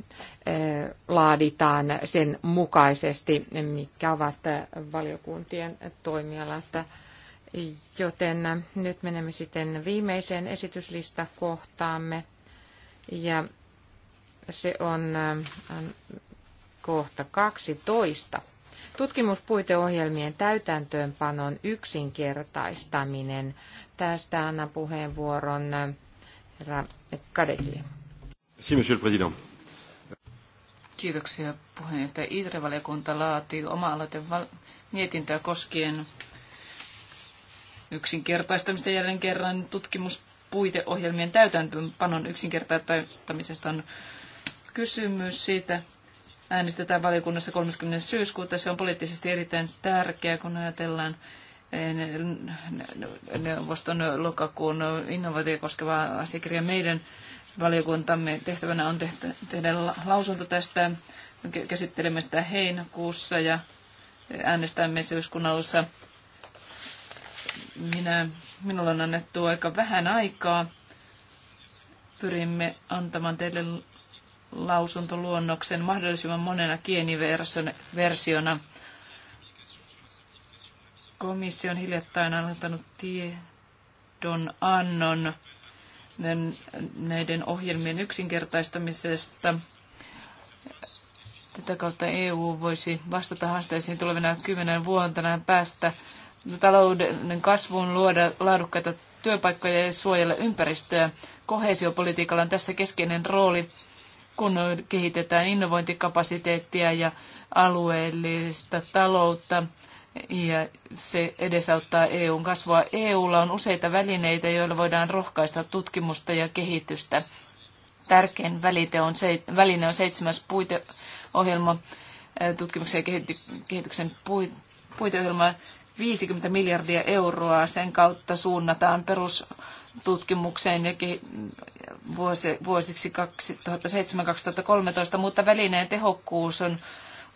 Speaker 2: laaditaan sen mukaisesti, mitkä ovat eh, valiokuntien toimialat. Joten nyt menemme sitten viimeiseen esityslistakohtaamme. Ja se on kohta 12. Tutkimuspuiteohjelmien täytäntöönpanon yksinkertaistaminen tästä annan puheenvuoron herra Kadetille.
Speaker 1: Si, monsieur le président.
Speaker 5: Kiitoksia puheenjohtaja. Itre-valiokunta laatii oma mietintöä koskien yksinkertaistamista jälleen kerran tutkimuspuiteohjelmien täytäntöönpanon yksinkertaistamisesta on kysymys siitä. Äänestetään valiokunnassa 30. syyskuuta. Se on poliittisesti erittäin tärkeää, kun ajatellaan neuvoston lokakuun innovaatio koskeva asiakirja. Meidän valiokuntamme tehtävänä on tehtä, tehdä lausunto tästä. Käsittelemme sitä heinäkuussa ja äänestämme syyskuun alussa. Minä, minulla on annettu aika vähän aikaa. Pyrimme antamaan teille lausuntoluonnoksen mahdollisimman monena kieniversiona. Komissio on hiljattain antanut tiedon annon näiden ohjelmien yksinkertaistamisesta. Tätä kautta EU voisi vastata haasteisiin tulevina kymmenen vuotena päästä talouden kasvuun, luoda laadukkaita työpaikkoja ja suojella ympäristöä. Kohesiopolitiikalla on tässä keskeinen rooli, kun kehitetään innovointikapasiteettia ja alueellista taloutta ja se edesauttaa EUn kasvua. EUlla on useita välineitä, joilla voidaan rohkaista tutkimusta ja kehitystä. Tärkein välite on se, väline on seitsemäs puiteohjelma, tutkimuksen ja kehityksen puiteohjelma. 50 miljardia euroa sen kautta suunnataan perustutkimukseen ja vuosiksi 2007-2013, mutta välineen tehokkuus on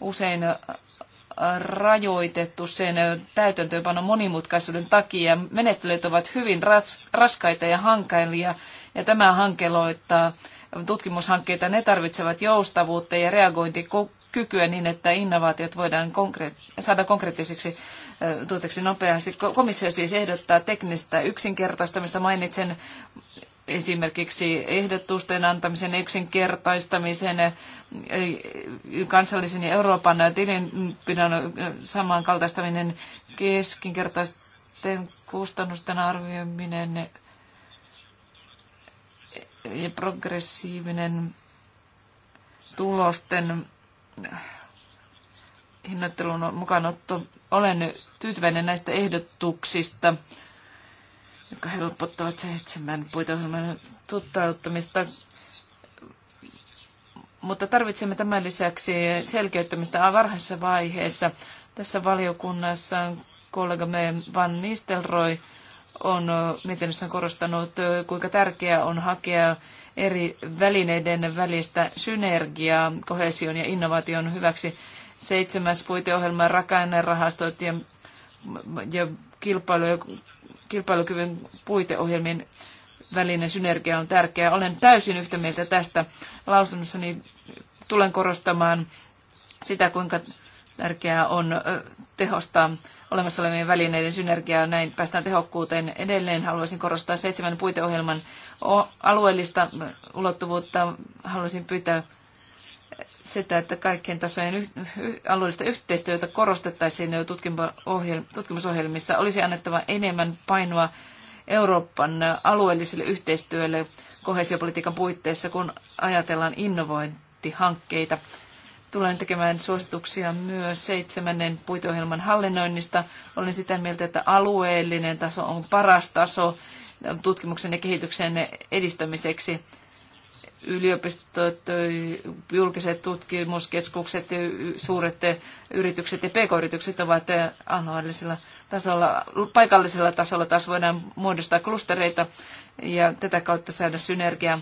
Speaker 5: usein rajoitettu sen täytäntöönpanon monimutkaisuuden takia. Menettelyt ovat hyvin raskaita ja hankailia ja tämä hankeloittaa tutkimushankkeita. Ne tarvitsevat joustavuutta ja reagointikykyä niin, että innovaatiot voidaan konkre- saada konkreettisiksi tuoteksi nopeasti. Komissio siis ehdottaa teknistä yksinkertaistamista. Mainitsen esimerkiksi ehdotusten antamisen yksinkertaistamisen, eh, kansallisen ja Euroopan tilinpidon samankaltaistaminen, keskinkertaisten kustannusten arvioiminen ja progressiivinen tulosten hinnoittelun mukaanotto. Olen tyytyväinen näistä ehdotuksista jotka helpottavat seitsemän puitohjelman tuttauttamista. Mutta tarvitsemme tämän lisäksi selkeyttämistä varhaisessa vaiheessa. Tässä valiokunnassa kollegamme Van Nistelrooy on mietinnössään korostanut, kuinka tärkeää on hakea eri välineiden välistä synergiaa kohesion ja innovaation hyväksi. Seitsemäs puiteohjelma, rakennerahastot ja, ja kilpailu- ja kilpailukyvyn puiteohjelmien välinen synergia on tärkeää. Olen täysin yhtä mieltä tästä lausunnossani. Tulen korostamaan sitä, kuinka tärkeää on tehostaa olemassa olevien välineiden synergiaa. Näin päästään tehokkuuteen. Edelleen haluaisin korostaa seitsemän puiteohjelman alueellista ulottuvuutta. Haluaisin pyytää sitä, että kaikkien tasojen alueellista yhteistyötä korostettaisiin jo tutkimusohjelmissa, olisi annettava enemmän painoa Euroopan alueelliselle yhteistyölle kohesiopolitiikan puitteissa, kun ajatellaan innovointihankkeita. Tulen tekemään suosituksia myös seitsemännen puiteohjelman hallinnoinnista. Olen sitä mieltä, että alueellinen taso on paras taso tutkimuksen ja kehityksen edistämiseksi yliopistot, julkiset tutkimuskeskukset, suuret yritykset ja pk-yritykset ovat alueellisella tasolla, paikallisella tasolla taas voidaan muodostaa klustereita ja tätä kautta saada synergiaa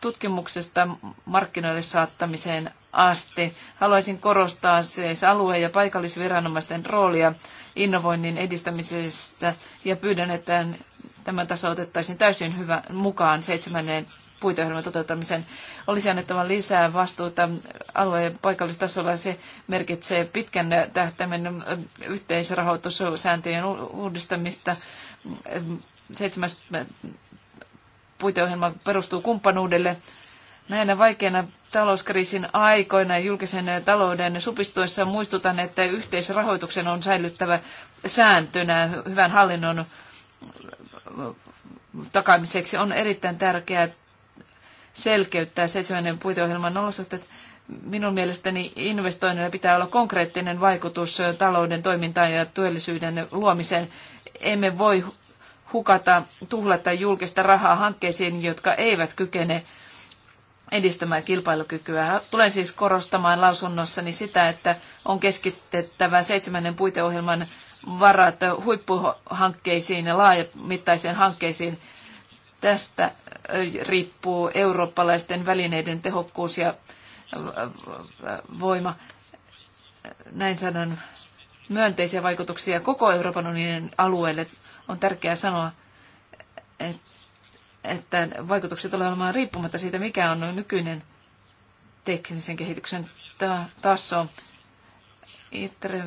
Speaker 5: tutkimuksesta markkinoille saattamiseen asti. Haluaisin korostaa siis alue- ja paikallisviranomaisten roolia innovoinnin edistämisessä ja pyydän, että tämä taso otettaisiin täysin hyvä mukaan seitsemänneen puiteohjelman toteuttamisen olisi annettava lisää vastuuta alueen paikallistasolla. Se merkitsee pitkän tähtäimen yhteisrahoitussääntöjen uudistamista. Seitsemäs puiteohjelma perustuu kumppanuudelle. Näinä vaikeina talouskriisin aikoina ja julkisen talouden supistuessa muistutan, että yhteisrahoituksen on säilyttävä sääntönä hyvän hallinnon takaamiseksi. On erittäin tärkeää selkeyttää seitsemännen puiteohjelman olosuhteet. Minun mielestäni investoinnilla pitää olla konkreettinen vaikutus talouden toimintaan ja työllisyyden luomiseen. Emme voi hukata, tuhlata julkista rahaa hankkeisiin, jotka eivät kykene edistämään kilpailukykyä. Tulen siis korostamaan lausunnossani sitä, että on keskitettävä seitsemännen puiteohjelman varat huippuhankkeisiin ja laajamittaisiin hankkeisiin. Tästä riippuu eurooppalaisten välineiden tehokkuus ja voima. Näin saadaan myönteisiä vaikutuksia koko Euroopan unionin alueelle. On tärkeää sanoa, että vaikutukset tulee olemaan riippumatta siitä, mikä on nykyinen teknisen kehityksen taso. Itre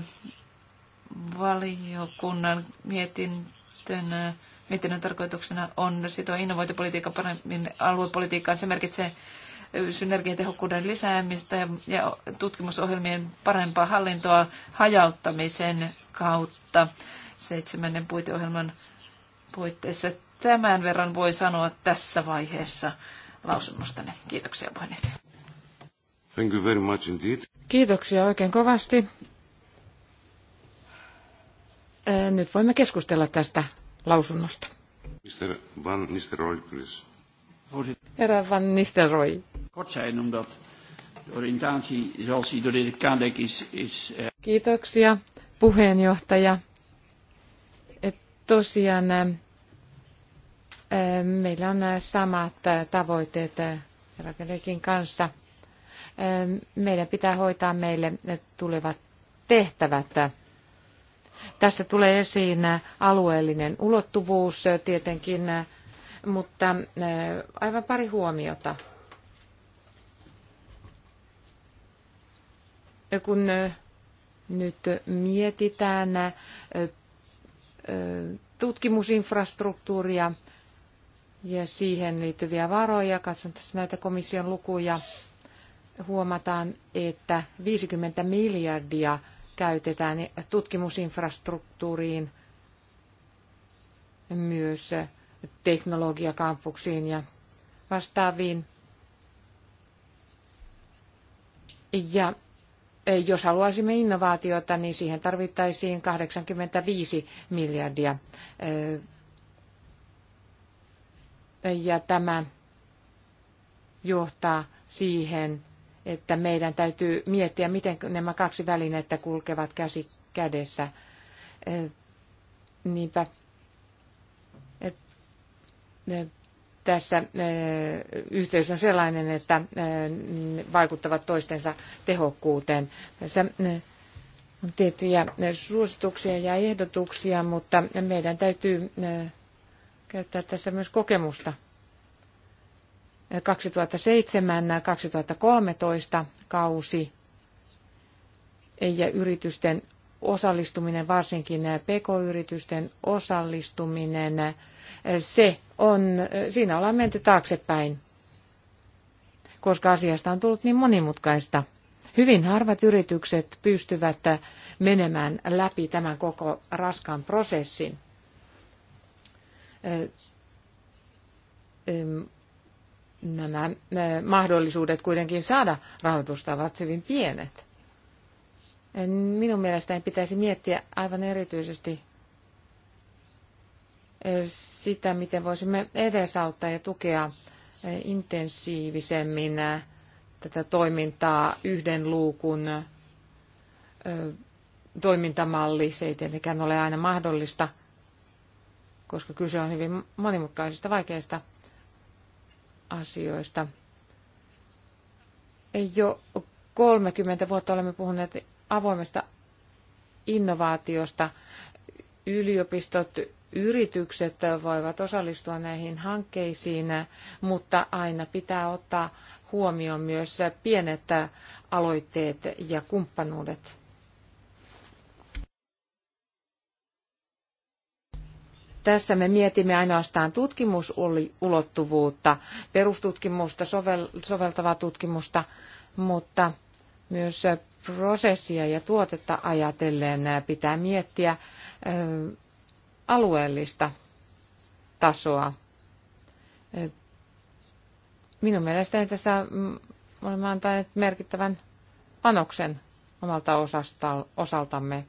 Speaker 5: valiokunnan mietintönä Mietinnön tarkoituksena on sitoa innovointipolitiikka paremmin aluepolitiikkaan. Se merkitsee synergiatehokkuuden lisäämistä ja tutkimusohjelmien parempaa hallintoa hajauttamisen kautta seitsemännen puiteohjelman puitteissa. Tämän verran voi sanoa tässä vaiheessa lausunnostanne. Kiitoksia puheenjohtaja.
Speaker 1: Thank you very much indeed.
Speaker 2: Kiitoksia oikein kovasti. Nyt voimme keskustella tästä lausunnosta.
Speaker 1: Mr. Van Nistelrooy, please.
Speaker 2: Herra Van Nistelrooy.
Speaker 4: Kort zijn, omdat de oriëntatie zoals die door de Kadek is... is eh,
Speaker 2: Kiitoksia, puheenjohtaja. Et tosiaan eh, eh, meillä on samat tavoitteet Rakelekin kanssa. Meidän pitää hoitaa meille tulevat tehtävät tässä tulee esiin alueellinen ulottuvuus tietenkin, mutta aivan pari huomiota. Kun nyt mietitään tutkimusinfrastruktuuria ja siihen liittyviä varoja, katson tässä näitä komission lukuja, huomataan, että 50 miljardia – käytetään niin tutkimusinfrastruktuuriin, myös teknologiakampuksiin ja vastaaviin. Ja e, jos haluaisimme innovaatiota, niin siihen tarvittaisiin 85 miljardia. E, ja tämä johtaa siihen, että meidän täytyy miettiä, miten nämä kaksi välinettä kulkevat käsi kädessä. Eh, niinpä eh, eh, tässä yhteys on sellainen, että vaikuttavat toistensa tehokkuuteen. Tässä on tiettyjä suosituksia ja ehdotuksia, mutta meidän täytyy käyttää tässä myös kokemusta 2007-2013 kausi ja yritysten osallistuminen, varsinkin pk-yritysten osallistuminen, se on, siinä ollaan menty taaksepäin, koska asiasta on tullut niin monimutkaista. Hyvin harvat yritykset pystyvät menemään läpi tämän koko raskaan prosessin nämä mahdollisuudet kuitenkin saada rahoitusta ovat hyvin pienet. Minun mielestäni pitäisi miettiä aivan erityisesti sitä, miten voisimme edesauttaa ja tukea intensiivisemmin tätä toimintaa yhden luukun toimintamalli. Se ei tietenkään ole aina mahdollista, koska kyse on hyvin monimutkaisista, vaikeista asioista. Jo 30 vuotta olemme puhuneet avoimesta innovaatiosta. Yliopistot, yritykset voivat osallistua näihin hankkeisiin, mutta aina pitää ottaa huomioon myös pienet aloitteet ja kumppanuudet. Tässä me mietimme ainoastaan tutkimusulottuvuutta, perustutkimusta, sovel- soveltavaa tutkimusta, mutta myös prosessia ja tuotetta ajatellen pitää miettiä alueellista tasoa. Minun mielestäni tässä mm, olemme antaneet merkittävän panoksen omalta osaltamme.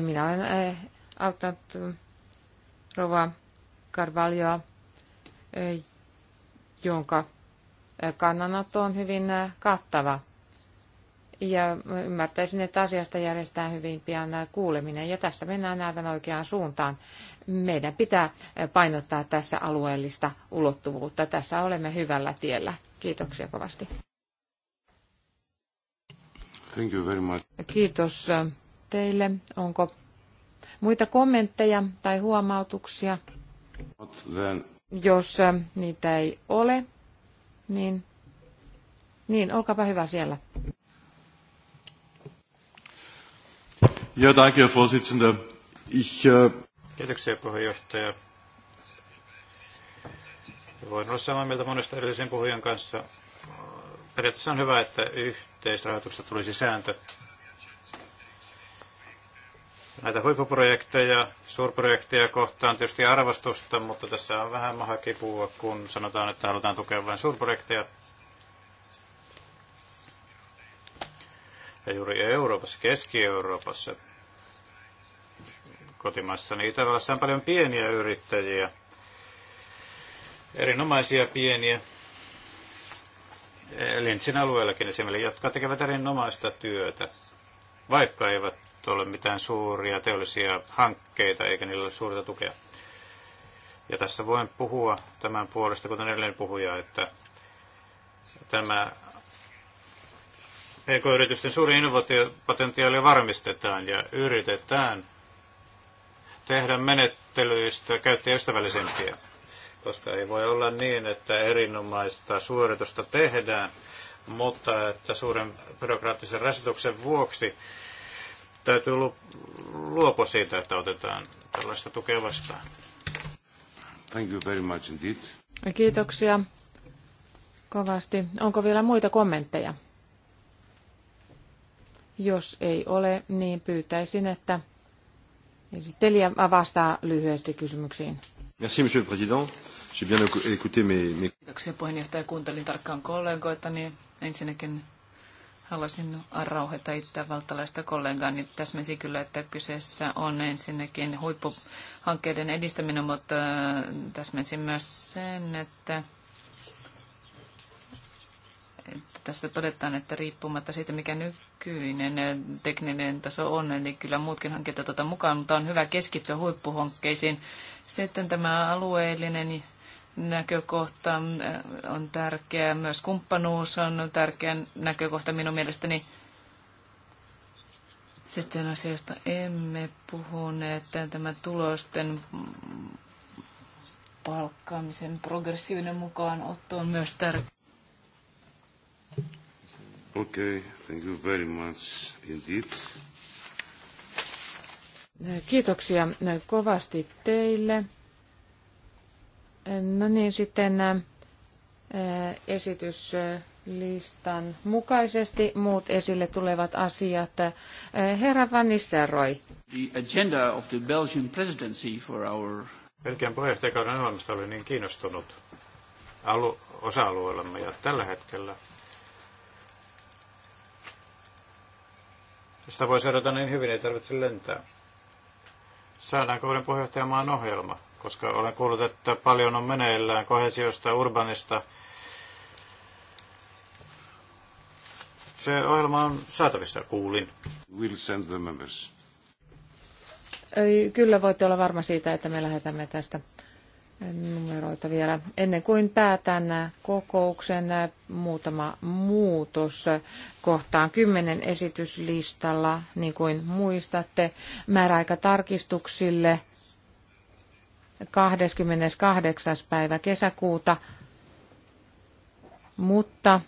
Speaker 2: Minä olen auttanut Rova Carvalhoa, eh, jonka eh, kannanotto on hyvin eh, kattava. Ja ymmärtäisin, että asiasta järjestetään hyvin pian kuuleminen. Ja tässä mennään aivan oikeaan suuntaan. Meidän pitää painottaa tässä alueellista ulottuvuutta. Tässä olemme hyvällä tiellä. Kiitoksia kovasti.
Speaker 1: Thank you very much.
Speaker 2: Kiitos teille. Onko Muita kommentteja tai huomautuksia? Jos äh, niitä ei ole, niin, niin olkaapa hyvä siellä.
Speaker 1: Ja, danke, Herr Vorsitzender. Ich, äh,
Speaker 3: Kiitoksia, puheenjohtaja. Voin olla samaa mieltä monesta edellisen puhujan kanssa. Periaatteessa on hyvä, että yhteisrahoituksesta tulisi sääntö näitä huippuprojekteja, suurprojekteja kohtaan tietysti arvostusta, mutta tässä on vähän maha kipua, kun sanotaan, että halutaan tukea vain suurprojekteja. Ja juuri Euroopassa, Keski-Euroopassa, kotimaassa, niin Itävallassa on paljon pieniä yrittäjiä, erinomaisia pieniä, Linsin alueellakin esimerkiksi, jotka tekevät erinomaista työtä, vaikka eivät ole mitään suuria teollisia hankkeita eikä niillä ole suurta tukea. Ja tässä voin puhua tämän puolesta, kuten edelleen puhuja, että tämä PK-yritysten suuri innovaatiopotentiaali varmistetaan ja yritetään tehdä menettelyistä käyttäjäystävällisempiä, koska ei voi olla niin, että erinomaista suoritusta tehdään, mutta että suuren byrokraattisen rasituksen vuoksi täytyy luopua siitä, että otetaan tällaista tukea vastaan.
Speaker 1: Thank you very much indeed.
Speaker 2: Kiitoksia kovasti. Onko vielä muita kommentteja? Jos ei ole, niin pyytäisin, että esittelijä vastaa lyhyesti kysymyksiin.
Speaker 1: Merci, monsieur le président. J'ai bien écouté mes...
Speaker 5: Kiitoksia puheenjohtaja. Kuuntelin tarkkaan kollegoita, niin ensinnäkin Haluaisin rauhoita valtalaista kollegaani. Niin täsmäsi kyllä, että kyseessä on ensinnäkin huippuhankkeiden edistäminen, mutta äh, täsmäsin myös sen, että tässä todetaan, että riippumatta siitä, mikä nykyinen äh, tekninen taso on, eli niin kyllä muutkin hankkeet otetaan mukaan, mutta on hyvä keskittyä huippuhankkeisiin. Sitten tämä alueellinen näkökohta äh, on tärkeä. Myös kumppanuus on tärkeä näkökohta minun mielestäni. Sitten asioista emme puhuneet, tämä tulosten palkkaamisen progressiivinen mukaanotto on myös tärkeä.
Speaker 1: Okay, thank you very much indeed.
Speaker 2: Kiitoksia kovasti teille. No niin, sitten äh, esityslistan mukaisesti muut esille tulevat asiat. Äh, herra Van Nistelrooy.
Speaker 4: The agenda of the Belgian presidency for our... Belgian
Speaker 3: puheenjohtajakauden ohjelmasta oli niin kiinnostunut alu- osa-alueellamme ja tällä hetkellä sitä voi seurata niin hyvin, ei tarvitse lentää. Saadaanko uuden puheenjohtajamaan ohjelma? koska olen kuullut, että paljon on meneillään kohesiosta, urbanista. Se ohjelma on saatavissa, kuulin. We'll send the
Speaker 1: members.
Speaker 2: Kyllä voitte olla varma siitä, että me lähetämme tästä numeroita vielä. Ennen kuin päätän kokouksen, muutama muutos kohtaan kymmenen esityslistalla, niin kuin muistatte, määräaikatarkistuksille – tarkistuksille 28. päivä kesäkuuta, mutta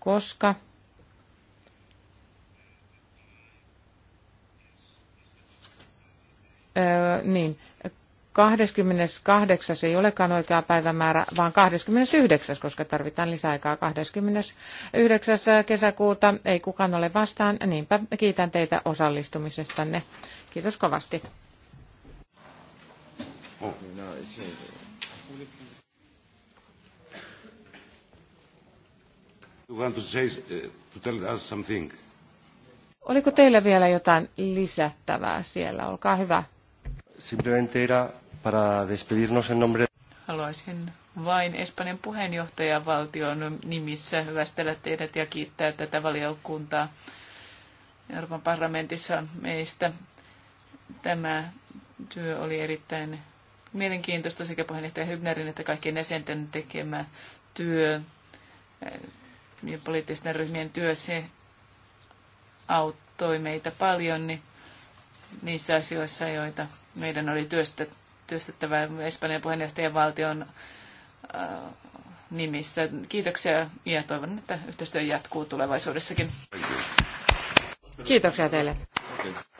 Speaker 2: koska Öö, niin, 28. ei olekaan oikea päivämäärä, vaan 29. koska tarvitaan lisäaikaa 29. kesäkuuta. Ei kukaan ole vastaan, niinpä kiitän teitä osallistumisestanne. Kiitos kovasti. Uh, Oliko teillä vielä jotain lisättävää siellä? Olkaa hyvä.
Speaker 5: Haluaisin vain Espanjan puheenjohtajavaltion nimissä hyvästellä teidät ja kiittää tätä valiokuntaa Euroopan parlamentissa meistä. Tämä työ oli erittäin mielenkiintoista sekä puheenjohtaja Hybnerin että kaikkien jäsenten tekemä työ eh, ja poliittisten ryhmien työ, se auttoi meitä paljon niin niissä asioissa, joita meidän oli työstä, työstettävä Espanjan puheenjohtajan valtion eh, nimissä. Kiitoksia ja toivon, että yhteistyö jatkuu tulevaisuudessakin. Kiitoksia teille.